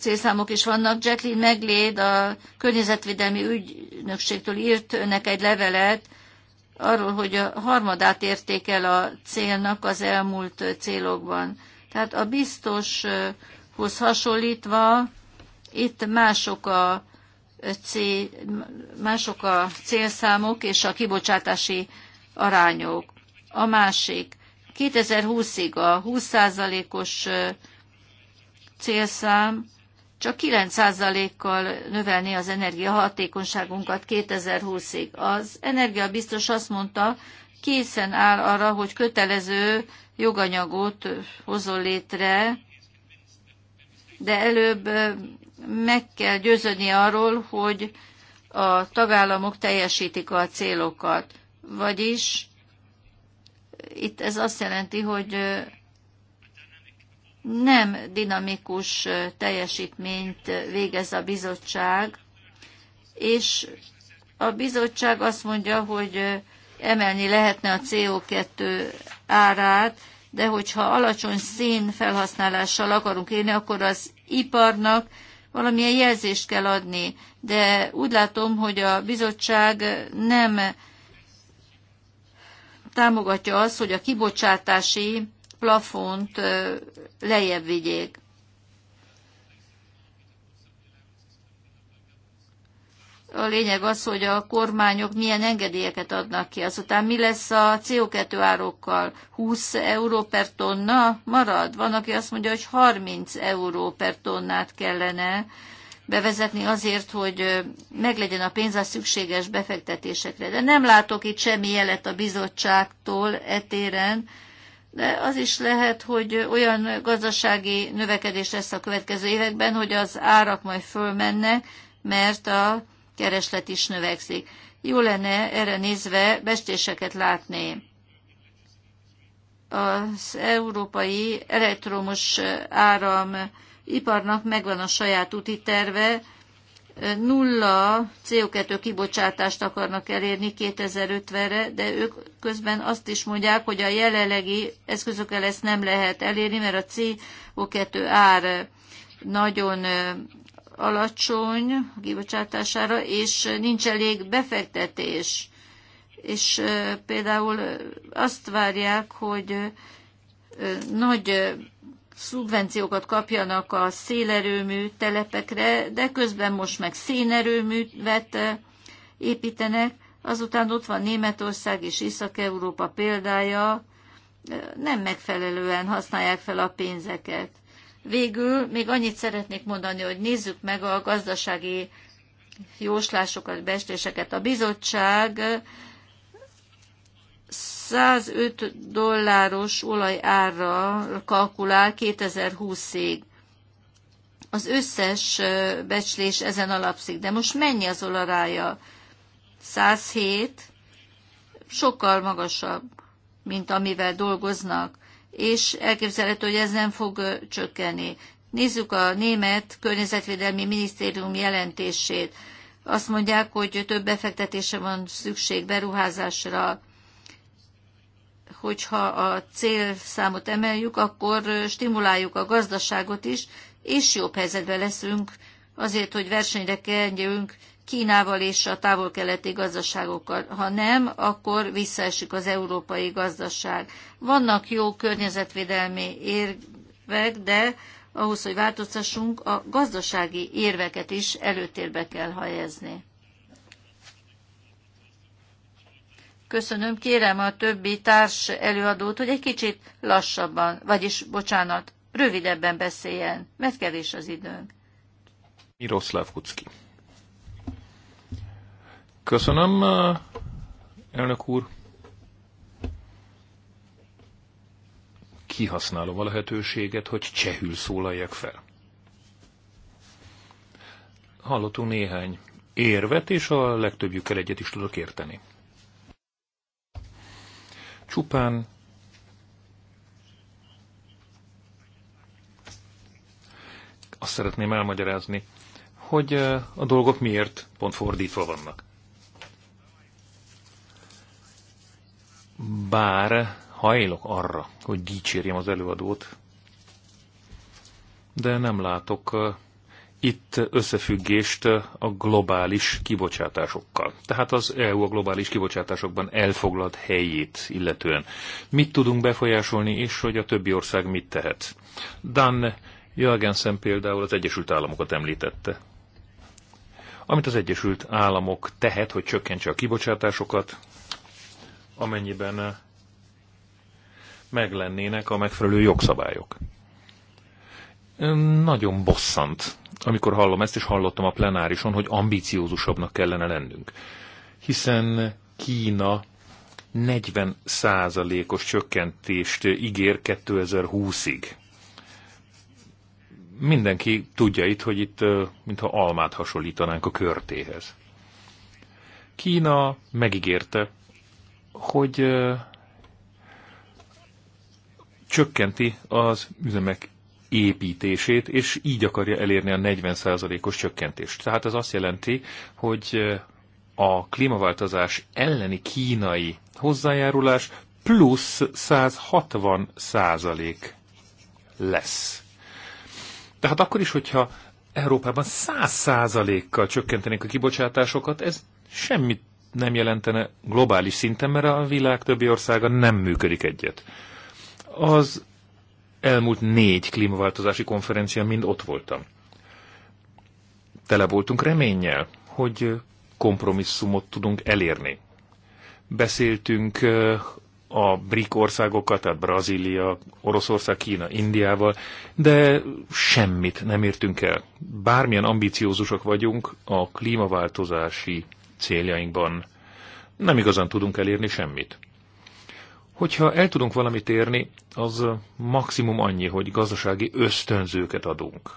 [SPEAKER 4] célszámok is vannak. Jacqueline Megléd a környezetvédelmi ügynökségtől írt önnek egy levelet arról, hogy a harmadát érték el a célnak az elmúlt célokban. Tehát a biztoshoz hasonlítva itt mások a, cél, mások a célszámok és a kibocsátási arányok. A másik 2020-ig a 20%-os célszám csak 9%-kal növelni az energiahatékonyságunkat 2020-ig. Az energiabiztos azt mondta, készen áll arra, hogy kötelező joganyagot hozol létre, de előbb meg kell győződni arról, hogy a tagállamok teljesítik a célokat. Vagyis itt ez azt jelenti, hogy nem dinamikus teljesítményt végez a bizottság, és a bizottság azt mondja, hogy emelni lehetne a CO2 árát, de hogyha alacsony szín felhasználással akarunk élni, akkor az iparnak valamilyen jelzést kell adni. De úgy látom, hogy a bizottság nem támogatja azt, hogy a kibocsátási plafont lejjebb vigyék. A lényeg az, hogy a kormányok milyen engedélyeket adnak ki. Azután mi lesz a CO2 árokkal? 20 euró per tonna marad? Van, aki azt mondja, hogy 30 euró per tonnát kellene bevezetni azért, hogy meglegyen a pénz a szükséges befektetésekre. De nem látok itt semmi jelet a bizottságtól etéren de az is lehet, hogy olyan gazdasági növekedés lesz a következő években, hogy az árak majd fölmennek, mert a kereslet is növekszik. Jó lenne erre nézve bestéseket látni. Az európai elektromos áram iparnak megvan a saját úti terve, nulla CO2 kibocsátást akarnak elérni 2050-re, de ők közben azt is mondják, hogy a jelenlegi eszközökkel ezt nem lehet elérni, mert a CO2 ár nagyon alacsony a kibocsátására, és nincs elég befektetés. És például azt várják, hogy nagy szubvenciókat kapjanak a szélerőmű telepekre, de közben most meg szénerőművet eh, építenek. Azután ott van Németország és Észak-Európa példája, eh, nem megfelelően használják fel a pénzeket. Végül még annyit szeretnék mondani, hogy nézzük meg a gazdasági jóslásokat, bestéseket. A bizottság eh, 105 dolláros olajárra kalkulál 2020-ig. Az összes becslés ezen alapszik. De most mennyi az olarája? 107, sokkal magasabb, mint amivel dolgoznak, és elképzelhető, hogy ez nem fog csökkenni. Nézzük a német környezetvédelmi minisztérium jelentését. Azt mondják, hogy több befektetése van szükség beruházásra hogyha a célszámot emeljük, akkor stimuláljuk a gazdaságot is, és jobb helyzetben leszünk azért, hogy versenyre kerüljünk Kínával és a távol-keleti gazdaságokkal. Ha nem, akkor visszaesik az európai gazdaság. Vannak jó környezetvédelmi érvek, de ahhoz, hogy változtassunk, a gazdasági érveket is előtérbe kell helyezni. Köszönöm, kérem a többi társ előadót, hogy egy kicsit lassabban, vagyis, bocsánat, rövidebben beszéljen, mert kevés az időnk.
[SPEAKER 3] Miroslav Kucki. Köszönöm, elnök úr. Kihasználom a lehetőséget, hogy csehül szólaljak fel. Hallottunk néhány érvet, és a legtöbbjükkel egyet is tudok érteni. Csupán azt szeretném elmagyarázni, hogy eh, a dolgok miért pont fordítva vannak. Bár hajlok arra, hogy dicsérjem az előadót, de nem látok eh, itt összefüggést a globális kibocsátásokkal. Tehát az EU a globális kibocsátásokban elfoglalt helyét illetően. Mit tudunk befolyásolni, és hogy a többi ország mit tehet? Dan Jörgensen például az Egyesült Államokat említette. Amit az Egyesült Államok tehet, hogy csökkentse a kibocsátásokat, amennyiben meglennének a megfelelő jogszabályok. Nagyon bosszant amikor hallom ezt, és hallottam a plenárison, hogy ambiciózusabbnak kellene lennünk. Hiszen Kína 40 százalékos csökkentést ígér 2020-ig. Mindenki tudja itt, hogy itt mintha almát hasonlítanánk a körtéhez. Kína megígérte, hogy csökkenti az üzemek építését, és így akarja elérni a 40%-os csökkentést. Tehát ez azt jelenti, hogy eh, a klímaváltozás elleni kínai hozzájárulás plusz 160 százalék lesz. Tehát akkor is, hogyha Európában 100 százalékkal csökkentenék a kibocsátásokat, ez semmit nem jelentene globális szinten, mert a világ többi országa nem működik egyet. Az elmúlt négy klímaváltozási konferencián mind ott voltam. Tele voltunk reménnyel, hogy kompromisszumot tudunk elérni. Beszéltünk a BRIC országokat, tehát Brazília, Oroszország, Kína, Indiával, de semmit nem értünk el. Bármilyen ambiciózusok vagyunk a klímaváltozási céljainkban, nem igazán tudunk elérni semmit. Hogyha el tudunk valamit érni, az maximum annyi, hogy gazdasági ösztönzőket adunk.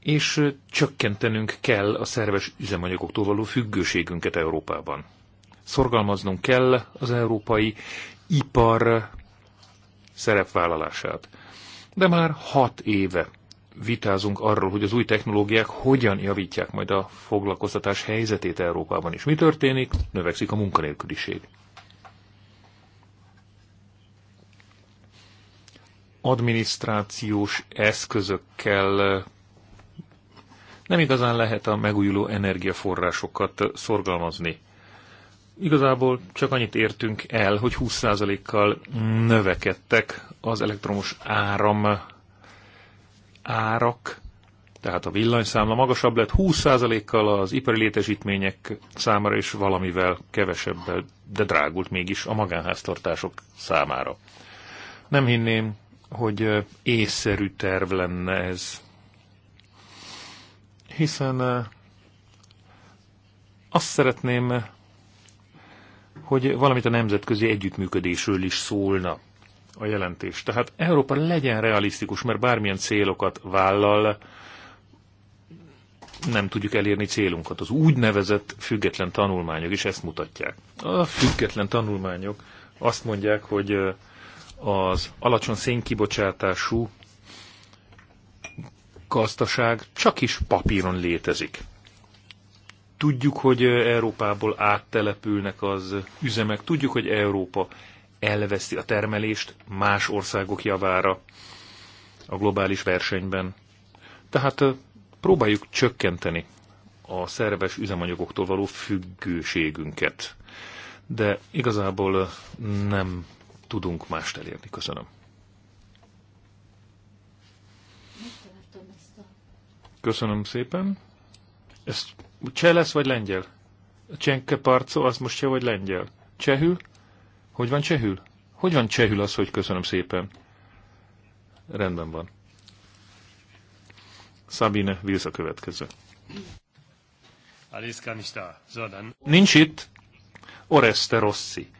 [SPEAKER 3] És csökkentenünk kell a szerves üzemanyagoktól való függőségünket Európában. Szorgalmaznunk kell az európai ipar szerepvállalását. De már hat éve vitázunk arról, hogy az új technológiák hogyan javítják majd a foglalkoztatás helyzetét Európában is. Mi történik? Növekszik a munkanélküliség. adminisztrációs eszközökkel eh, nem igazán lehet a megújuló energiaforrásokat eh, szorgalmazni. Igazából csak annyit értünk el, hogy 20%-kal növekedtek az elektromos áram árak, tehát a villanyszámla magasabb lett 20%-kal az ipari létesítmények számára és valamivel kevesebb, de drágult mégis a magánháztartások számára. Nem hinném, hogy észszerű terv lenne ez. Hiszen azt szeretném, hogy valamit a nemzetközi együttműködésről is szólna a jelentés. Tehát Európa legyen realisztikus, mert bármilyen célokat vállal, nem tudjuk elérni célunkat. Az úgynevezett független tanulmányok is ezt mutatják. A független tanulmányok azt mondják, hogy az alacsony szénkibocsátású gazdaság csak is papíron létezik. Tudjuk, hogy Európából áttelepülnek az üzemek, tudjuk, hogy Európa elveszti a termelést más országok javára a globális versenyben. Tehát próbáljuk csökkenteni a szerves üzemanyagoktól való függőségünket. De igazából nem tudunk mást elérni. Köszönöm. Köszönöm szépen. Ez cseh lesz, vagy lengyel? Csenke parco, az most cseh vagy lengyel? Csehül? Hogy van csehül? Hogy van csehül az, hogy köszönöm szépen? Rendben van. Sabine Vilsa következő. Nincs itt. Oreste Rossi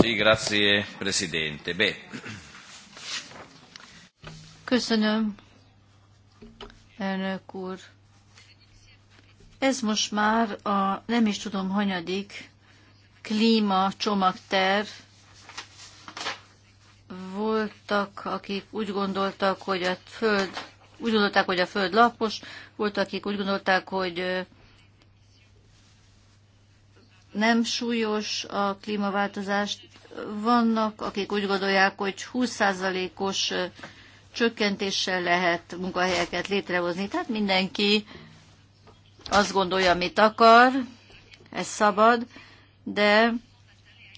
[SPEAKER 3] grazie, Presidente.
[SPEAKER 4] Köszönöm, elnök úr. Ez most már a nem is tudom hanyadik klíma csomagter Voltak, akik úgy gondoltak, hogy a föld, úgy gondolták, hogy a föld lapos, voltak, akik úgy gondolták, hogy nem súlyos a klímaváltozást Vannak, akik úgy gondolják, hogy 20%-os csökkentéssel lehet munkahelyeket létrehozni. Tehát mindenki azt gondolja, amit akar, ez szabad, de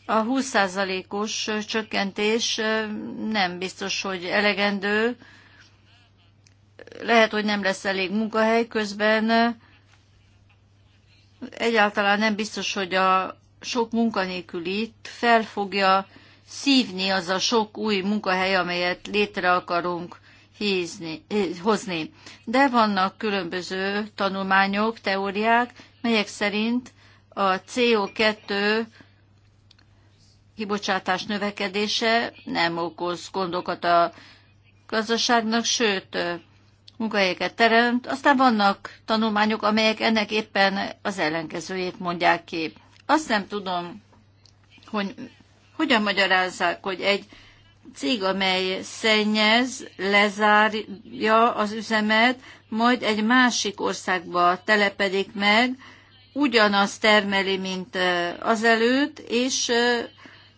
[SPEAKER 4] a 20%-os csökkentés nem biztos, hogy elegendő. Lehet, hogy nem lesz elég munkahely, közben egyáltalán nem biztos, hogy a sok itt fel fogja szívni az a sok új munkahely, amelyet létre akarunk hízni, eh, hozni. De vannak különböző tanulmányok, teóriák, melyek szerint a CO2 kibocsátás növekedése nem okoz gondokat a gazdaságnak, sőt, munkahelyeket teremt, aztán vannak tanulmányok, amelyek ennek éppen az ellenkezőjét mondják ki. Azt nem tudom, hogy hogyan magyarázzák, hogy egy cég, amely szennyez, lezárja az üzemet, majd egy másik országba telepedik meg, ugyanaz termeli, mint azelőtt, és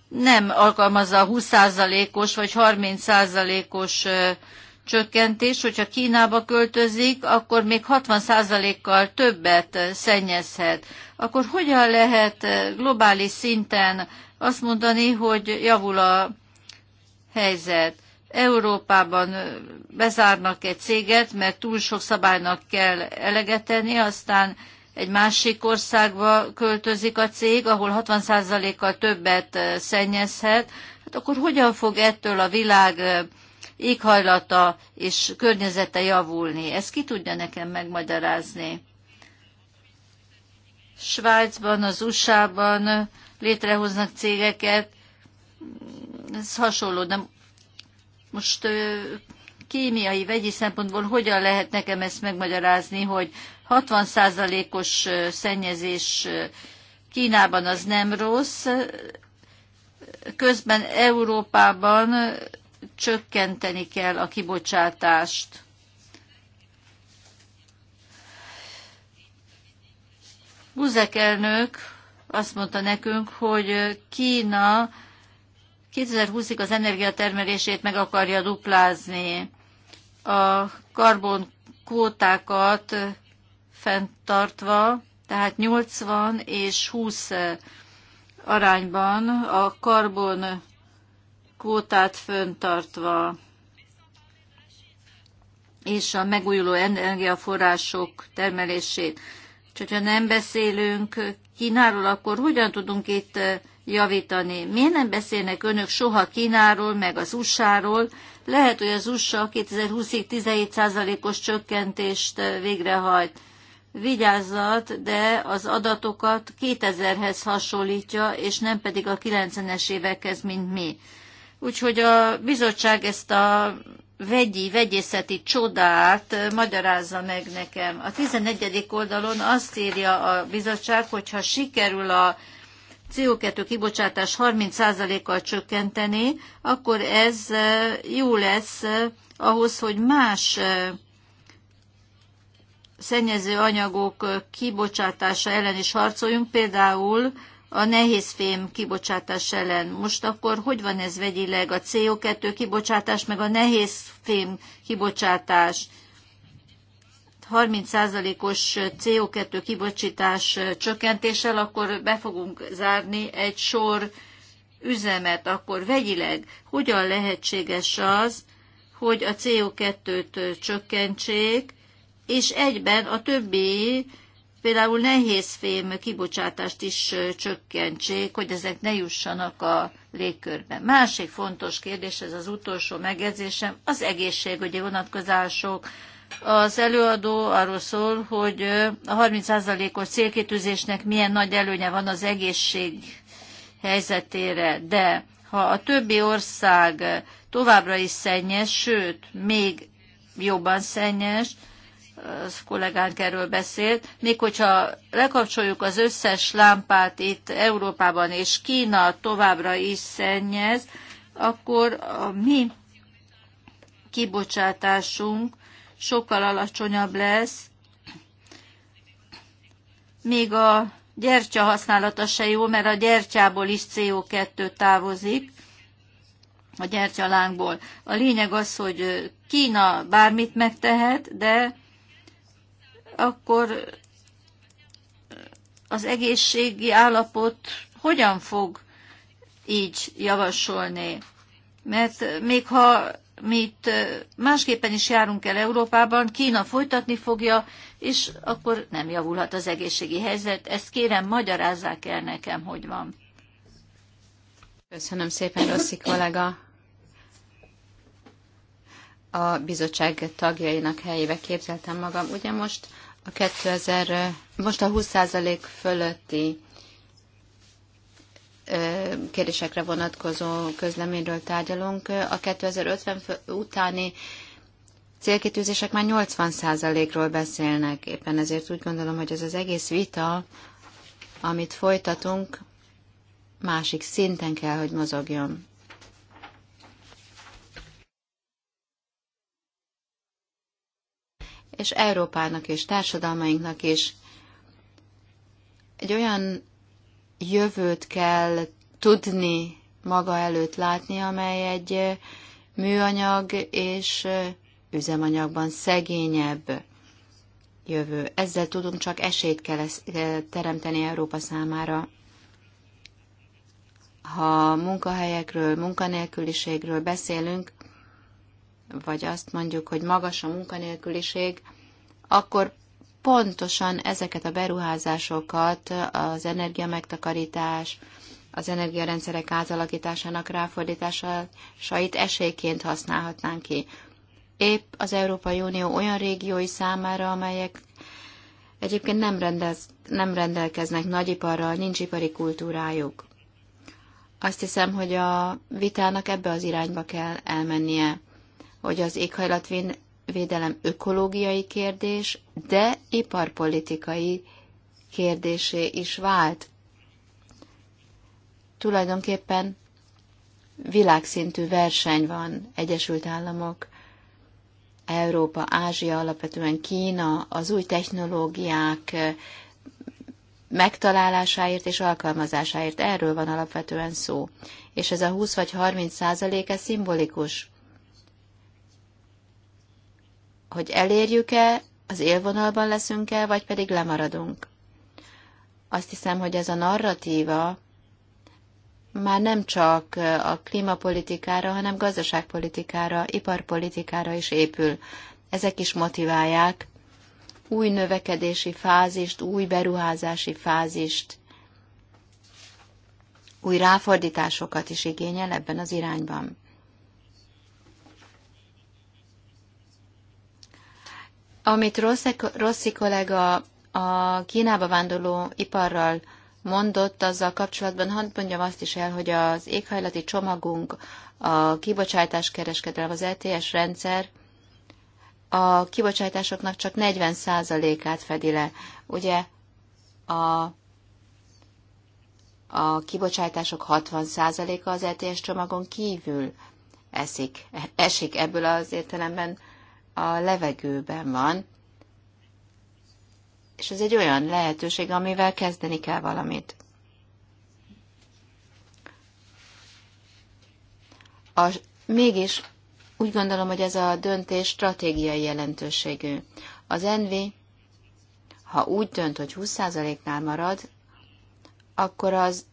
[SPEAKER 4] nem alkalmazza a 20%-os vagy 30%-os csökkentés, hogyha Kínába költözik, akkor még 60%-kal többet szennyezhet. Akkor hogyan lehet globális szinten azt mondani, hogy javul a helyzet? Európában bezárnak egy céget, mert túl sok szabálynak kell eleget tenni, aztán egy másik országba költözik a cég, ahol 60%-kal többet szennyezhet, hát akkor hogyan fog ettől a világ éghajlata és környezete javulni. Ezt ki tudja nekem megmagyarázni? Svájcban, az USA-ban létrehoznak cégeket, ez hasonló, de most kémiai, vegyi szempontból hogyan lehet nekem ezt megmagyarázni, hogy 60%-os szennyezés Kínában az nem rossz, közben Európában csökkenteni kell a kibocsátást. Buzek elnök azt mondta nekünk, hogy Kína 2020-ig az energiatermelését meg akarja duplázni. A karbon kvótákat fenntartva, tehát 80 és 20 arányban a karbon kvótát föntartva, és a megújuló energiaforrások termelését. És hogyha nem beszélünk Kínáról, akkor hogyan tudunk itt javítani? Miért nem beszélnek önök soha Kínáról, meg az USA-ról? Lehet, hogy az USA 2020-ig 17%-os csökkentést végrehajt. Vigyázzat, de az adatokat 2000-hez hasonlítja, és nem pedig a 90-es évekhez, mint mi. Úgyhogy a bizottság ezt a vegyi, vegyészeti csodát magyarázza meg nekem. A 14. oldalon azt írja a bizottság, hogy ha sikerül a CO2 kibocsátás 30%-kal csökkenteni, akkor ez jó lesz ahhoz, hogy más szennyező anyagok kibocsátása ellen is harcoljunk, például a nehéz fém kibocsátás ellen. Most akkor hogy van ez vegyileg a CO2 kibocsátás, meg a nehéz fém kibocsátás? 30%-os CO2 kibocsítás csökkentéssel, akkor be fogunk zárni egy sor üzemet, akkor vegyileg hogyan lehetséges az, hogy a CO2-t csökkentsék, és egyben a többi például nehézfém kibocsátást is csökkentsék, hogy ezek ne jussanak a légkörbe. Másik fontos kérdés, ez az utolsó megjegyzésem, az egészségügyi vonatkozások. Az előadó arról szól, hogy a 30%-os célkitűzésnek milyen nagy előnye van az egészség helyzetére, de ha a többi ország továbbra is szennyes, sőt, még jobban szennyes, az kollégánk erről beszélt, még hogyha lekapcsoljuk az összes lámpát itt Európában, és Kína továbbra is szennyez, akkor a mi kibocsátásunk sokkal alacsonyabb lesz, még a gyertya használata se jó, mert a gyertyából is CO2 távozik, a gyertyalánkból. A lényeg az, hogy Kína bármit megtehet, de akkor az egészségi állapot hogyan fog így javasolni? Mert még ha mi itt másképpen is járunk el Európában, Kína folytatni fogja, és akkor nem javulhat az egészségi helyzet. Ezt kérem, magyarázzák el nekem, hogy van.
[SPEAKER 2] Köszönöm szépen, Rossi kollega. A bizottság tagjainak helyébe képzeltem magam. Ugye most a 2000, most a 20% fölötti kérdésekre vonatkozó közleményről tárgyalunk. A 2050 utáni célkitűzések már 80%-ról beszélnek. Éppen ezért úgy gondolom, hogy ez az egész vita, amit folytatunk, másik szinten kell, hogy mozogjon. és Európának és társadalmainknak is egy olyan jövőt kell tudni maga előtt látni, amely egy műanyag és üzemanyagban szegényebb jövő. Ezzel tudunk csak esélyt kell teremteni Európa számára. Ha munkahelyekről, munkanélküliségről beszélünk, vagy azt mondjuk, hogy magas a munkanélküliség, akkor pontosan ezeket a beruházásokat, az energia az energiarendszerek átalakításának ráfordításait esélyként használhatnánk ki. Épp az Európai Unió olyan régiói számára, amelyek egyébként nem, rendez, nem rendelkeznek nagyiparral, nincs ipari kultúrájuk. Azt hiszem, hogy a vitának ebbe az irányba kell elmennie hogy az éghajlatvédelem ökológiai kérdés, de iparpolitikai kérdésé is vált. Tulajdonképpen világszintű verseny van Egyesült Államok, Európa, Ázsia, alapvetően Kína az új technológiák megtalálásáért és alkalmazásáért. Erről van alapvetően szó. És ez a 20 vagy 30 százaléke szimbolikus hogy elérjük-e, az élvonalban leszünk-e, vagy pedig lemaradunk. Azt hiszem, hogy ez a narratíva már nem csak a klímapolitikára, hanem gazdaságpolitikára, iparpolitikára is épül. Ezek is motiválják új növekedési fázist, új beruházási fázist, új ráfordításokat is igényel ebben az irányban. Amit Rossi kollega a Kínába vándorló iparral mondott azzal kapcsolatban, hadd mondjam azt is el, hogy az éghajlati csomagunk, a kibocsátás kereskedelem, az ETS rendszer a kibocsátásoknak csak 40%-át fedi le. Ugye a, a kibocsátások 60%-a az ETS csomagon kívül eszik, esik ebből az értelemben a levegőben van, és ez egy olyan lehetőség, amivel kezdeni kell valamit. A, mégis úgy gondolom, hogy ez a döntés stratégiai jelentőségű. Az envi, ha úgy dönt, hogy 20%-nál marad, akkor az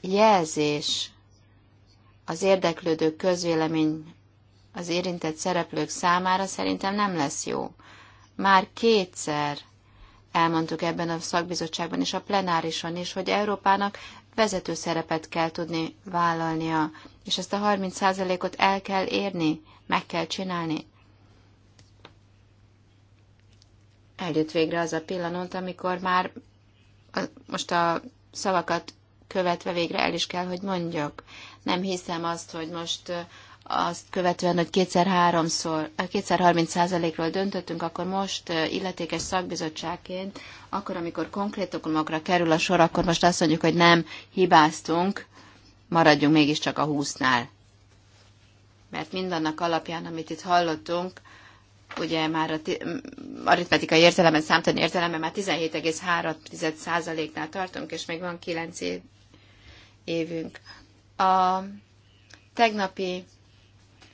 [SPEAKER 2] jelzés az érdeklődő közvélemény az érintett szereplők számára szerintem nem lesz jó. Már kétszer elmondtuk ebben a szakbizottságban és a plenárison is, hogy Európának vezető szerepet kell tudni vállalnia, és ezt a 30%-ot el kell érni, meg kell csinálni. Eljött végre az a pillanat, amikor már most a szavakat követve végre el is kell, hogy mondjak. Nem hiszem azt, hogy most azt követően, hogy kétszer-háromszor, kétszer 30 eh, százalékról döntöttünk, akkor most eh, illetékes szakbizottságként, akkor, amikor konkrétumokra kerül a sor, akkor most azt mondjuk, hogy nem hibáztunk, maradjunk mégiscsak a 20-nál. Mert mindannak alapján, amit itt hallottunk, ugye már a aritmetikai értelemben, számtani értelemben már 17,3%-nál tartunk, és még van 9 év, évünk. A tegnapi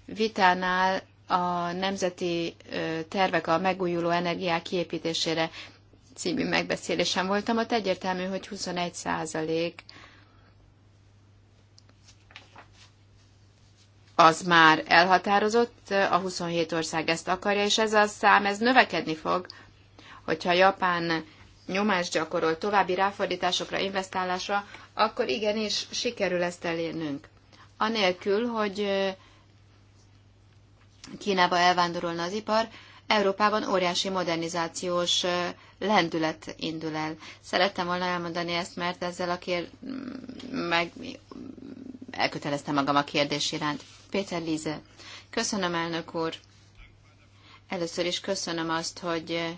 [SPEAKER 2] vitánál a nemzeti tervek a megújuló energiák kiépítésére című megbeszélésen voltam, ott egyértelmű, hogy 21 százalék az már elhatározott, a 27 ország ezt akarja, és ez a szám, ez növekedni fog, hogyha Japán nyomást gyakorol további ráfordításokra, investálásra, akkor igenis sikerül ezt elérnünk. Anélkül, hogy Kínába elvándorolna az ipar, Európában óriási modernizációs lendület indul el. Szerettem volna elmondani ezt, mert ezzel a kér... Mm, meg elköteleztem magam a kérdés iránt. Péter Líze, köszönöm elnök úr. Először is köszönöm azt, hogy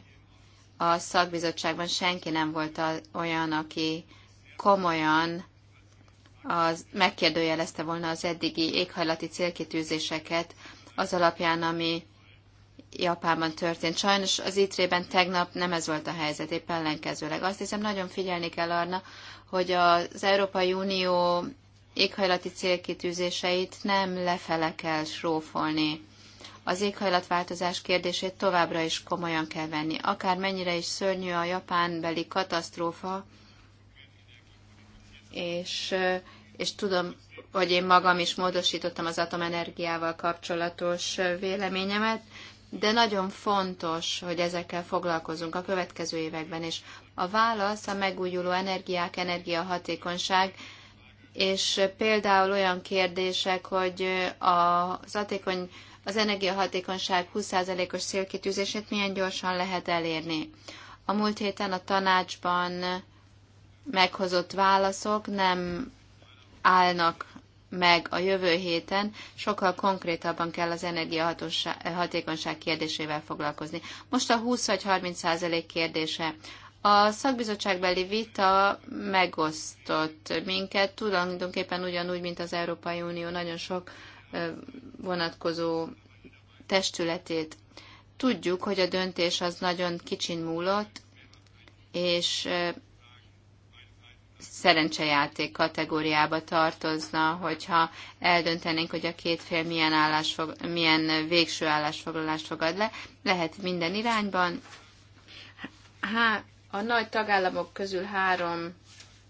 [SPEAKER 2] a szakbizottságban senki nem volt olyan, aki komolyan az, megkérdőjelezte volna az eddigi éghajlati célkitűzéseket az alapján, ami Japánban történt. Sajnos az ITRE-ben tegnap nem ez volt a helyzet, épp ellenkezőleg. Azt hiszem, nagyon figyelni kell arra, hogy az Európai Unió éghajlati célkitűzéseit nem lefele kell srófolni. Az éghajlatváltozás kérdését továbbra is komolyan kell venni. Akár mennyire is szörnyű a japánbeli katasztrófa, és és tudom, hogy én magam is módosítottam az atomenergiával kapcsolatos véleményemet, de nagyon fontos, hogy ezekkel foglalkozunk a következő években is. A válasz a megújuló energiák, energiahatékonyság, és például olyan kérdések, hogy az, hatékony, az energiahatékonyság 20%-os szélkitűzését milyen gyorsan lehet elérni. A múlt héten a tanácsban meghozott válaszok nem állnak meg a jövő héten, sokkal konkrétabban kell az energiahatékonyság kérdésével foglalkozni. Most a 20 vagy 30 százalék kérdése. A szakbizottságbeli vita megosztott minket, tulajdonképpen ugyanúgy, mint az Európai Unió nagyon sok vonatkozó testületét. Tudjuk, hogy a döntés az nagyon kicsin múlott, és szerencsejáték kategóriába tartozna, hogyha eldöntenénk, hogy a két fél milyen, állásfog, milyen végső állásfoglalást fogad le. Lehet minden irányban. Há, a nagy tagállamok közül három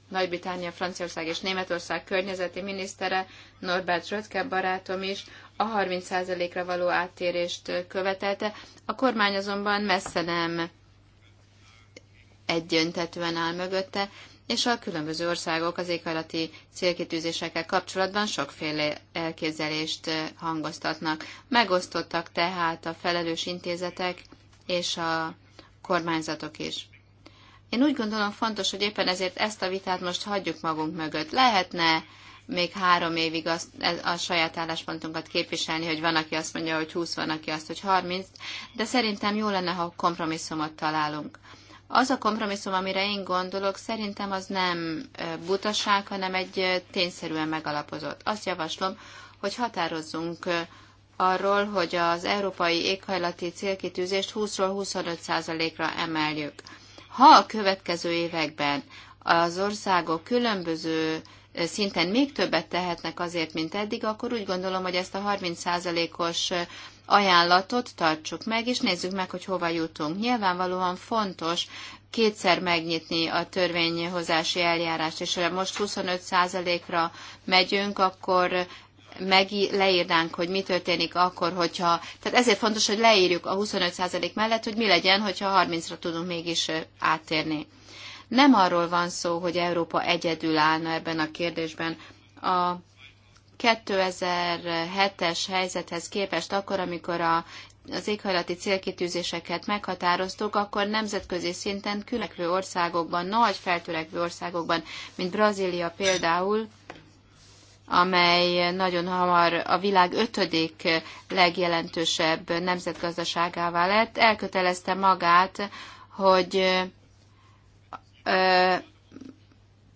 [SPEAKER 2] nagy-Britannia, Franciaország és Németország környezeti minisztere, Norbert Röttke barátom is a 30%-ra való áttérést követelte. A kormány azonban messze nem egyöntetően áll mögötte, és a különböző országok az éghajlati célkitűzésekkel kapcsolatban sokféle elképzelést eh, hangoztatnak. Megosztottak tehát a felelős intézetek és a kormányzatok is. Én úgy gondolom fontos, hogy éppen ezért ezt a vitát most hagyjuk magunk mögött. Lehetne még három évig azt, eh, a saját álláspontunkat képviselni, hogy van, aki azt mondja, hogy 20, van, aki azt, hogy 30, de szerintem jó lenne, ha kompromisszumot találunk. Az a kompromisszum, amire én gondolok, szerintem az nem butaság, hanem egy tényszerűen megalapozott. Azt javaslom, hogy határozzunk arról, hogy az európai éghajlati célkitűzést 20-ról 25%-ra emeljük. Ha a következő években az országok különböző szinten még többet tehetnek azért, mint eddig, akkor úgy gondolom, hogy ezt a 30%-os ajánlatot tartsuk meg, és nézzük meg, hogy hova jutunk. Nyilvánvalóan fontos kétszer megnyitni a törvényhozási eljárást, és ha most 25%-ra megyünk, akkor meg leírnánk, hogy mi történik akkor, hogyha... Tehát ezért fontos, hogy leírjuk a 25% mellett, hogy mi legyen, hogyha 30-ra tudunk mégis áttérni. Nem arról van szó, hogy Európa egyedül állna ebben a kérdésben. A 2007-es helyzethez képest akkor, amikor a az éghajlati célkitűzéseket meghatároztuk, akkor nemzetközi szinten különböző országokban, nagy feltörekvő országokban, mint Brazília például, amely nagyon hamar a világ ötödik legjelentősebb nemzetgazdaságává lett, elkötelezte magát, hogy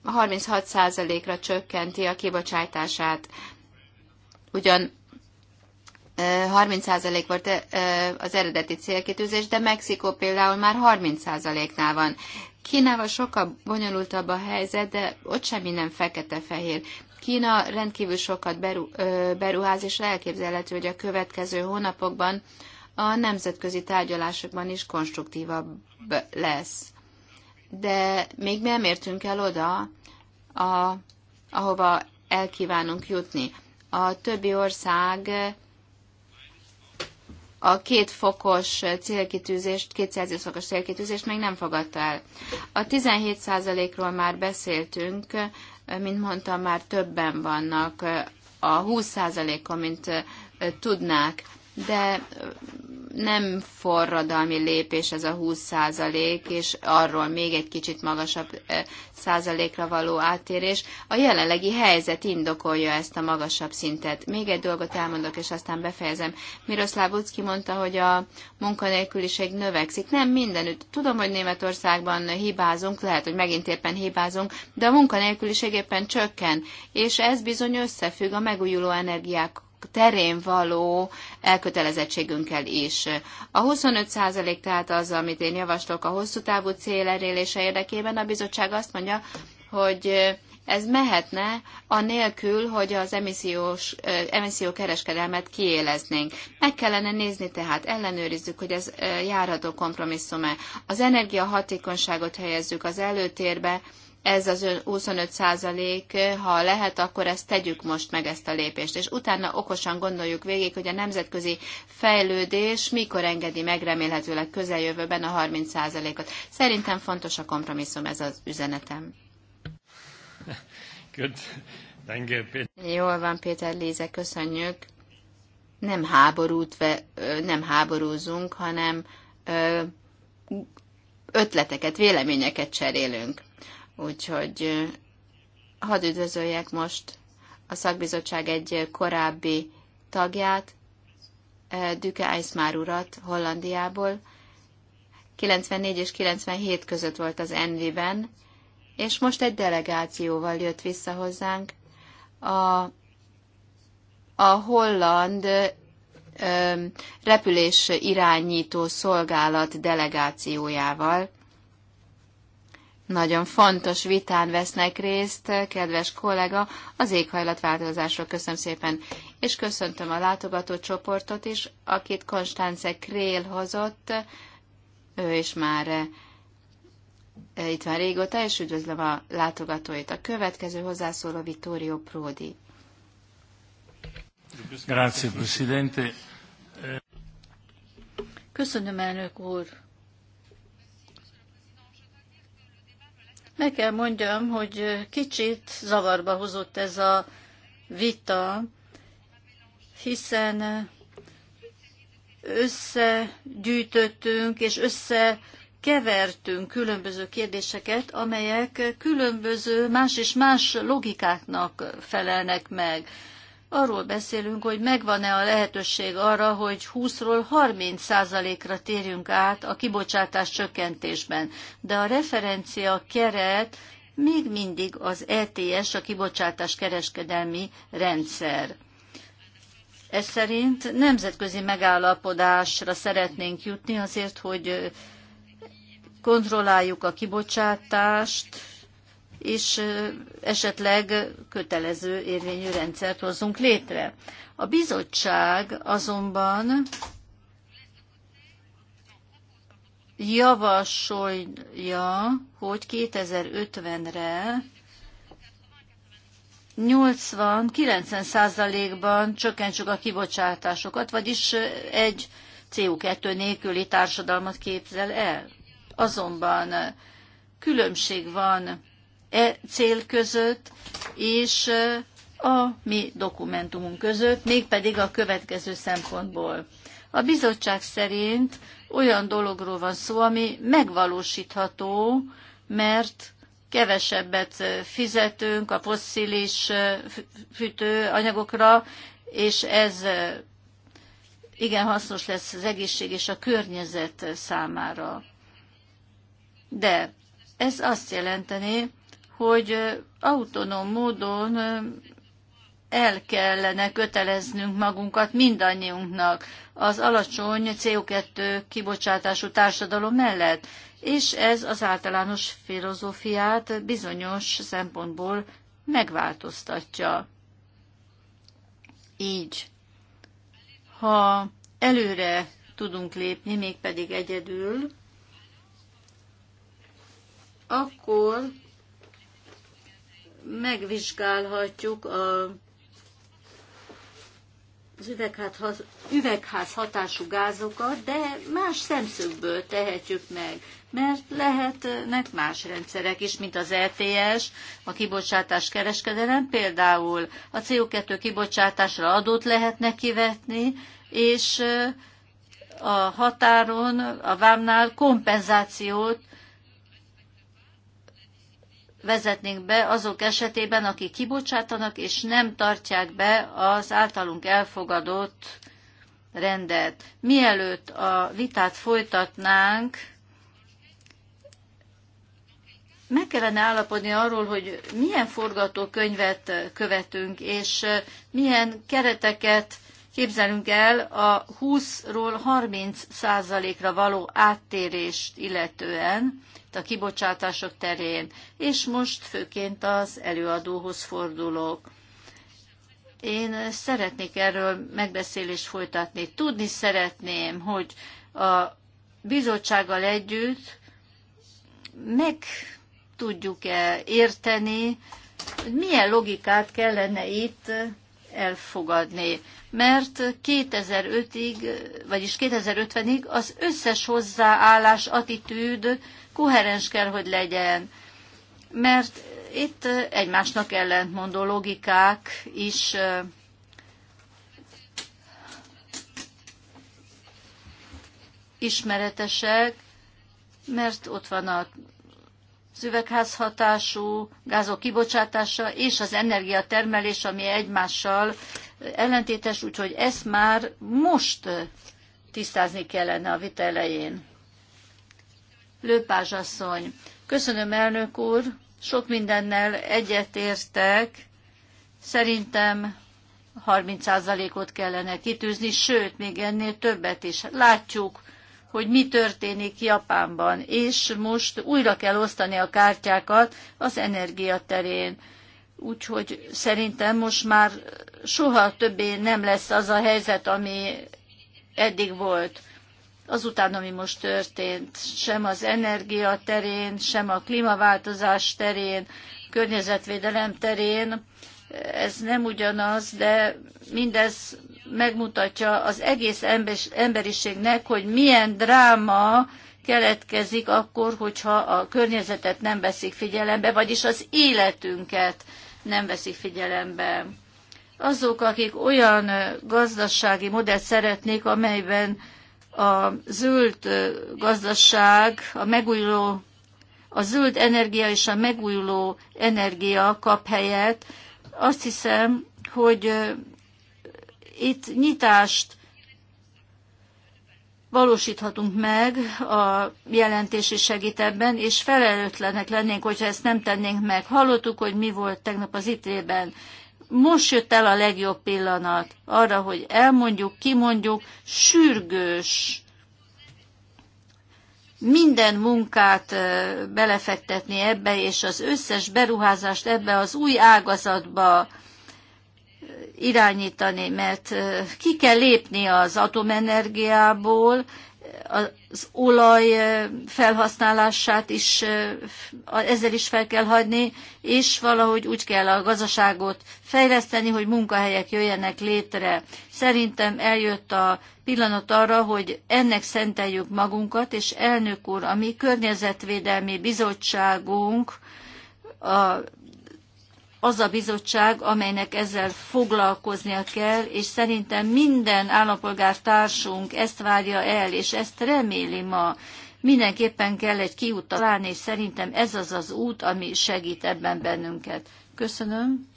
[SPEAKER 2] 36%-ra csökkenti a kibocsátását. Ugyan 30% volt az eredeti célkitűzés, de Mexikó például már 30%-nál van. Kínával sokkal bonyolultabb a helyzet, de ott semmi nem fekete-fehér. Kína rendkívül sokat beruház, és elképzelhető, hogy a következő hónapokban a nemzetközi tárgyalásokban is konstruktívabb lesz de még nem értünk el oda, a, ahova elkívánunk jutni. A többi ország a két fokos célkitűzést, 200 fokos célkitűzést még nem fogadta el. A 17%-ról már beszéltünk, mint mondtam, már többen vannak a 20%-on, mint tudnák de nem forradalmi lépés ez a 20 százalék, és arról még egy kicsit magasabb százalékra való áttérés. A jelenlegi helyzet indokolja ezt a magasabb szintet. Még egy dolgot elmondok, és aztán befejezem. Miroslav Ucki mondta, hogy a munkanélküliség növekszik. Nem mindenütt. Tudom, hogy Németországban hibázunk, lehet, hogy megint éppen hibázunk, de a munkanélküliség éppen csökken, és ez bizony összefügg a megújuló energiák terén való elkötelezettségünkkel is. A 25% tehát az, amit én javaslok a hosszú távú cél elérése érdekében, a bizottság azt mondja, hogy ez mehetne, anélkül, hogy az emissziós, kereskedelmet kiéleznénk. Meg kellene nézni, tehát ellenőrizzük, hogy ez járható kompromisszum-e. Az energiahatékonyságot helyezzük az előtérbe, ez az 25 százalék, ha lehet, akkor ezt tegyük most meg ezt a lépést, és utána okosan gondoljuk végig, hogy a nemzetközi fejlődés mikor engedi meg remélhetőleg közeljövőben a 30 százalékot. Szerintem fontos a kompromisszum, ez az üzenetem.
[SPEAKER 1] Good.
[SPEAKER 2] Jól van, Péter Léze, köszönjük. Nem háborút, nem háborúzunk, hanem ötleteket, véleményeket cserélünk. Úgyhogy hadd üdvözöljek most a szakbizottság egy korábbi tagját, Düke Eismár urat Hollandiából. 94 és 97 között volt az Envi-ben, és most egy delegációval jött vissza hozzánk a, a holland ö, repülés irányító szolgálat delegációjával nagyon fontos vitán vesznek részt, kedves kollega, az éghajlatváltozásról köszönöm szépen, és köszöntöm a látogató csoportot is, akit Konstance Krél hozott, ő is már eh, itt van régóta, és üdvözlöm a látogatóit. A következő hozzászóló Vittorio Prodi.
[SPEAKER 1] Grazie, Presidente.
[SPEAKER 4] Köszönöm, elnök úr. Meg kell mondjam, hogy kicsit zavarba hozott ez a vita, hiszen összegyűjtöttünk és összekevertünk különböző kérdéseket, amelyek különböző más és más logikáknak felelnek meg arról beszélünk, hogy megvan-e a lehetőség arra, hogy 20-ról 30%-ra térjünk át a kibocsátás csökkentésben. De a referencia keret még mindig az ETS, a kibocsátás kereskedelmi rendszer. Ez szerint nemzetközi megállapodásra szeretnénk jutni azért, hogy kontrolláljuk a kibocsátást, és esetleg kötelező érvényű rendszert hozzunk létre. A bizottság azonban javasolja, hogy 2050-re 80-90 százalékban csökkentsük a kibocsátásokat, vagyis egy CO2 nélküli társadalmat képzel el. Azonban különbség van e cél között és e, a mi dokumentumunk között, mégpedig a következő szempontból. A bizottság szerint olyan dologról van szó, ami megvalósítható, mert kevesebbet fizetünk a fosszilis e, fűtőanyagokra, és ez e, igen hasznos lesz az egészség és a környezet számára. De ez azt jelenteni, hogy autonóm módon el kellene köteleznünk magunkat mindannyiunknak az alacsony CO2 kibocsátású társadalom mellett, és ez az általános filozófiát bizonyos szempontból megváltoztatja. Így, ha előre tudunk lépni, mégpedig egyedül, akkor megvizsgálhatjuk a az üvegház, üvegház hatású gázokat, de más szemszögből tehetjük meg, mert lehetnek más rendszerek is, mint az ETS, a kibocsátás kereskedelem, például a CO2 kibocsátásra adót lehetne kivetni, és a határon, a vámnál kompenzációt vezetnénk be azok esetében, akik kibocsátanak és nem tartják be az általunk elfogadott rendet. Mielőtt a vitát folytatnánk, meg kellene állapodni arról, hogy milyen forgatókönyvet követünk, és milyen kereteket Képzelünk el a 20-ról 30 százalékra való áttérést illetően a kibocsátások terén, és most főként az előadóhoz fordulok. Én szeretnék erről megbeszélést folytatni. Tudni szeretném, hogy a bizottsággal együtt meg tudjuk-e érteni, hogy milyen logikát kellene itt elfogadni, mert 2005-ig, vagyis 2050-ig az összes hozzáállás, attitűd koherens kell, hogy legyen, mert itt egymásnak ellentmondó logikák is ismeretesek, mert ott van a az üvegházhatású gázok kibocsátása és az energiatermelés, ami egymással ellentétes, úgyhogy ezt már most tisztázni kellene a vita elején. Lőpázs asszony, köszönöm elnök úr, sok mindennel egyetértek, szerintem 30%-ot kellene kitűzni, sőt, még ennél többet is. Látjuk, hogy mi történik Japánban, és most újra kell osztani a kártyákat az energiaterén. Úgyhogy szerintem most már soha többé nem lesz az a helyzet, ami eddig volt. Azután, ami most történt, sem az energia terén, sem a klímaváltozás terén, környezetvédelem terén, ez nem ugyanaz, de mindez megmutatja az egész emberiségnek, hogy milyen dráma keletkezik akkor, hogyha a környezetet nem veszik figyelembe, vagyis az életünket nem veszik figyelembe. Azok, akik olyan gazdasági modellt szeretnék, amelyben a zöld gazdaság, a megújuló, a zöld energia és a megújuló energia kap helyet, azt hiszem, hogy itt nyitást valósíthatunk meg, a jelentési is segít ebben, és felelőtlenek lennénk, hogyha ezt nem tennénk meg. Hallottuk, hogy mi volt tegnap az ítében. Most jött el a legjobb pillanat arra, hogy elmondjuk, kimondjuk, sürgős minden munkát belefektetni ebbe, és az összes beruházást ebbe az új ágazatba irányítani, mert ki kell lépni az atomenergiából, az olaj felhasználását is, ezzel is fel kell hagyni, és valahogy úgy kell a gazdaságot fejleszteni, hogy munkahelyek jöjjenek létre. Szerintem eljött a pillanat arra, hogy ennek szenteljük magunkat, és elnök úr, a mi környezetvédelmi bizottságunk a az a bizottság, amelynek ezzel foglalkoznia kell, és szerintem minden állampolgártársunk ezt várja el, és ezt reméli ma. Mindenképpen kell egy kiút találni, és szerintem ez az az út, ami segít ebben bennünket. Köszönöm.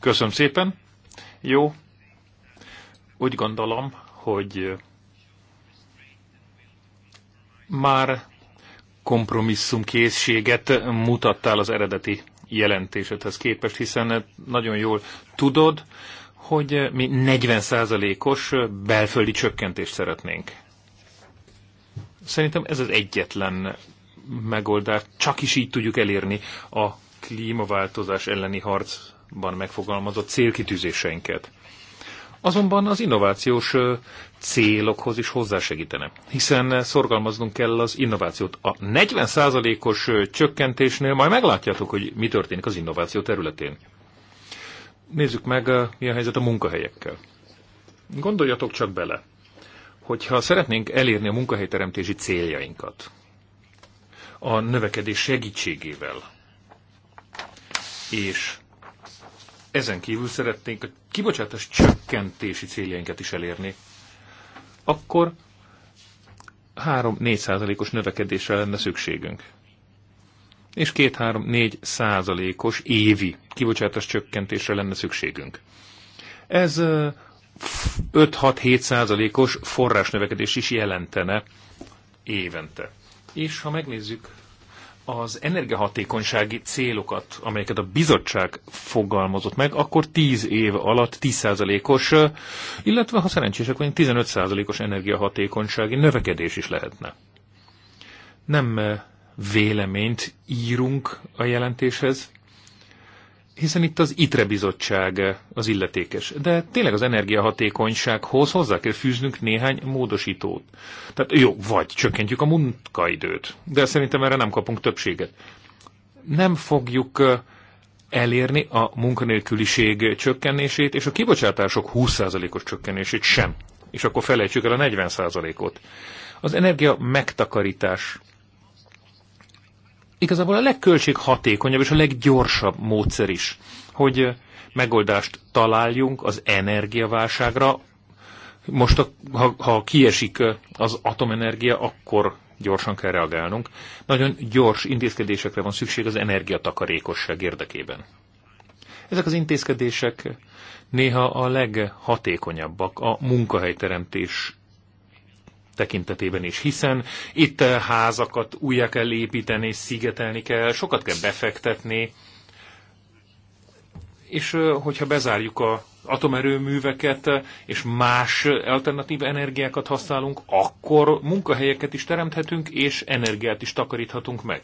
[SPEAKER 3] Köszönöm szépen. Jó. Úgy gondolom, hogy már kompromisszumkészséget mutattál az eredeti jelentésedhez képest, hiszen nagyon jól tudod, hogy mi 40%-os belföldi csökkentést szeretnénk. Szerintem ez az egyetlen megoldás, csak is így tudjuk elérni a klímaváltozás elleni harcban megfogalmazott célkitűzéseinket. Azonban az innovációs célokhoz is hozzásegítene, hiszen szorgalmaznunk kell az innovációt. A 40%-os csökkentésnél majd meglátjátok, hogy mi történik az innováció területén. Nézzük meg, mi a helyzet a munkahelyekkel. Gondoljatok csak bele, hogyha szeretnénk elérni a munkahelyteremtési céljainkat a növekedés segítségével, és ezen kívül szeretnénk a kibocsátás csökkentési céljainkat is elérni, akkor 3-4 százalékos növekedésre lenne szükségünk. És 2-3-4 százalékos évi kibocsátás csökkentésre lenne szükségünk. Ez 5-6-7 százalékos forrásnövekedés is jelentene évente. És ha megnézzük az energiahatékonysági célokat, amelyeket a bizottság fogalmazott meg, akkor 10 év alatt 10%-os, illetve ha szerencsések vagyunk, 15%-os energiahatékonysági növekedés is lehetne. Nem véleményt írunk a jelentéshez, hiszen itt az ITRE bizottság az illetékes. De tényleg az energiahatékonysághoz hozzá kell fűznünk néhány módosítót. Tehát jó, vagy csökkentjük a munkaidőt, de szerintem erre nem kapunk többséget. Nem fogjuk elérni a munkanélküliség csökkenését, és a kibocsátások 20%-os csökkenését sem. És akkor felejtsük el a 40%-ot. Az energia megtakarítás igazából a legköltséghatékonyabb és a leggyorsabb módszer is, hogy megoldást találjunk az energiaválságra. Most, a, ha, ha kiesik az atomenergia, akkor gyorsan kell reagálnunk. Nagyon gyors intézkedésekre van szükség az energiatakarékosság érdekében. Ezek az intézkedések néha a leghatékonyabbak a munkahelyteremtés tekintetében is, hiszen itt eh, házakat újra kell építeni, szigetelni kell, sokat kell befektetni, és eh, hogyha bezárjuk a atomerőműveket eh, és más alternatív energiákat használunk, akkor munkahelyeket is teremthetünk, és energiát is takaríthatunk meg.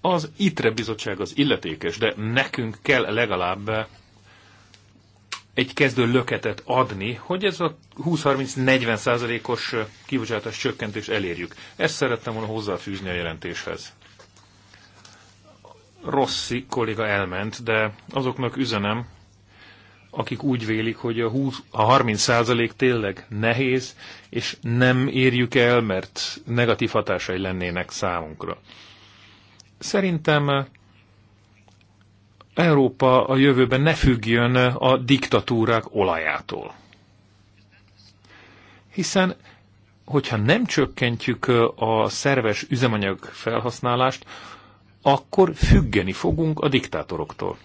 [SPEAKER 3] Az ITRE bizottság az illetékes, de nekünk kell legalább egy kezdő löketet adni, hogy ez a 20-30-40 százalékos kibocsátás csökkentés elérjük. Ezt szerettem volna hozzáfűzni a jelentéshez. Rossi kolléga elment, de azoknak üzenem, akik úgy vélik, hogy a, 20, a 30 százalék tényleg nehéz, és nem érjük el, mert negatív hatásai lennének számunkra. Szerintem Európa a jövőben ne függjön a diktatúrák olajától. Hiszen, hogyha nem csökkentjük a szerves üzemanyag felhasználást, akkor függeni fogunk a diktátoroktól.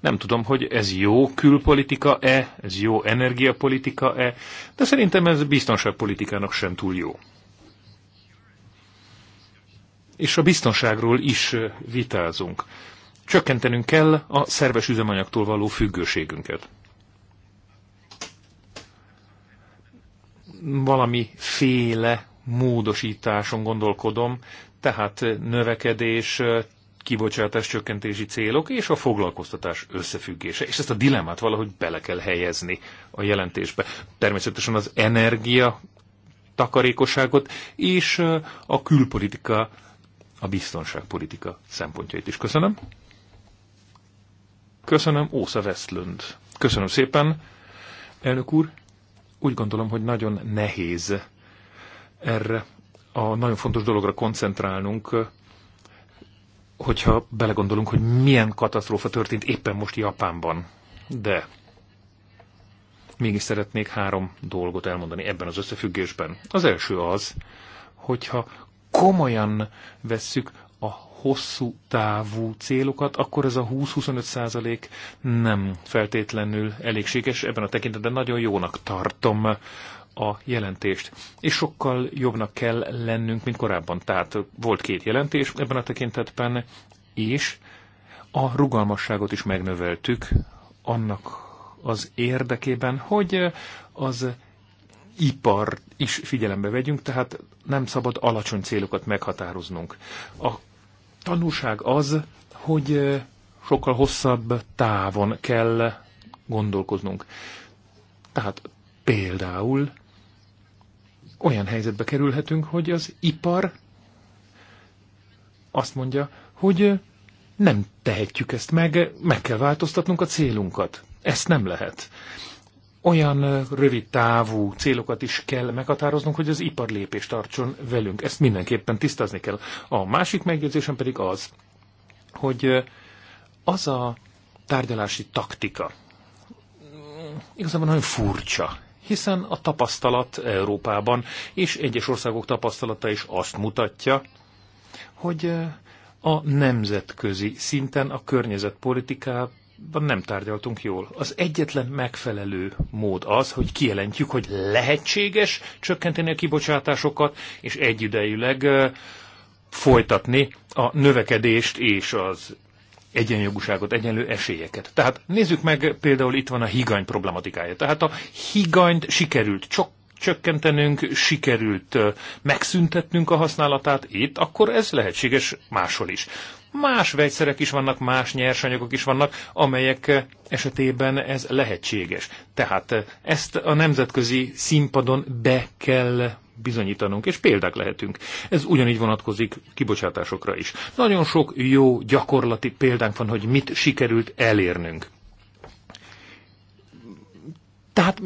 [SPEAKER 3] Nem tudom, hogy ez jó külpolitika-e, ez jó energiapolitika-e, de szerintem ez biztonságpolitikának sem túl jó és a biztonságról is vitázunk. Csökkentenünk kell a szerves üzemanyagtól való függőségünket. Valami féle módosításon gondolkodom, tehát növekedés, kibocsátás csökkentési célok és a foglalkoztatás összefüggése. És ezt a dilemmát valahogy bele kell helyezni a jelentésbe. Természetesen az energia takarékosságot és a külpolitika a biztonságpolitika szempontjait is. Köszönöm. Köszönöm, Ósza Westlund. Köszönöm szépen, elnök úr. Úgy gondolom, hogy nagyon nehéz erre a nagyon fontos dologra koncentrálnunk, hogyha belegondolunk, hogy milyen katasztrófa történt éppen most Japánban. De mégis szeretnék három dolgot elmondani ebben az összefüggésben. Az első az, hogyha komolyan vesszük a hosszú távú célokat, akkor ez a 20-25 százalék nem feltétlenül elégséges. Ebben a tekintetben nagyon jónak tartom a jelentést. És sokkal jobbnak kell lennünk, mint korábban. Tehát volt két jelentés ebben a tekintetben, és a rugalmasságot is megnöveltük annak az érdekében, hogy az ipar is figyelembe vegyünk, tehát nem szabad alacsony célokat meghatároznunk. A tanúság az, hogy sokkal hosszabb távon kell gondolkoznunk. Tehát például olyan helyzetbe kerülhetünk, hogy az ipar azt mondja, hogy nem tehetjük ezt meg, meg kell változtatnunk a célunkat. Ezt nem lehet olyan rövid távú célokat is kell meghatároznunk, hogy az ipar lépést tartson velünk. Ezt mindenképpen tisztázni kell. A másik megjegyzésem pedig az, hogy az a tárgyalási taktika igazából nagyon furcsa, hiszen a tapasztalat Európában és egyes országok tapasztalata is azt mutatja, hogy a nemzetközi szinten a környezetpolitikát nem tárgyaltunk jól. Az egyetlen megfelelő mód az, hogy kijelentjük, hogy lehetséges csökkenteni a kibocsátásokat, és egyidejűleg folytatni a növekedést és az egyenjogúságot, egyenlő esélyeket. Tehát nézzük meg, például itt van a higany problematikája. Tehát a higanyt sikerült csak csökkentenünk, sikerült megszüntetnünk a használatát itt, akkor ez lehetséges máshol is. Más vegyszerek is vannak, más nyersanyagok is vannak, amelyek esetében ez lehetséges. Tehát ezt a nemzetközi színpadon be kell bizonyítanunk, és példák lehetünk. Ez ugyanígy vonatkozik kibocsátásokra is. Nagyon sok jó gyakorlati példánk van, hogy mit sikerült elérnünk. Tehát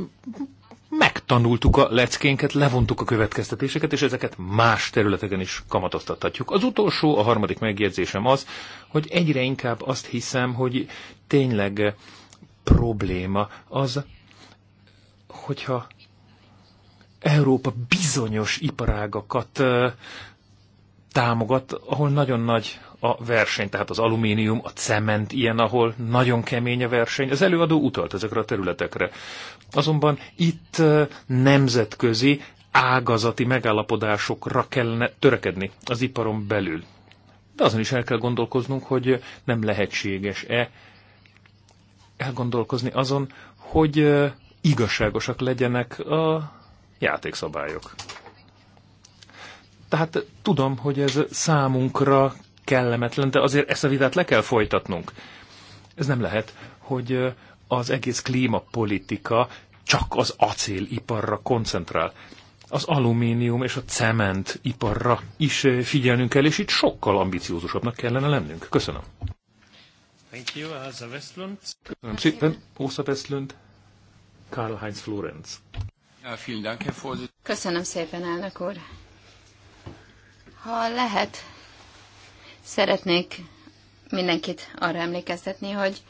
[SPEAKER 3] megtanultuk a leckénket, levontuk a következtetéseket, és ezeket más területeken is kamatoztathatjuk. Az utolsó, a harmadik megjegyzésem az, hogy egyre inkább azt hiszem, hogy tényleg probléma az, hogyha Európa bizonyos iparágakat támogat, ahol nagyon nagy a verseny, tehát az alumínium, a cement ilyen, ahol nagyon kemény a verseny. Az előadó utalt ezekre a területekre. Azonban itt nemzetközi ágazati megállapodásokra kellene törekedni az iparon belül. De azon is el kell gondolkoznunk, hogy nem lehetséges-e elgondolkozni azon, hogy igazságosak legyenek a játékszabályok. Tehát tudom, hogy ez számunkra kellemetlen, de azért ezt a vitát le kell folytatnunk. Ez nem lehet, hogy az egész klímapolitika csak az acéliparra koncentrál. Az alumínium és a cement iparra is figyelnünk kell, és itt sokkal ambiciózusabbnak kellene lennünk. Köszönöm.
[SPEAKER 1] Thank you, Asa Westlund.
[SPEAKER 3] Köszönöm szépen, Ósa Westlund, Karl-Heinz Florenz.
[SPEAKER 2] Köszönöm szépen, elnök úr. Ha lehet, Szeretnék mindenkit arra emlékeztetni, hogy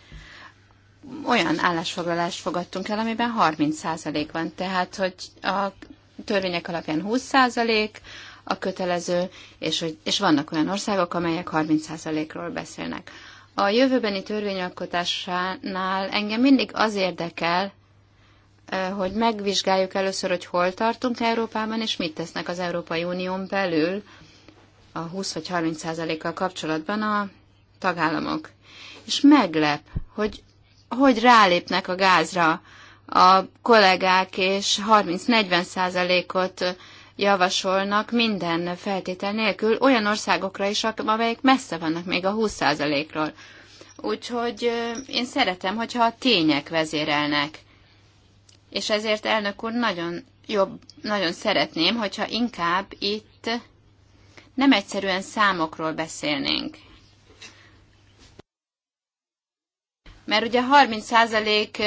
[SPEAKER 2] olyan állásfoglalást fogadtunk el, amiben 30% van. Tehát, hogy a törvények alapján 20% a kötelező, és, hogy, és vannak olyan országok, amelyek 30%-ról beszélnek. A jövőbeni törvényalkotásánál engem mindig az érdekel, hogy megvizsgáljuk először, hogy hol tartunk Európában, és mit tesznek az Európai Unión belül a 20 vagy 30 százalékkal kapcsolatban a tagállamok. És meglep, hogy hogy rálépnek a gázra a kollégák, és 30-40 százalékot javasolnak minden feltétel nélkül olyan országokra is, amelyek messze vannak még a 20 százalékról, Úgyhogy én szeretem, hogyha a tények vezérelnek. És ezért, elnök úr, nagyon jobb, nagyon szeretném, hogyha inkább itt nem egyszerűen számokról beszélnénk. Mert ugye 30 százalék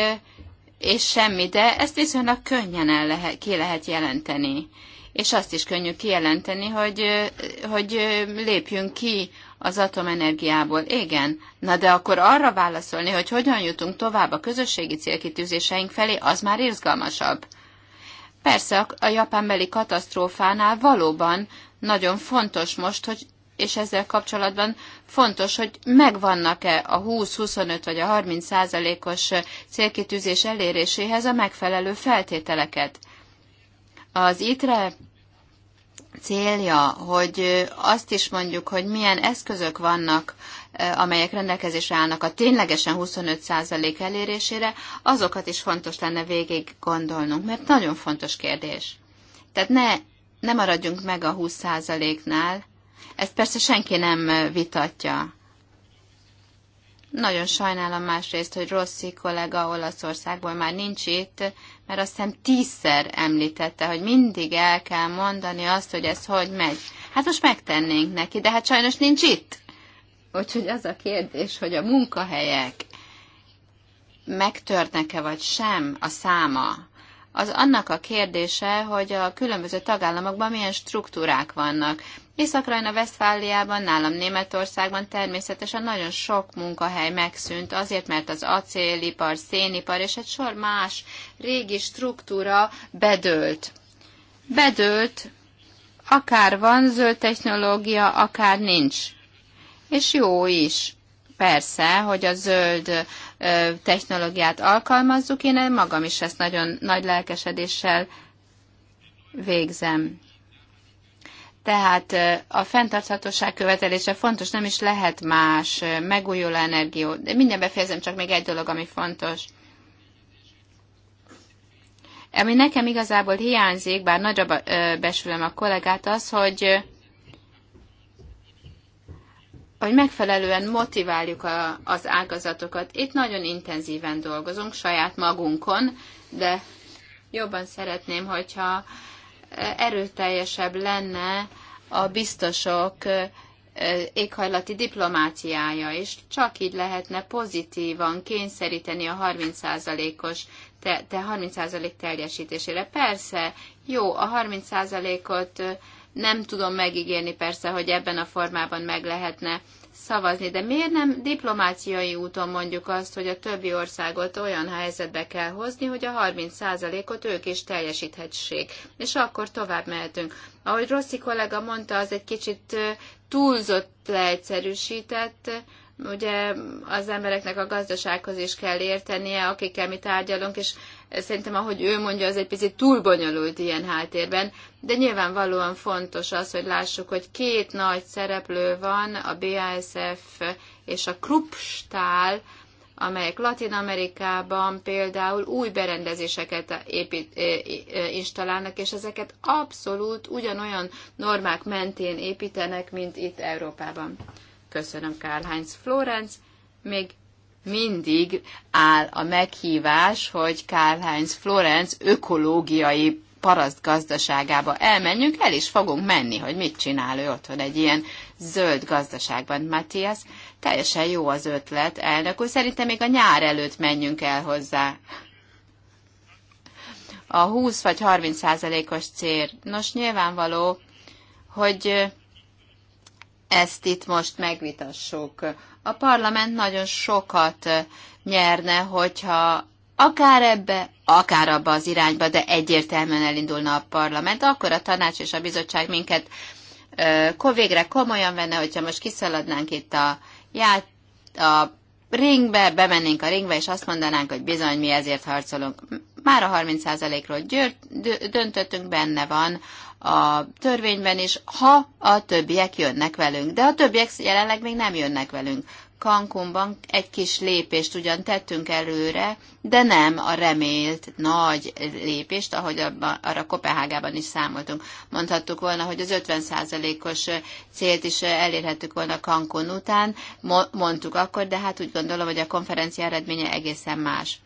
[SPEAKER 2] és semmi, de ezt viszonylag könnyen el lehet, ki lehet jelenteni. És azt is könnyű kijelenteni, hogy, hogy lépjünk ki az atomenergiából. Igen, na de akkor arra válaszolni, hogy hogyan jutunk tovább a közösségi célkitűzéseink felé, az már izgalmasabb. Persze a japánbeli katasztrófánál valóban nagyon fontos most, hogy és ezzel kapcsolatban fontos, hogy megvannak-e a 20-25 vagy a 30 százalékos célkitűzés eléréséhez a megfelelő feltételeket. Az ITRE célja, hogy azt is mondjuk, hogy milyen eszközök vannak, e, amelyek rendelkezésre állnak a ténylegesen 25% elérésére, azokat is fontos lenne végig gondolnunk, mert nagyon fontos kérdés. Tehát ne ne maradjunk meg a 20%-nál. Ezt persze senki nem vitatja. Nagyon sajnálom másrészt, hogy Rossi kollega Olaszországból már nincs itt, mert azt hiszem tízszer említette, hogy mindig el kell mondani azt, hogy ez hogy megy. Hát most megtennénk neki, de hát sajnos nincs itt. Úgyhogy az a kérdés, hogy a munkahelyek megtörnek-e vagy sem a száma az annak a kérdése, hogy a különböző tagállamokban milyen struktúrák vannak. Észak-Rajna Vesztfáliában, nálam Németországban természetesen nagyon sok munkahely megszűnt, azért mert az acélipar, szénipar és egy sor más régi struktúra bedőlt. Bedőlt, akár van zöld technológia, akár nincs. És jó is persze, hogy a zöld technológiát alkalmazzuk, én magam is ezt nagyon nagy lelkesedéssel végzem. Tehát a fenntarthatóság követelése fontos, nem is lehet más, megújuló energió. De minden befejezem, csak még egy dolog, ami fontos. Ami nekem igazából hiányzik, bár nagyra besülöm a kollégát, az, hogy hogy megfelelően motiváljuk a, az ágazatokat. Itt nagyon intenzíven dolgozunk saját magunkon, de jobban szeretném, hogyha e, erőteljesebb lenne a biztosok e, e, éghajlati diplomáciája, és csak így lehetne pozitívan kényszeríteni a 30%-os te, te 30% teljesítésére. Persze, jó, a 30%-ot nem tudom megígérni persze, hogy ebben a formában meg lehetne szavazni, de miért nem diplomáciai úton mondjuk azt, hogy a többi országot olyan helyzetbe kell hozni, hogy a 30%-ot ők is teljesíthetsék, és akkor tovább mehetünk. Ahogy Rossi kollega mondta, az egy kicsit túlzott leegyszerűsített, ugye az embereknek a gazdasághoz is kell értenie, akikkel mi tárgyalunk, és Szerintem, ahogy ő mondja, az egy picit túl bonyolult ilyen háttérben, de nyilvánvalóan fontos az, hogy lássuk, hogy két nagy szereplő van, a BASF és a Krupstál, amelyek Latin Amerikában például új berendezéseket épít, eh, eh, installálnak, és ezeket abszolút ugyanolyan normák mentén építenek, mint itt Európában. Köszönöm Karl Heinz Florenz, még mindig áll a meghívás, hogy Karl-Heinz Florenz ökológiai paraszt gazdaságába elmenjünk, el is fogunk menni, hogy mit csinál ő otthon egy ilyen zöld gazdaságban. Matthias, teljesen jó az ötlet, elnök úr, szerintem még a nyár előtt menjünk el hozzá. A 20 vagy 30 százalékos cér. Nos, nyilvánvaló, hogy ezt itt most megvitassuk a parlament nagyon sokat nyerne, hogyha akár ebbe, akár abba az irányba, de egyértelműen elindulna a parlament, akkor a tanács és a bizottság minket ö, végre komolyan venne, hogyha most kiszaladnánk itt a, ját, a ringbe, bemennénk a ringbe, és azt mondanánk, hogy bizony mi ezért harcolunk. Már a 30%-ról döntöttünk, benne van a törvényben is, ha a többiek jönnek velünk. De a többiek jelenleg még nem jönnek velünk. Cancunban egy kis lépést ugyan tettünk előre, de nem a remélt nagy lépést, ahogy arra Kopenhágában is számoltunk. Mondhattuk volna, hogy az 50%-os célt is elérhettük volna Cancun után, mondtuk akkor, de hát úgy gondolom, hogy a konferencia eredménye egészen más.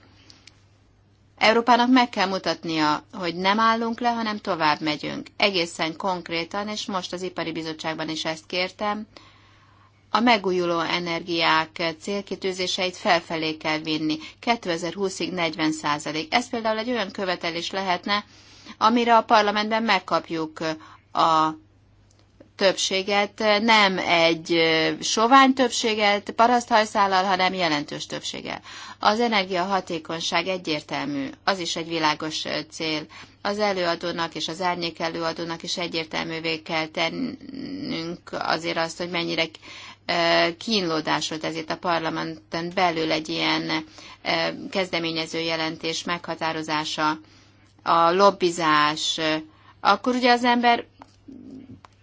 [SPEAKER 2] Európának meg kell mutatnia, hogy nem állunk le, hanem tovább megyünk. Egészen konkrétan, és most az Ipari Bizottságban is ezt kértem, a megújuló energiák célkitűzéseit felfelé kell vinni, 2020-ig 40 százalék. Ez például egy olyan követelés lehetne, amire a parlamentben megkapjuk a többséget, nem egy sovány többséget, paraszthajszállal, hanem jelentős többséggel. Az energiahatékonyság egyértelmű, az is egy világos cél. Az előadónak és az árnyék előadónak is egyértelművé kell tennünk azért azt, hogy mennyire kínlódás volt ezért a parlamenten belül egy ilyen kezdeményező jelentés meghatározása, a lobbizás, akkor ugye az ember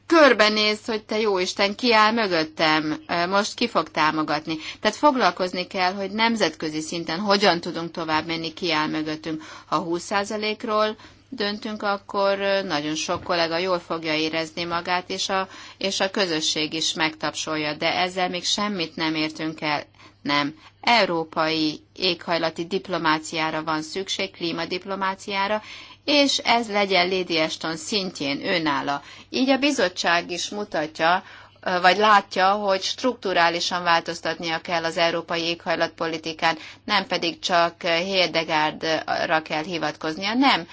[SPEAKER 2] körbenéz, hogy te jó Isten, ki áll mögöttem, most ki fog támogatni. Tehát foglalkozni kell, hogy nemzetközi szinten hogyan tudunk tovább menni, ki áll mögöttünk. Ha 20%-ról döntünk, akkor nagyon sok kollega jól fogja érezni magát, és a, és a közösség is megtapsolja, de ezzel még semmit nem értünk el. Nem. Európai éghajlati diplomáciára van szükség, klímadiplomáciára, és ez legyen Lady Ashton szintjén önála. Így a bizottság is mutatja, vagy látja, hogy strukturálisan változtatnia kell az európai éghajlatpolitikán, nem pedig csak Hildegardra kell hivatkoznia, nem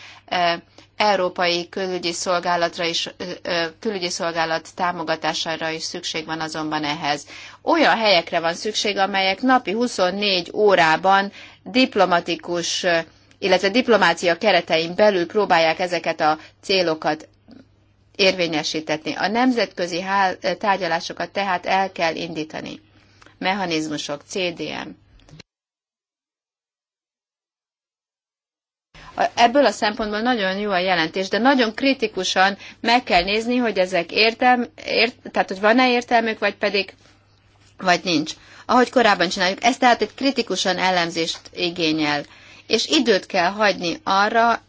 [SPEAKER 2] európai külügyi szolgálatra is, külügyi szolgálat támogatására is szükség van azonban ehhez. Olyan helyekre van szükség, amelyek napi 24 órában diplomatikus illetve diplomácia keretein belül próbálják ezeket a célokat érvényesítetni. A nemzetközi tárgyalásokat tehát el kell indítani. Mechanizmusok, CDM. Ebből a szempontból nagyon jó a jelentés, de nagyon kritikusan meg kell nézni, hogy ezek értelm, ért, tehát hogy van-e értelmük, vagy pedig vagy nincs. Ahogy korábban csináljuk, ez tehát egy kritikusan ellenzést igényel és időt kell hagyni arra,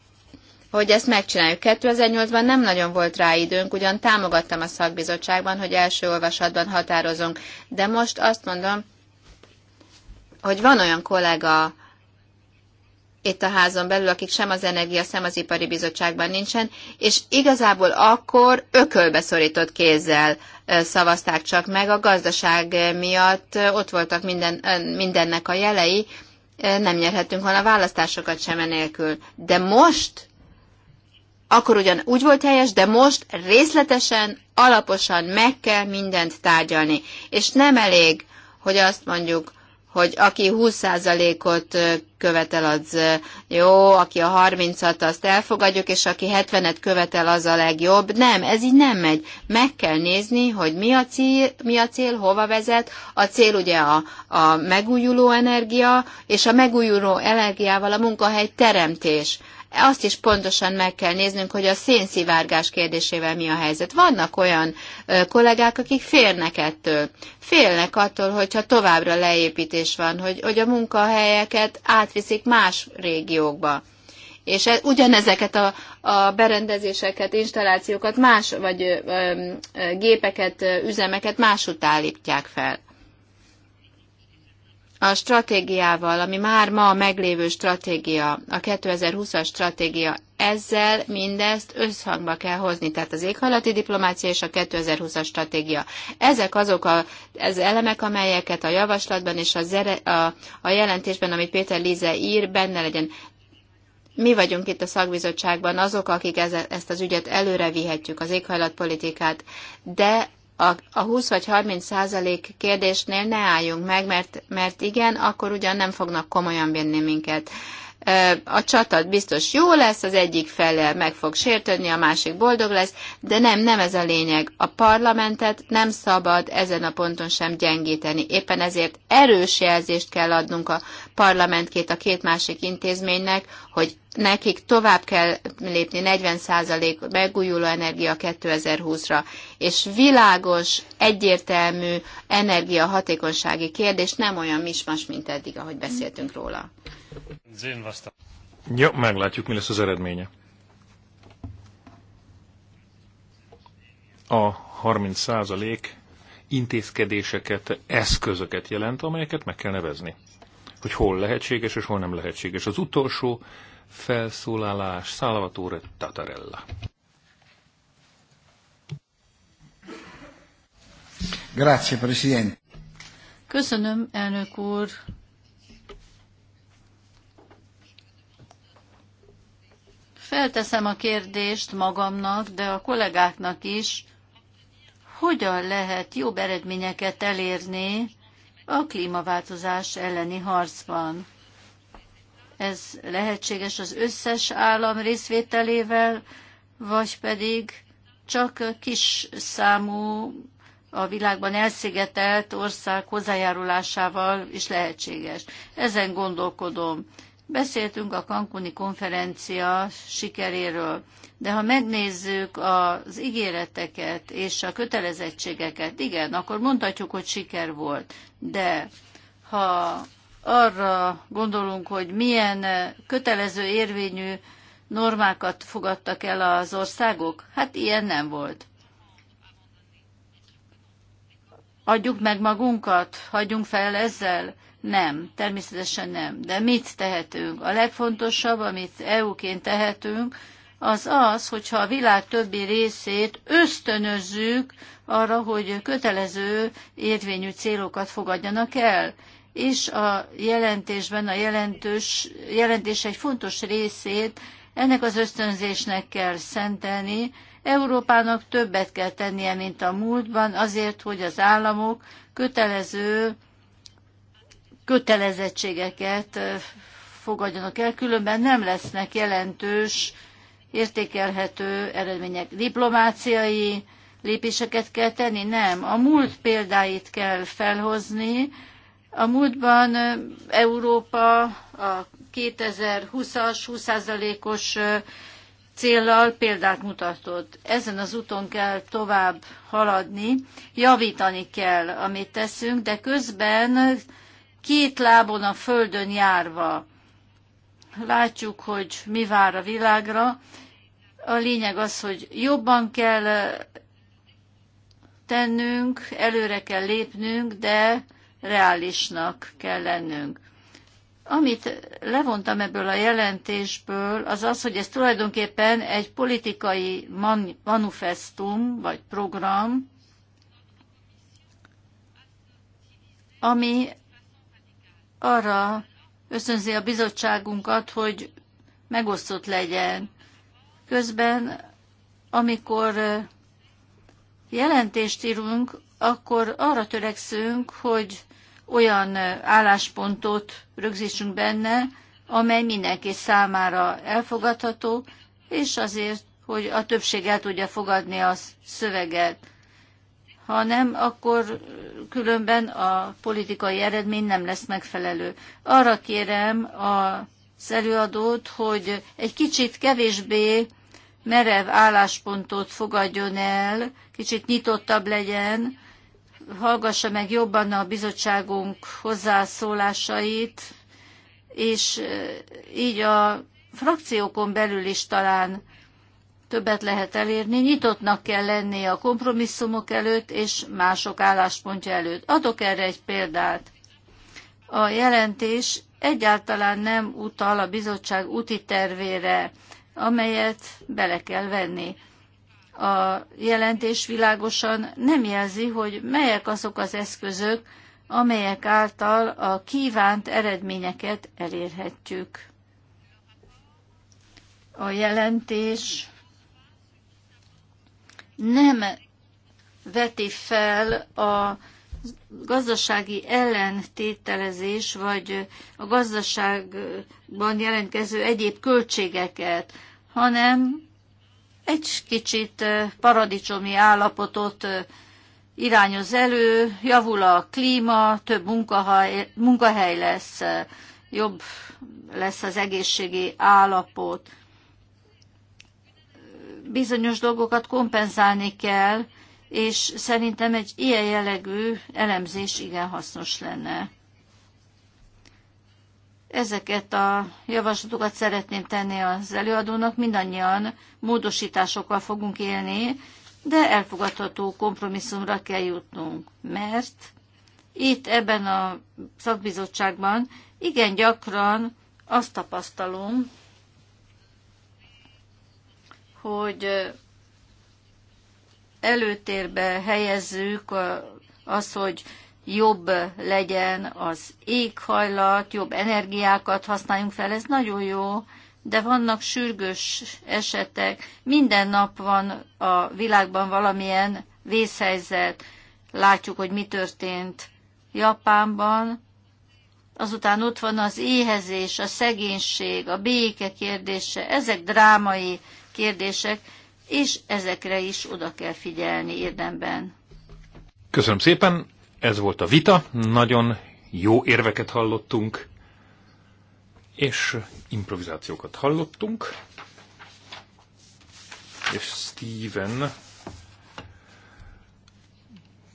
[SPEAKER 2] hogy ezt megcsináljuk. 2008-ban nem nagyon volt rá időnk, ugyan támogattam a szakbizottságban, hogy első olvasatban határozunk, de most azt mondom, hogy van olyan kollega itt a házon belül, akik sem az Energia, sem az Ipari Bizottságban nincsen, és igazából akkor ökölbe szorított kézzel szavazták csak meg, a gazdaság miatt ott voltak minden, mindennek a jelei, nem nyerhettünk volna választásokat sem enélkül. De most, akkor ugyan úgy volt helyes, de most részletesen, alaposan meg kell mindent tárgyalni. És nem elég, hogy azt mondjuk, hogy aki 20%-ot követel, az jó, aki a 30-at, azt elfogadjuk, és aki 70-et követel, az a legjobb. Nem, ez így nem megy. Meg kell nézni, hogy mi a cél, mi a cél hova vezet. A cél ugye a, a megújuló energia, és a megújuló energiával a munkahely teremtés azt is pontosan meg kell néznünk, hogy a szénszivárgás kérdésével mi a helyzet. Vannak olyan kollégák, akik félnek ettől. Félnek attól, hogyha továbbra leépítés van, hogy, hogy a munkahelyeket átviszik más régiókba és e, ugyanezeket a, a berendezéseket, installációkat más, vagy ö, ö, gépeket, üzemeket más állítják fel a stratégiával, ami már ma a meglévő stratégia, a 2020-as stratégia, ezzel mindezt összhangba kell hozni, tehát az éghajlati diplomácia és a 2020-as stratégia. Ezek azok a, ez elemek, amelyeket a javaslatban és a, zere, a, a jelentésben, amit Péter Lize ír, benne legyen. Mi vagyunk itt a szakbizottságban azok, akik ezt az ügyet előre vihetjük, az éghajlatpolitikát, de a, a 20 vagy 30 százalék kérdésnél ne álljunk meg, mert, mert igen, akkor ugyan nem fognak komolyan venni minket a csata biztos jó lesz, az egyik fellel meg fog sértődni, a másik boldog lesz, de nem, nem ez a lényeg. A parlamentet nem szabad ezen a ponton sem gyengíteni. Éppen ezért erős jelzést kell adnunk a parlamentkét a két másik intézménynek, hogy nekik tovább kell lépni 40% megújuló energia 2020-ra, és világos, egyértelmű energiahatékonysági kérdés, nem olyan mismas, mint eddig, ahogy beszéltünk róla.
[SPEAKER 3] Jó, meglátjuk, mi lesz az eredménye. A 30 százalék intézkedéseket, eszközöket jelent, amelyeket meg kell nevezni. Hogy hol lehetséges és hol nem lehetséges. Az utolsó felszólalás Salvatore Tatarella.
[SPEAKER 4] Grazie, Presidente. Köszönöm, elnök úr. Felteszem a kérdést magamnak, de a kollégáknak is, hogyan lehet jobb eredményeket elérni a klímaváltozás elleni harcban. Ez lehetséges az összes állam részvételével, vagy pedig csak kis számú a világban elszigetelt ország hozzájárulásával is lehetséges. Ezen gondolkodom. Beszéltünk a Cancuni konferencia sikeréről, de ha megnézzük az ígéreteket és a kötelezettségeket, igen, akkor mondhatjuk, hogy siker volt. De ha arra gondolunk, hogy milyen kötelező érvényű normákat fogadtak el az országok, hát ilyen nem volt. Adjuk meg magunkat, hagyjunk fel ezzel, nem, természetesen nem. De mit tehetünk? A legfontosabb, amit EU-ként tehetünk, az az, hogyha a világ többi részét ösztönözzük arra, hogy kötelező érvényű célokat fogadjanak el. És a jelentésben a jelentős, jelentés egy fontos részét ennek az ösztönzésnek kell szentelni. Európának többet kell tennie, mint a múltban, azért, hogy az államok kötelező kötelezettségeket fogadjanak el, különben nem lesznek jelentős, értékelhető eredmények. Diplomáciai lépéseket kell tenni? Nem. A múlt példáit kell felhozni. A múltban Európa a 2020-as 20%-os céllal példát mutatott. Ezen az úton kell tovább haladni, javítani kell, amit teszünk, de közben két lábon a földön járva. Látjuk, hogy mi vár a világra. A lényeg az, hogy jobban kell tennünk, előre kell lépnünk, de reálisnak kell lennünk. Amit levontam ebből a jelentésből, az az, hogy ez tulajdonképpen egy politikai manifestum vagy program, ami arra összönzi a bizottságunkat, hogy megosztott legyen. Közben, amikor jelentést írunk, akkor arra törekszünk, hogy olyan álláspontot rögzítsünk benne, amely mindenki számára elfogadható, és azért, hogy a többség el tudja fogadni a szöveget. Ha nem, akkor különben a politikai eredmény nem lesz megfelelő. Arra kérem a előadót, hogy egy kicsit kevésbé merev álláspontot fogadjon el, kicsit nyitottabb legyen, hallgassa meg jobban a bizottságunk hozzászólásait, és így a frakciókon belül is talán többet lehet elérni, nyitottnak kell lenni a kompromisszumok előtt és mások álláspontja előtt. Adok erre egy példát. A jelentés egyáltalán nem utal a bizottság úti tervére, amelyet bele kell venni. A jelentés világosan nem jelzi, hogy melyek azok az eszközök, amelyek által a kívánt eredményeket elérhetjük. A jelentés nem veti fel a gazdasági ellentételezés, vagy a gazdaságban jelentkező egyéb költségeket, hanem egy kicsit paradicsomi állapotot irányoz elő, javul a klíma, több munkahely, munkahely lesz, jobb lesz az egészségi állapot bizonyos dolgokat kompenzálni kell, és szerintem egy ilyen jellegű elemzés igen hasznos lenne. Ezeket a javaslatokat szeretném tenni az előadónak, mindannyian módosításokkal fogunk élni, de elfogadható kompromisszumra kell jutnunk, mert itt ebben a szakbizottságban igen gyakran azt tapasztalom, hogy előtérbe helyezzük az, hogy jobb legyen az éghajlat, jobb energiákat használjunk fel, ez nagyon jó, de vannak sürgős esetek. Minden nap van a világban valamilyen vészhelyzet. Látjuk, hogy mi történt Japánban. Azután ott van az éhezés, a szegénység, a béke kérdése. Ezek drámai kérdések, és ezekre is oda kell figyelni érdemben.
[SPEAKER 3] Köszönöm szépen, ez volt a vita, nagyon jó érveket hallottunk, és improvizációkat hallottunk, és Steven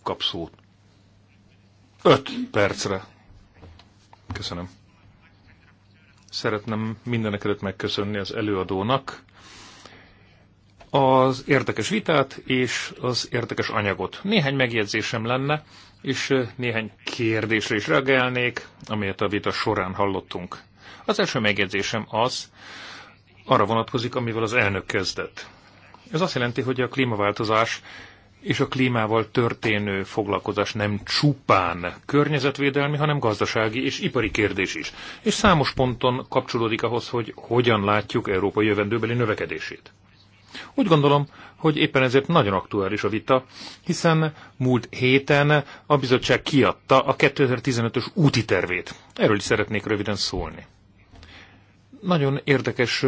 [SPEAKER 3] kap szót. Öt percre. Köszönöm. Szeretném mindenek előtt megköszönni az előadónak az érdekes vitát és az érdekes anyagot. Néhány megjegyzésem lenne, és néhány kérdésre is reagálnék, amelyet a vita során hallottunk. Az első megjegyzésem az, arra vonatkozik, amivel az elnök kezdett. Ez azt jelenti, hogy a klímaváltozás és a klímával történő foglalkozás nem csupán környezetvédelmi, hanem gazdasági és ipari kérdés is. És számos ponton kapcsolódik ahhoz, hogy hogyan látjuk Európa jövendőbeli növekedését. Úgy gondolom, hogy éppen ezért nagyon aktuális a vita, hiszen múlt héten a bizottság kiadta a 2015-ös úti tervét. Erről is szeretnék röviden szólni. Nagyon érdekes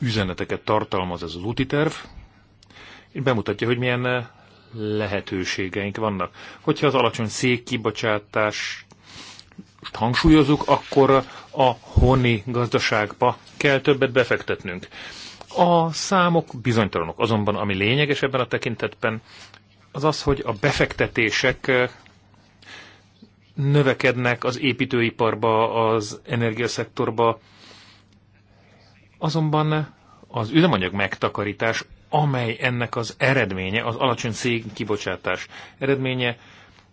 [SPEAKER 3] üzeneteket tartalmaz ez az úti terv, és bemutatja, hogy milyen lehetőségeink vannak. Hogyha az alacsony székkibocsátás hangsúlyozunk, akkor a honi gazdaságba kell többet befektetnünk. A számok bizonytalanok, azonban ami lényeges ebben a tekintetben, az az, hogy a befektetések növekednek az építőiparba, az energiaszektorba, azonban az üzemanyag megtakarítás, amely ennek az eredménye, az alacsony szén kibocsátás eredménye,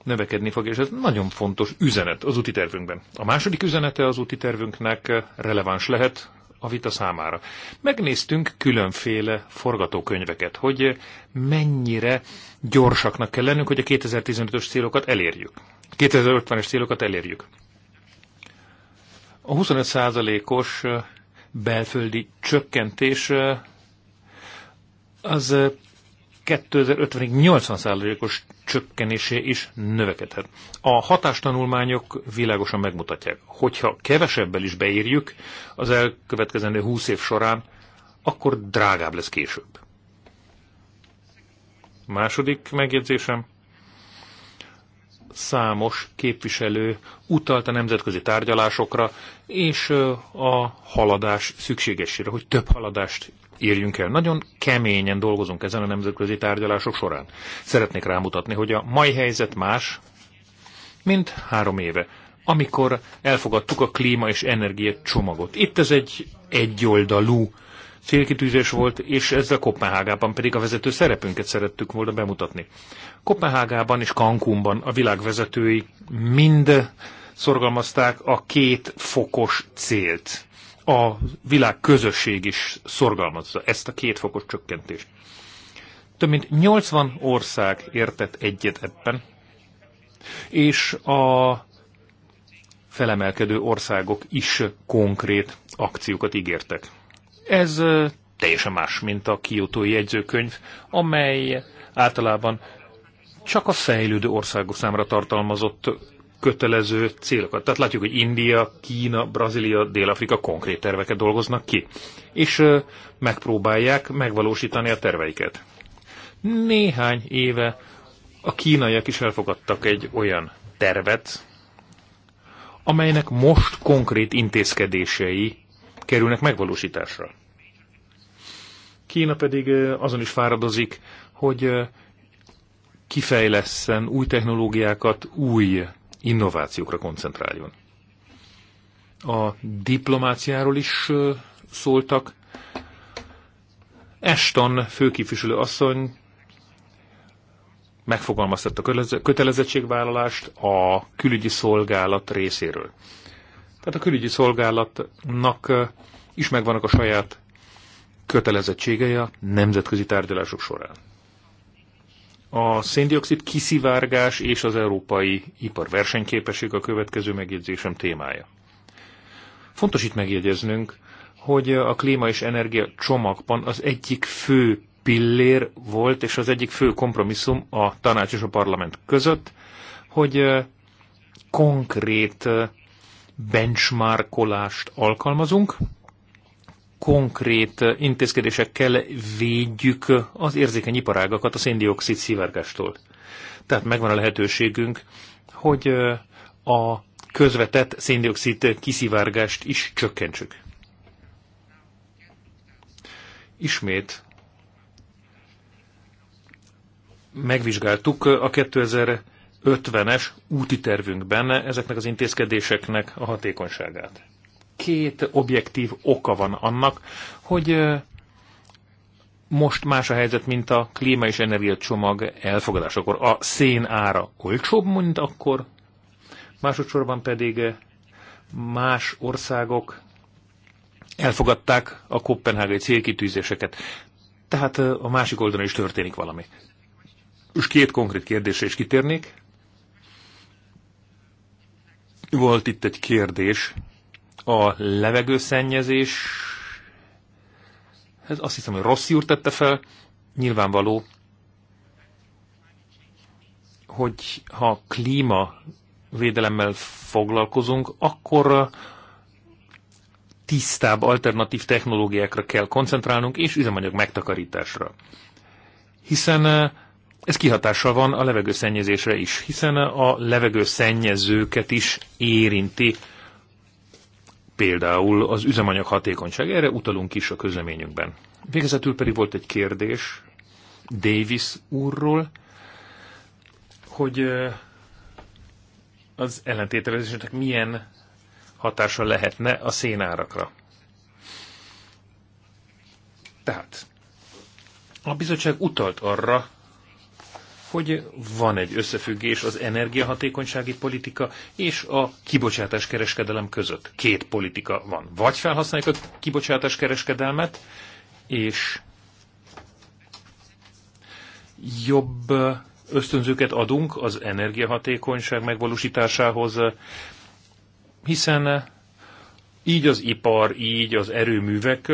[SPEAKER 3] növekedni fog, és ez nagyon fontos üzenet az úti tervünkben. A második üzenete az úti tervünknek releváns lehet a vita számára. Megnéztünk különféle forgatókönyveket, hogy mennyire gyorsaknak kell lennünk, hogy a 2015-ös célokat elérjük. 2050-es célokat elérjük. A 25%-os belföldi csökkentés az 2050-ig 80%-os csökkenésé is növekedhet. A hatástanulmányok világosan megmutatják, hogyha kevesebbel is beírjuk az elkövetkezendő 20 év során, akkor drágább lesz később. Második megjegyzésem. Számos képviselő utalt a nemzetközi tárgyalásokra és a haladás szükségesére, hogy több haladást érjünk el. Nagyon keményen dolgozunk ezen a nemzetközi tárgyalások során. Szeretnék rámutatni, hogy a mai helyzet más, mint három éve, amikor elfogadtuk a klíma és energia csomagot. Itt ez egy egyoldalú célkitűzés volt, és ezzel Kopenhágában pedig a vezető szerepünket szerettük volna bemutatni. Kopenhágában és Cancúnban a világvezetői mind szorgalmazták a két fokos célt a világ közösség is szorgalmazza ezt a kétfokos csökkentést. Több mint 80 ország értett egyet ebben, és a felemelkedő országok is konkrét akciókat ígértek. Ez teljesen más, mint a kiotói jegyzőkönyv, amely általában csak a fejlődő országok számára tartalmazott kötelező célokat. Tehát látjuk, hogy India, Kína, Brazília, Dél-Afrika konkrét terveket dolgoznak ki, és megpróbálják megvalósítani a terveiket. Néhány éve a kínaiak is elfogadtak egy olyan tervet, amelynek most konkrét intézkedései kerülnek megvalósításra. Kína pedig azon is fáradozik, hogy kifejleszen új technológiákat, új innovációkra koncentráljon. A diplomáciáról is szóltak. Eston főképviselő asszony megfogalmaztatta a kötelezettségvállalást a külügyi szolgálat részéről. Tehát a külügyi szolgálatnak is megvannak a saját kötelezettségei a nemzetközi tárgyalások során a széndiokszid kiszivárgás és az európai ipar versenyképesség a következő megjegyzésem témája. Fontos itt megjegyeznünk, hogy a klíma és energia csomagban az egyik fő pillér volt, és az egyik fő kompromisszum a tanács és a parlament között, hogy konkrét benchmarkolást alkalmazunk, konkrét intézkedésekkel védjük az érzékeny iparágakat a széndiokszid szivárgástól. Tehát megvan a lehetőségünk, hogy a közvetett széndiokszid kiszivárgást is csökkentsük. Ismét megvizsgáltuk a 2050-es úti tervünkben ezeknek az intézkedéseknek a hatékonyságát két objektív oka van annak, hogy most más a helyzet, mint a klíma és energiacsomag elfogadásakor. A szén ára olcsóbb, mint akkor, másodszorban pedig más országok elfogadták a kopenhágai célkitűzéseket. Tehát a másik oldalon is történik valami. És két konkrét kérdésre is kitérnék. Volt itt egy kérdés a levegőszennyezés, ez azt hiszem, hogy rossz úr tette fel, nyilvánvaló, hogy ha klíma védelemmel foglalkozunk, akkor tisztább alternatív technológiákra kell koncentrálnunk, és üzemanyag megtakarításra. Hiszen eh, ez kihatással van a levegőszennyezésre is, hiszen eh, a levegőszennyezőket is érinti például az üzemanyag hatékonyság, erre utalunk is a közleményünkben. Végezetül pedig volt egy kérdés Davis úrról, hogy az ellentételezésnek milyen hatása lehetne a szénárakra. Tehát a bizottság utalt arra, hogy van egy összefüggés az energiahatékonysági politika és a kibocsátáskereskedelem között. Két politika van. Vagy felhasználjuk a kibocsátáskereskedelmet, és jobb ösztönzőket adunk az energiahatékonyság megvalósításához, hiszen így az ipar, így az erőművek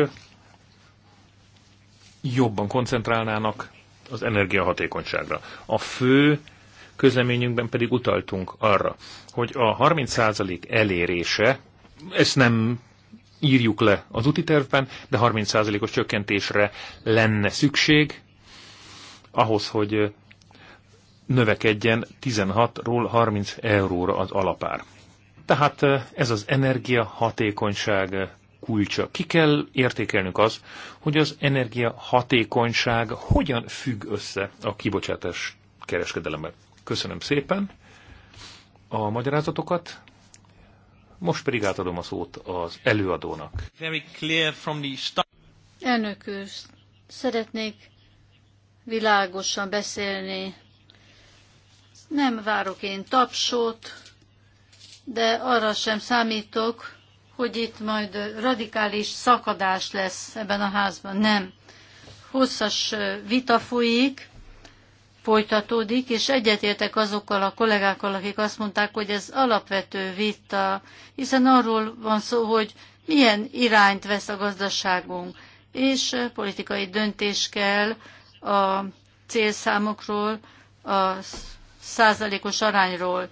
[SPEAKER 3] jobban koncentrálnának az energiahatékonyságra. A fő közleményünkben pedig utaltunk arra, hogy a 30% elérése, ezt nem írjuk le az úti tervben, de 30%-os csökkentésre lenne szükség ahhoz, hogy növekedjen 16-ról 30 euróra az alapár. Tehát eh, ez az energiahatékonyság eh, kulcsa. Ki kell értékelnünk az, hogy az energia hatékonyság hogyan függ össze a kibocsátás kereskedelemmel. Köszönöm szépen a magyarázatokat. Most pedig átadom a szót az előadónak. Very clear from the start.
[SPEAKER 4] Elnök úr, szeretnék világosan beszélni. Nem várok én tapsot, de arra sem számítok, hogy itt majd radikális szakadás lesz ebben a házban. Nem. Hosszas vita folyik, folytatódik, és egyetértek azokkal a kollégákkal, akik azt mondták, hogy ez alapvető vita, hiszen arról van szó, hogy milyen irányt vesz a gazdaságunk, és politikai döntés kell a célszámokról, a százalékos arányról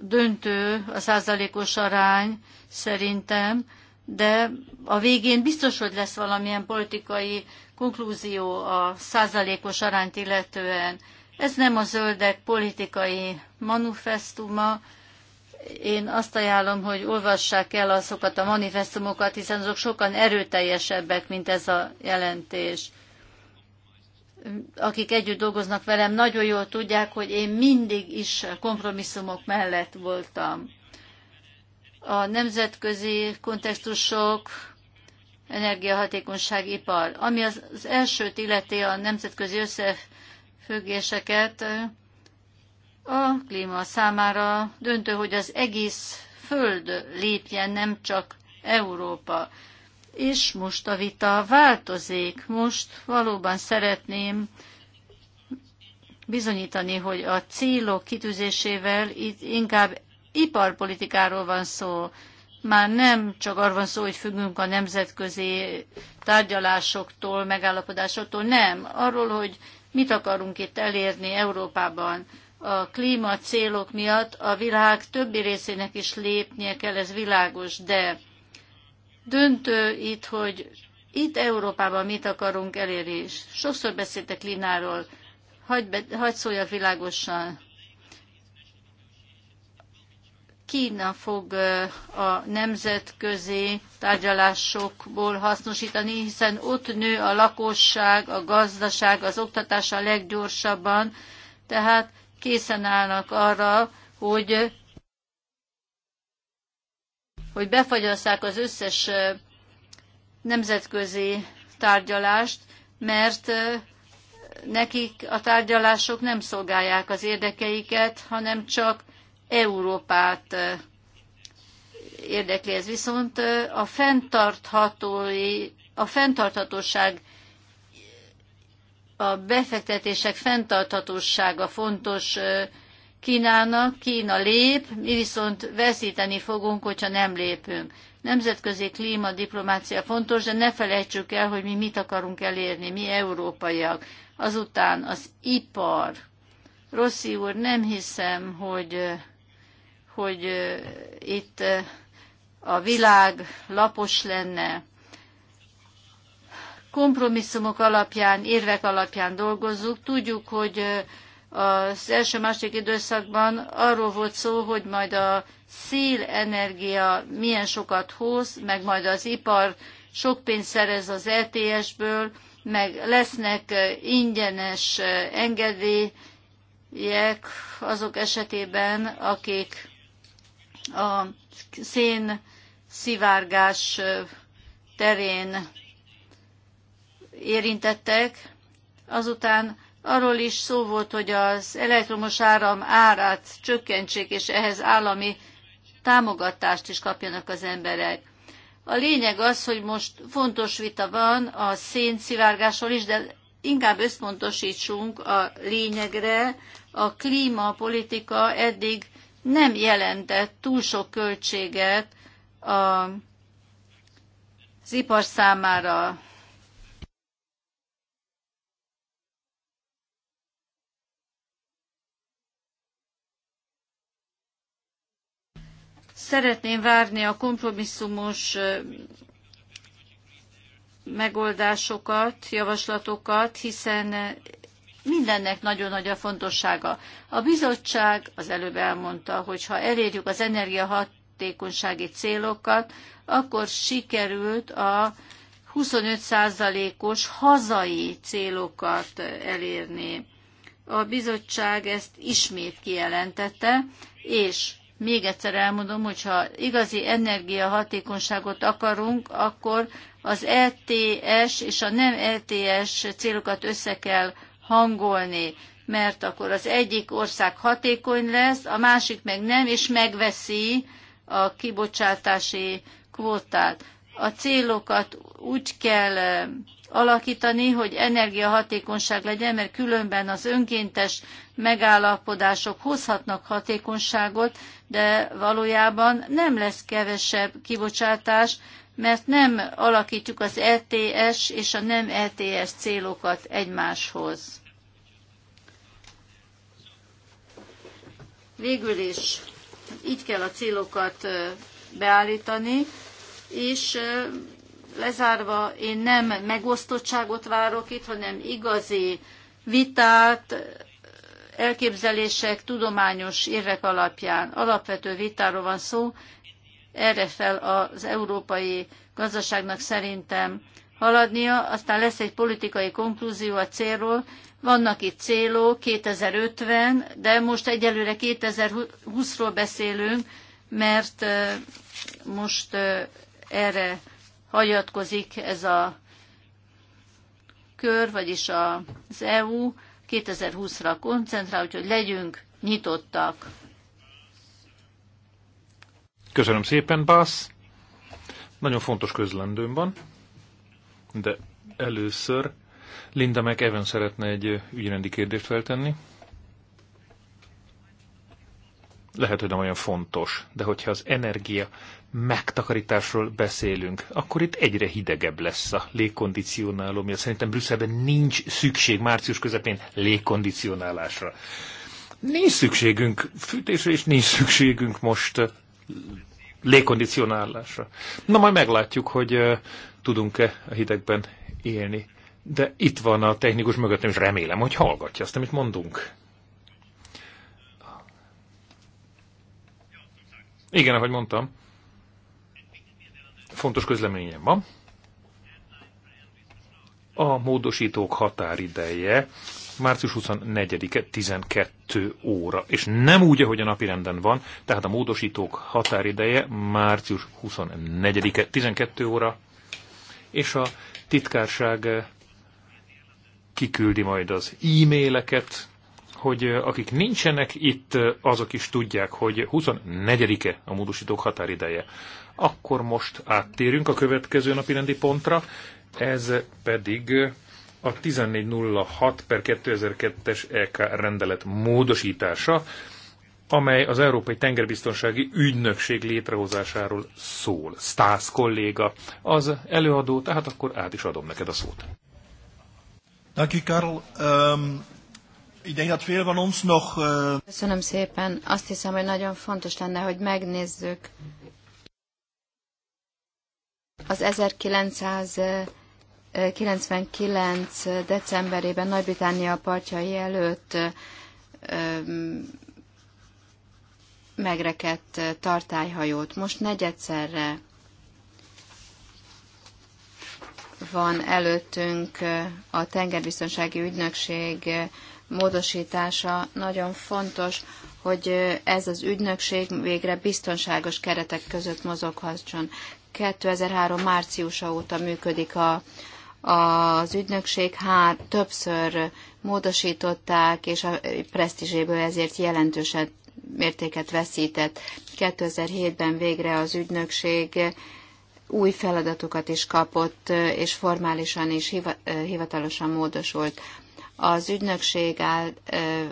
[SPEAKER 4] döntő a százalékos arány szerintem, de a végén biztos, hogy lesz valamilyen politikai konklúzió a százalékos arányt illetően. Ez nem a zöldek politikai manifestuma. Én azt ajánlom, hogy olvassák el azokat a manifestumokat, hiszen azok sokan erőteljesebbek, mint ez a jelentés akik együtt dolgoznak velem, nagyon jól tudják, hogy én mindig is kompromisszumok mellett voltam. A nemzetközi kontextusok, energiahatékonyság, ipar. Ami az, az elsőt illeti a nemzetközi összefüggéseket, a klíma számára döntő, hogy az egész Föld lépjen, nem csak Európa és most a vita változik. Most valóban szeretném bizonyítani, hogy a célok kitűzésével itt inkább iparpolitikáról van szó. Már nem csak arról van szó, hogy függünk a nemzetközi tárgyalásoktól, megállapodásoktól, nem. Arról, hogy mit akarunk itt elérni Európában. A klíma célok miatt a világ többi részének is lépnie kell, ez világos, de Döntő itt, hogy itt Európában mit akarunk elérni Sokszor beszéltek Lináról, hagyd, be, hagyd szólja világosan. Kína fog a nemzetközi tárgyalásokból hasznosítani, hiszen ott nő a lakosság, a gazdaság, az oktatás a leggyorsabban, tehát készen állnak arra, hogy hogy befagyasszák az összes nemzetközi tárgyalást, mert nekik a tárgyalások nem szolgálják az érdekeiket, hanem csak Európát érdekli ez. Viszont a, fenntarthatói, a fenntarthatóság, a befektetések fenntarthatósága fontos Kínának, Kína lép, mi viszont veszíteni fogunk, hogyha nem lépünk. Nemzetközi klímadiplomácia fontos, de ne felejtsük el, hogy mi mit akarunk elérni, mi európaiak. Azután az ipar. Rossi úr, nem hiszem, hogy, hogy itt a világ lapos lenne. Kompromisszumok alapján, érvek alapján dolgozzuk. Tudjuk, hogy az első-második időszakban arról volt szó, hogy majd a szélenergia milyen sokat hoz, meg majd az ipar sok pénzt szerez az ETS-ből, meg lesznek ingyenes engedélyek azok esetében, akik a szén szivárgás terén érintettek. Azután Arról is szó volt, hogy az elektromos áram árát csökkentsék, és ehhez állami támogatást is kapjanak az emberek. A lényeg az, hogy most fontos vita van a szénszivárgásról is, de inkább összpontosítsunk a lényegre. A klímapolitika eddig nem jelentett túl sok költséget a, az ipar számára. Szeretném várni a kompromisszumos megoldásokat, javaslatokat, hiszen mindennek nagyon nagy a fontossága. A bizottság az előbb elmondta, hogy ha elérjük az energiahatékonysági célokat, akkor sikerült a 25%-os hazai célokat elérni. A bizottság ezt ismét kijelentette, és még egyszer elmondom, hogyha igazi energiahatékonyságot akarunk, akkor az ETS és a nem ETS célokat össze kell hangolni, mert akkor az egyik ország hatékony lesz, a másik meg nem, és megveszi a kibocsátási kvótát. A célokat úgy kell alakítani, hogy energiahatékonyság legyen, mert különben az önkéntes megállapodások hozhatnak hatékonyságot, de valójában nem lesz kevesebb kibocsátás, mert nem alakítjuk az ETS és a nem ETS célokat egymáshoz. Végül is így kell a célokat beállítani, és lezárva, én nem megosztottságot várok itt, hanem igazi vitát, elképzelések tudományos érvek alapján. Alapvető vitáról van szó, erre fel az európai gazdaságnak szerintem haladnia, aztán lesz egy politikai konklúzió a célról, vannak itt célok, 2050, de most egyelőre 2020-ról beszélünk, mert most erre hagyatkozik ez a kör, vagyis az EU 2020-ra koncentrál, úgyhogy legyünk nyitottak.
[SPEAKER 3] Köszönöm szépen, Bász. Nagyon fontos közlendőm van, de először Linda meg Evan szeretne egy ügyrendi kérdést feltenni. Lehet, hogy nem olyan fontos, de hogyha az energia megtakarításról beszélünk, akkor itt egyre hidegebb lesz a légkondicionáló, miatt szerintem Brüsszelben nincs szükség március közepén légkondicionálásra. Nincs szükségünk fűtésre, és nincs szükségünk most légkondicionálásra. Na majd meglátjuk, hogy tudunk-e a hidegben élni. De itt van a technikus mögöttem, és remélem, hogy hallgatja azt, amit mondunk. Igen, ahogy mondtam fontos közleményem van. A módosítók határideje március 24-e 12 óra, és nem úgy, ahogy a napirenden van, tehát a módosítók határideje március 24-e 12 óra, és a titkárság kiküldi majd az e-maileket, hogy akik nincsenek itt, azok is tudják, hogy 24-e a módosítók határideje. Akkor most áttérünk a következő napi rendi pontra, ez pedig a 1406 per 2002-es EK rendelet módosítása, amely az Európai Tengerbiztonsági Ügynökség létrehozásáról szól. Stász kolléga az előadó, tehát akkor át is adom neked a szót. Köszönöm, Karl. Um, ehm, Ik denk van eh,
[SPEAKER 2] Köszönöm szépen. Azt hiszem, hogy nagyon fontos lenne, hogy megnézzük az 1999. Eh, eh, decemberében Nagy-Britannia partjai előtt megrekedt tartályhajót. Most negyedszerre van előttünk a tengerbiztonsági ügynökség módosítása nagyon fontos, hogy ez az ügynökség végre biztonságos keretek között mozoghasson. 2003. márciusa óta működik a, az ügynökség, hát többször módosították, és a presztizséből ezért jelentősen mértéket veszített. 2007-ben végre az ügynökség új feladatokat is kapott, és formálisan és hivatalosan módosult az ügynökség áll,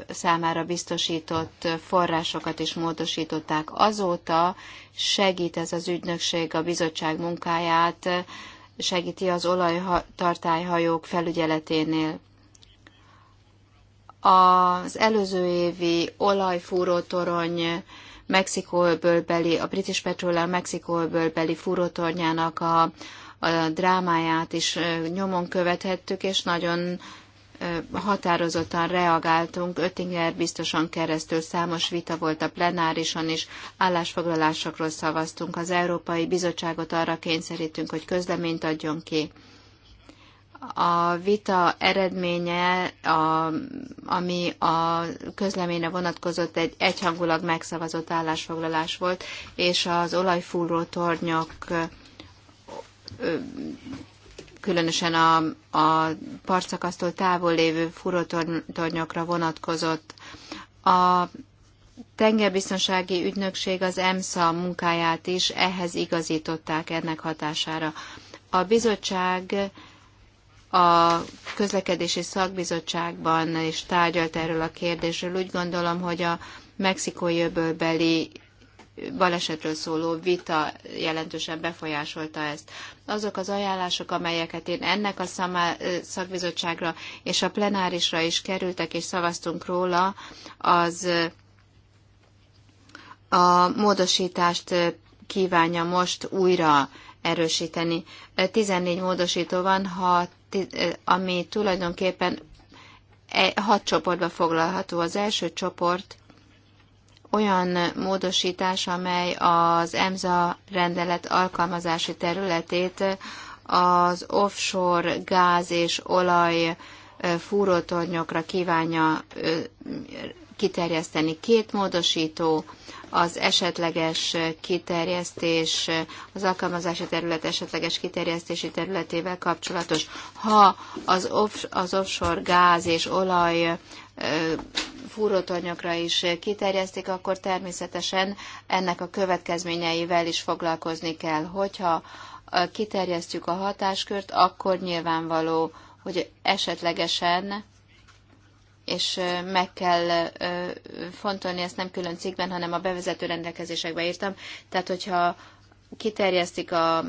[SPEAKER 2] számára biztosított forrásokat is módosították. Azóta segít ez az ügynökség a bizottság munkáját, segíti az olajtartályhajók felügyeleténél. Az előző évi olajfúrótorony Mexikóből beli, a British Petroleum Mexikóból beli fúrótornyának a, a drámáját is nyomon követhettük, és nagyon határozottan reagáltunk. Öttinger biztosan keresztül számos vita volt a plenárison is, állásfoglalásokról szavaztunk. Az Európai Bizottságot arra kényszerítünk, hogy közleményt adjon ki. A vita eredménye, a, ami a közleményre vonatkozott, egy egyhangulag megszavazott állásfoglalás volt, és az olajfúró tornyok különösen a, a partszakasztól távol lévő furótornyokra vonatkozott. A tengerbiztonsági ügynökség az EMSA munkáját is ehhez igazították ennek hatására. A bizottság a közlekedési szakbizottságban is tárgyalt erről a kérdésről. Úgy gondolom, hogy a mexikói öbölbeli balesetről szóló vita jelentősen befolyásolta ezt. Azok az ajánlások, amelyeket én ennek a szamá, szakbizottságra és a plenárisra is kerültek, és szavaztunk róla, az a módosítást kívánja most újra erősíteni. 14 módosító van, ha, ami tulajdonképpen e, hat csoportba foglalható. Az első csoport olyan módosítás, amely az EMSA rendelet alkalmazási területét az offshore gáz és olaj fúrótornyokra kívánja kiterjeszteni. Két módosító az esetleges kiterjesztés, az alkalmazási terület esetleges kiterjesztési területével kapcsolatos. Ha az, off, az offshore gáz és olaj fúrótornyokra is kiterjesztik, akkor természetesen ennek a következményeivel is foglalkozni kell. Hogyha kiterjesztjük a hatáskört, akkor nyilvánvaló, hogy esetlegesen és meg kell fontolni, ezt nem külön cikkben, hanem a bevezető rendelkezésekbe írtam. Tehát, hogyha kiterjesztik a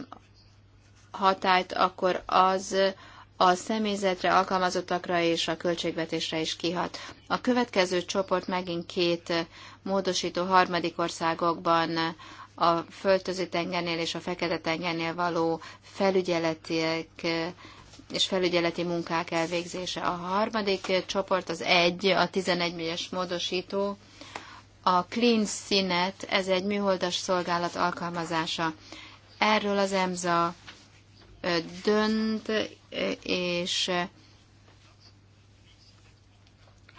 [SPEAKER 2] hatályt, akkor az a személyzetre, alkalmazottakra és a költségvetésre is kihat. A következő csoport megint két módosító harmadik országokban a földközi tengernél és a fekete tengernél való felügyeletiek és felügyeleti munkák elvégzése. A harmadik csoport az egy, a 11 milliós módosító, a Clean Sinet, ez egy műholdas szolgálat alkalmazása. Erről az EMSA dönt, és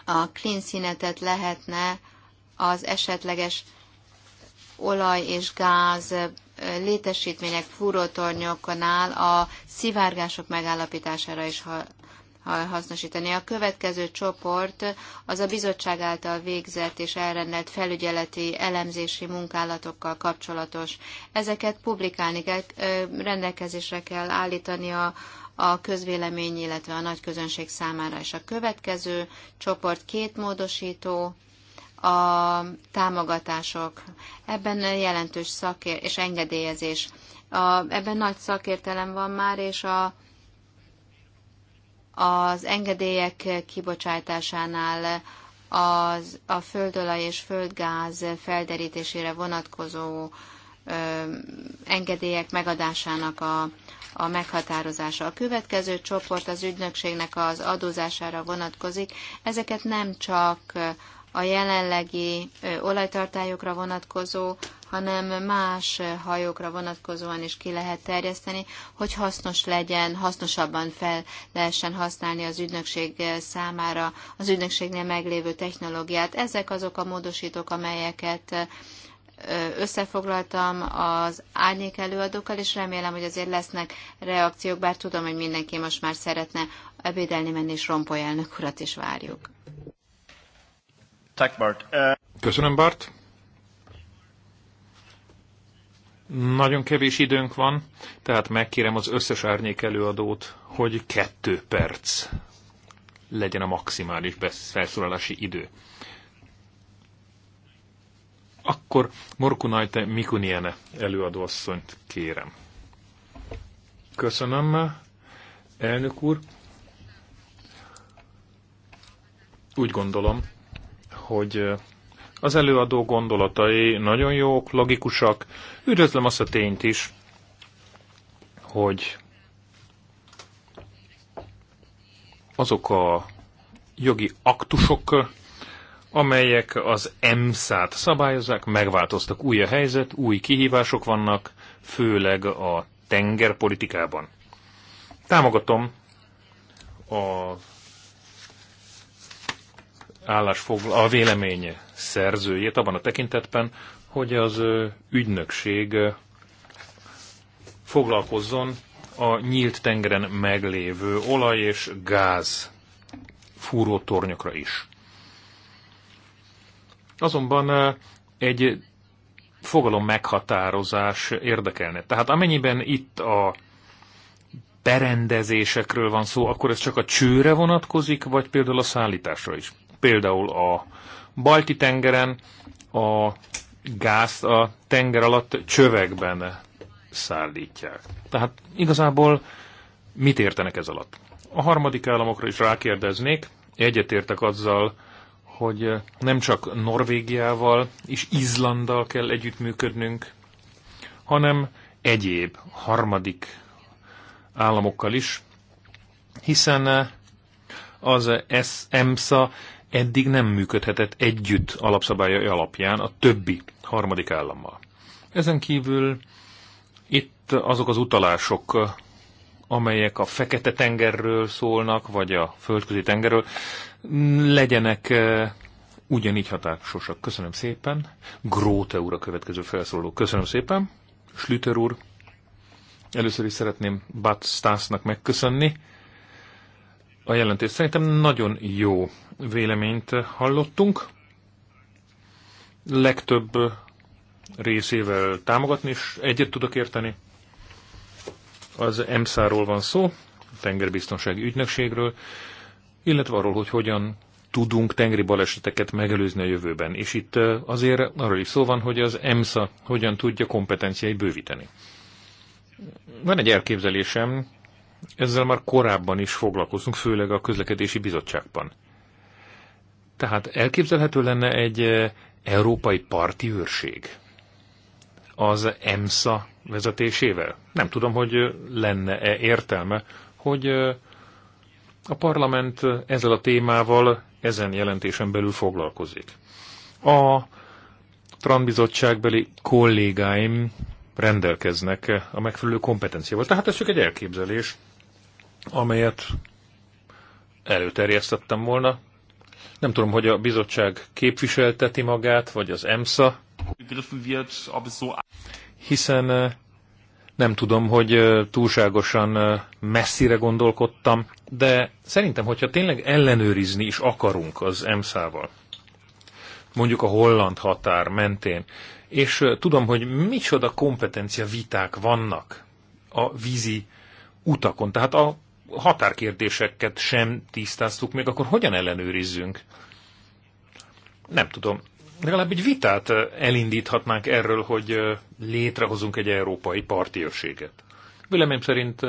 [SPEAKER 2] a clean színetet lehetne az esetleges olaj és gáz létesítmények fúrótornyoknál a szivárgások megállapítására is hasznosítani. A következő csoport az a bizottság által végzett és elrendelt felügyeleti elemzési munkálatokkal kapcsolatos. Ezeket publikálni kell, rendelkezésre kell állítani a, a közvélemény, illetve a nagy közönség számára. És a következő csoport két módosító, a támogatások, ebben jelentős szakér és engedélyezés. A, ebben nagy szakértelem van már, és a, az engedélyek kibocsátásánál az, a földolaj és földgáz felderítésére vonatkozó ö, engedélyek megadásának a, a meghatározása. A következő csoport az ügynökségnek az adózására vonatkozik. Ezeket nem csak a jelenlegi olajtartályokra vonatkozó, hanem más hajókra vonatkozóan is ki lehet terjeszteni, hogy hasznos legyen, hasznosabban fel lehessen használni az ügynökség számára az ügynökségnél meglévő technológiát. Ezek azok a módosítók, amelyeket összefoglaltam az árnyék előadókkal, és remélem, hogy azért lesznek reakciók, bár tudom, hogy mindenki most már szeretne ebédelni menni, és Rompoly elnök urat is várjuk.
[SPEAKER 3] Tack Bart. Eh, Köszönöm, Bart. Nagyon kevés időnk van, tehát megkérem az összes árnyék előadót, hogy kettő perc legyen a maximális felszólalási idő. Akkor Morkunajte Mikuniene előadóasszonyt kérem. Köszönöm, elnök úr. Úgy gondolom, hogy az előadó gondolatai nagyon jók, logikusak. Üdvözlöm azt a tényt is, hogy azok a jogi aktusok, amelyek az emsz át szabályozzák, megváltoztak. Új a helyzet, új kihívások vannak, főleg a tengerpolitikában. Támogatom a állásfoglal, a véleménye szerzőjét abban a tekintetben, hogy az ügynökség foglalkozzon a nyílt tengeren meglévő olaj és gáz fúrótornyokra is. Azonban egy fogalom meghatározás érdekelne. Tehát amennyiben itt a berendezésekről van szó, akkor ez csak a csőre vonatkozik, vagy például a szállításra is? például a Balti tengeren a gázt a tenger alatt csövekben szállítják. Tehát igazából mit értenek ez alatt? A harmadik államokra is rákérdeznék, egyetértek azzal, hogy nem csak Norvégiával és Izlanddal kell együttműködnünk, hanem egyéb harmadik államokkal is, hiszen az EMSA eddig nem működhetett együtt alapszabályai alapján a többi harmadik állammal. Ezen kívül itt azok az utalások, amelyek a Fekete tengerről szólnak, vagy a Földközi tengerről, legyenek eh, ugyanígy hatásosak. Köszönöm szépen. Gróte úr a következő felszóló. Köszönöm szépen. Schlüter úr, először is szeretném Bat Stásznak megköszönni a jelentést. Szerintem nagyon jó véleményt hallottunk. Legtöbb részével támogatni is egyet tudok érteni. Az EMSZ-ról van szó, tengerbiztonsági ügynökségről, illetve arról, hogy hogyan tudunk tengeri baleseteket megelőzni a jövőben. És itt azért arról is szó van, hogy az EMSA hogyan tudja kompetenciáit bővíteni. Van egy elképzelésem, ezzel már korábban is foglalkoztunk főleg a közlekedési bizottságban. Tehát elképzelhető lenne egy eh, európai parti őrség az EMSA vezetésével. Nem tudom, hogy eh, lenne-e értelme, hogy eh, a parlament ezzel a témával ezen jelentésen belül foglalkozik. A tranbizottságbeli kollégáim rendelkeznek a megfelelő kompetenciával. Tehát ez csak egy elképzelés, amelyet előterjesztettem volna, nem tudom, hogy a bizottság képviselteti magát, vagy az EMSA, hiszen nem tudom, hogy túlságosan messzire gondolkodtam, de szerintem, hogyha tényleg ellenőrizni is akarunk az emsa val mondjuk a holland határ mentén, és tudom, hogy micsoda kompetencia viták vannak a vízi utakon, tehát a határkérdéseket sem tisztáztuk még, akkor hogyan ellenőrizzünk? Nem tudom. Legalább egy vitát elindíthatnánk erről, hogy létrehozunk egy európai parti őrséget. Véleményem szerint,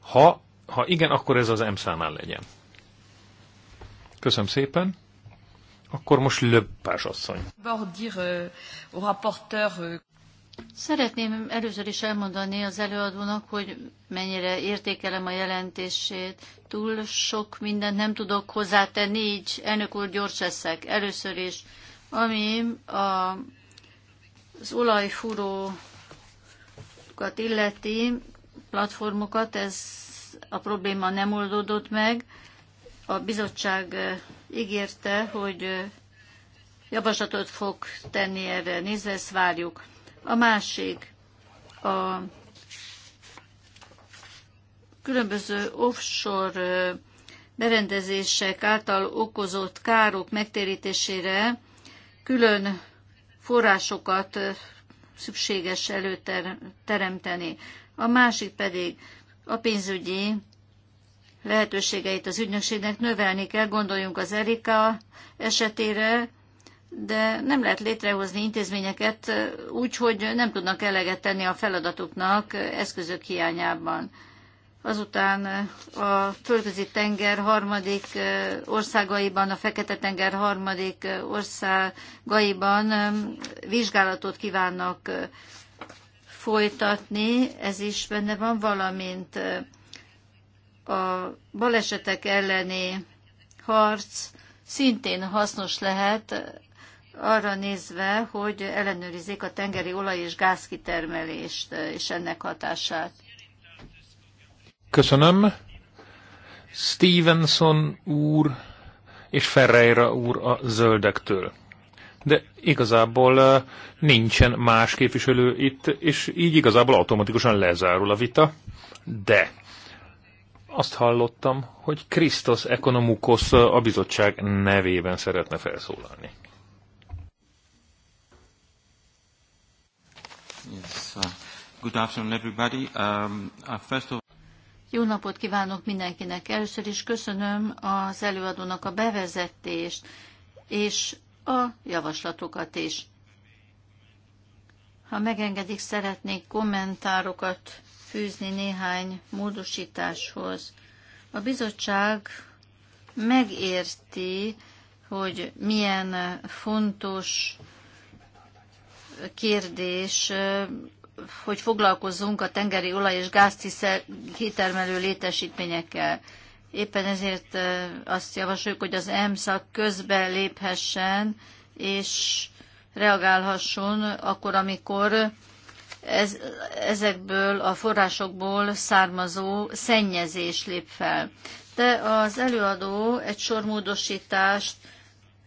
[SPEAKER 3] ha, ha igen, akkor ez az M-számán legyen. Köszönöm szépen. Akkor most Löppás asszony.
[SPEAKER 4] Szeretném először is elmondani az előadónak, hogy mennyire értékelem a jelentését. Túl sok mindent nem tudok hozzátenni, így elnök úr gyors leszek. Először is, ami a, az olajfúrókat illeti platformokat, ez a probléma nem oldódott meg. A bizottság ígérte, hogy javaslatot fog tenni erre. Nézve ezt várjuk. A másik a különböző offshore berendezések által okozott károk megtérítésére külön forrásokat szükséges előteremteni. A másik pedig a pénzügyi lehetőségeit az ügynökségnek növelni kell. Gondoljunk az Erika esetére, de nem lehet létrehozni intézményeket úgy, hogy nem tudnak eleget tenni a feladatuknak eszközök hiányában. Azután a földközi tenger harmadik országaiban, a fekete tenger harmadik országaiban vizsgálatot kívánnak folytatni, ez is benne van, valamint a balesetek elleni harc szintén hasznos lehet arra nézve, hogy ellenőrizzék a tengeri olaj és gázkitermelést és ennek hatását.
[SPEAKER 3] Köszönöm. Stevenson úr és Ferreira úr a zöldektől. De igazából eh, nincsen más képviselő itt, és így igazából automatikusan lezárul a vita. De azt hallottam, hogy Krisztos Ekonomukosz eh, a bizottság nevében szeretne felszólalni.
[SPEAKER 2] Yes, uh, good afternoon everybody. Um, uh, first of
[SPEAKER 3] jó
[SPEAKER 4] napot kívánok mindenkinek! Először is köszönöm az előadónak a bevezetést és a javaslatokat is. Ha megengedik, szeretnék kommentárokat fűzni néhány módosításhoz. A bizottság megérti, hogy milyen fontos kérdés, hogy foglalkozzunk a tengeri olaj és gáz kitermelő létesítményekkel. Éppen ezért azt javasoljuk, hogy az EMSZA közbe léphessen, és reagálhasson akkor, amikor ez, ezekből a forrásokból származó szennyezés lép fel. De az előadó egy sor módosítást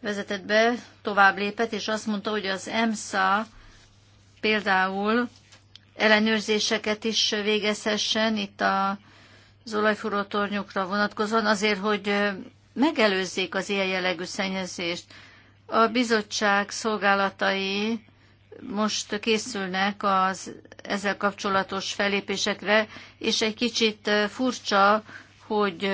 [SPEAKER 4] vezetett be, tovább lépett, és azt mondta, hogy az EMSZA például ellenőrzéseket is végezhessen itt a, az olajfúró tornyokra vonatkozóan, azért, hogy megelőzzék az ilyen jellegű szennyezést. A bizottság szolgálatai most készülnek az ezzel kapcsolatos felépésekre, és egy kicsit furcsa, hogy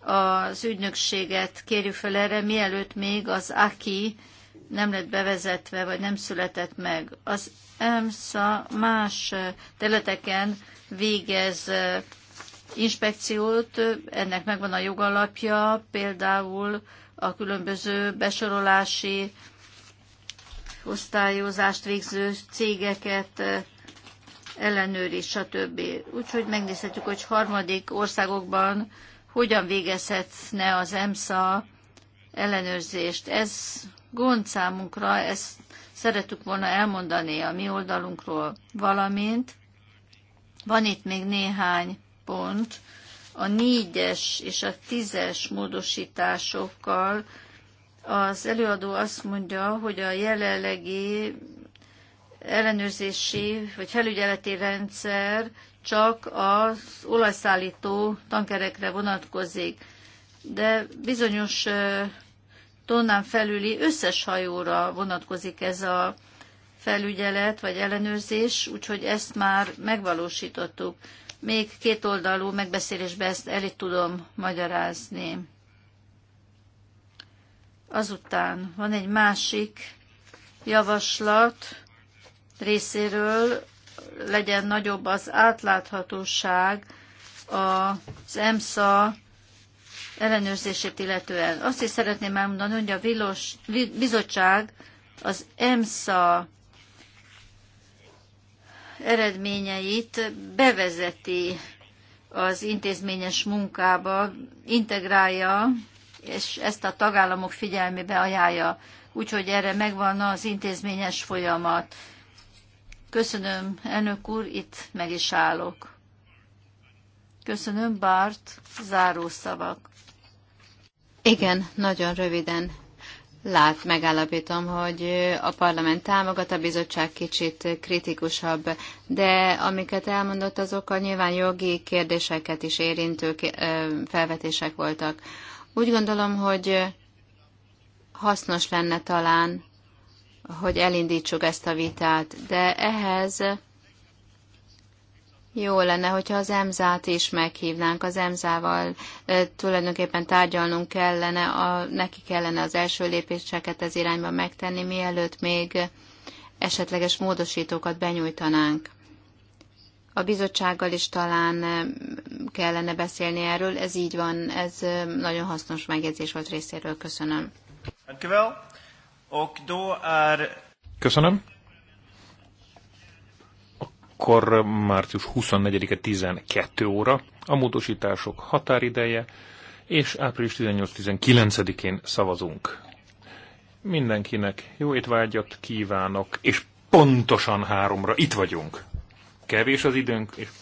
[SPEAKER 4] az ügynökséget kérjük fel erre, mielőtt még az AKI nem lett bevezetve, vagy nem született meg. Az EMSA más területeken végez inspekciót, ennek megvan a jogalapja, például a különböző besorolási osztályozást végző cégeket ellenőri, stb. Úgyhogy megnézhetjük, hogy harmadik országokban hogyan végezhetne az EMSA ellenőrzést. Ez gond számunkra, ezt szeretük volna elmondani a mi oldalunkról valamint. Van itt még néhány pont, a négyes és a tízes módosításokkal az előadó azt mondja, hogy a jelenlegi ellenőrzési vagy felügyeleti rendszer csak az olajszállító tankerekre vonatkozik, de bizonyos tonnán felüli összes hajóra vonatkozik ez a felügyelet vagy ellenőrzés, úgyhogy ezt már megvalósítottuk. Még kétoldalú megbeszélésben ezt el tudom magyarázni. Azután van egy másik javaslat részéről, legyen nagyobb az átláthatóság az EMSA ellenőrzését illetően. Azt is szeretném elmondani, hogy a Vilos, bizottság az EMSA eredményeit bevezeti az intézményes munkába, integrálja, és ezt a tagállamok figyelmébe ajánlja. Úgyhogy erre megvan az intézményes folyamat. Köszönöm, elnök úr, itt meg is állok. Köszönöm, Bárt, záró szavak.
[SPEAKER 2] Igen, nagyon röviden. Lát, megállapítom, hogy a parlament támogat, a bizottság kicsit kritikusabb, de amiket elmondott, azok a nyilván jogi kérdéseket is érintő felvetések voltak. Úgy gondolom, hogy hasznos lenne talán, hogy elindítsuk ezt a vitát, de ehhez jó lenne, hogyha az emzát is meghívnánk. Az emzával e, tulajdonképpen tárgyalnunk kellene, a, neki kellene az első lépéseket ez irányba megtenni, mielőtt még esetleges módosítókat benyújtanánk. A bizottsággal is talán kellene beszélni erről. Ez így van, ez nagyon hasznos megjegyzés volt részéről. Köszönöm.
[SPEAKER 4] Er-
[SPEAKER 3] Köszönöm akkor március 24-e 12 óra a módosítások határideje, és április 18-19-én szavazunk. Mindenkinek jó étvágyat kívánok, és pontosan háromra itt vagyunk. Kevés az időnk, és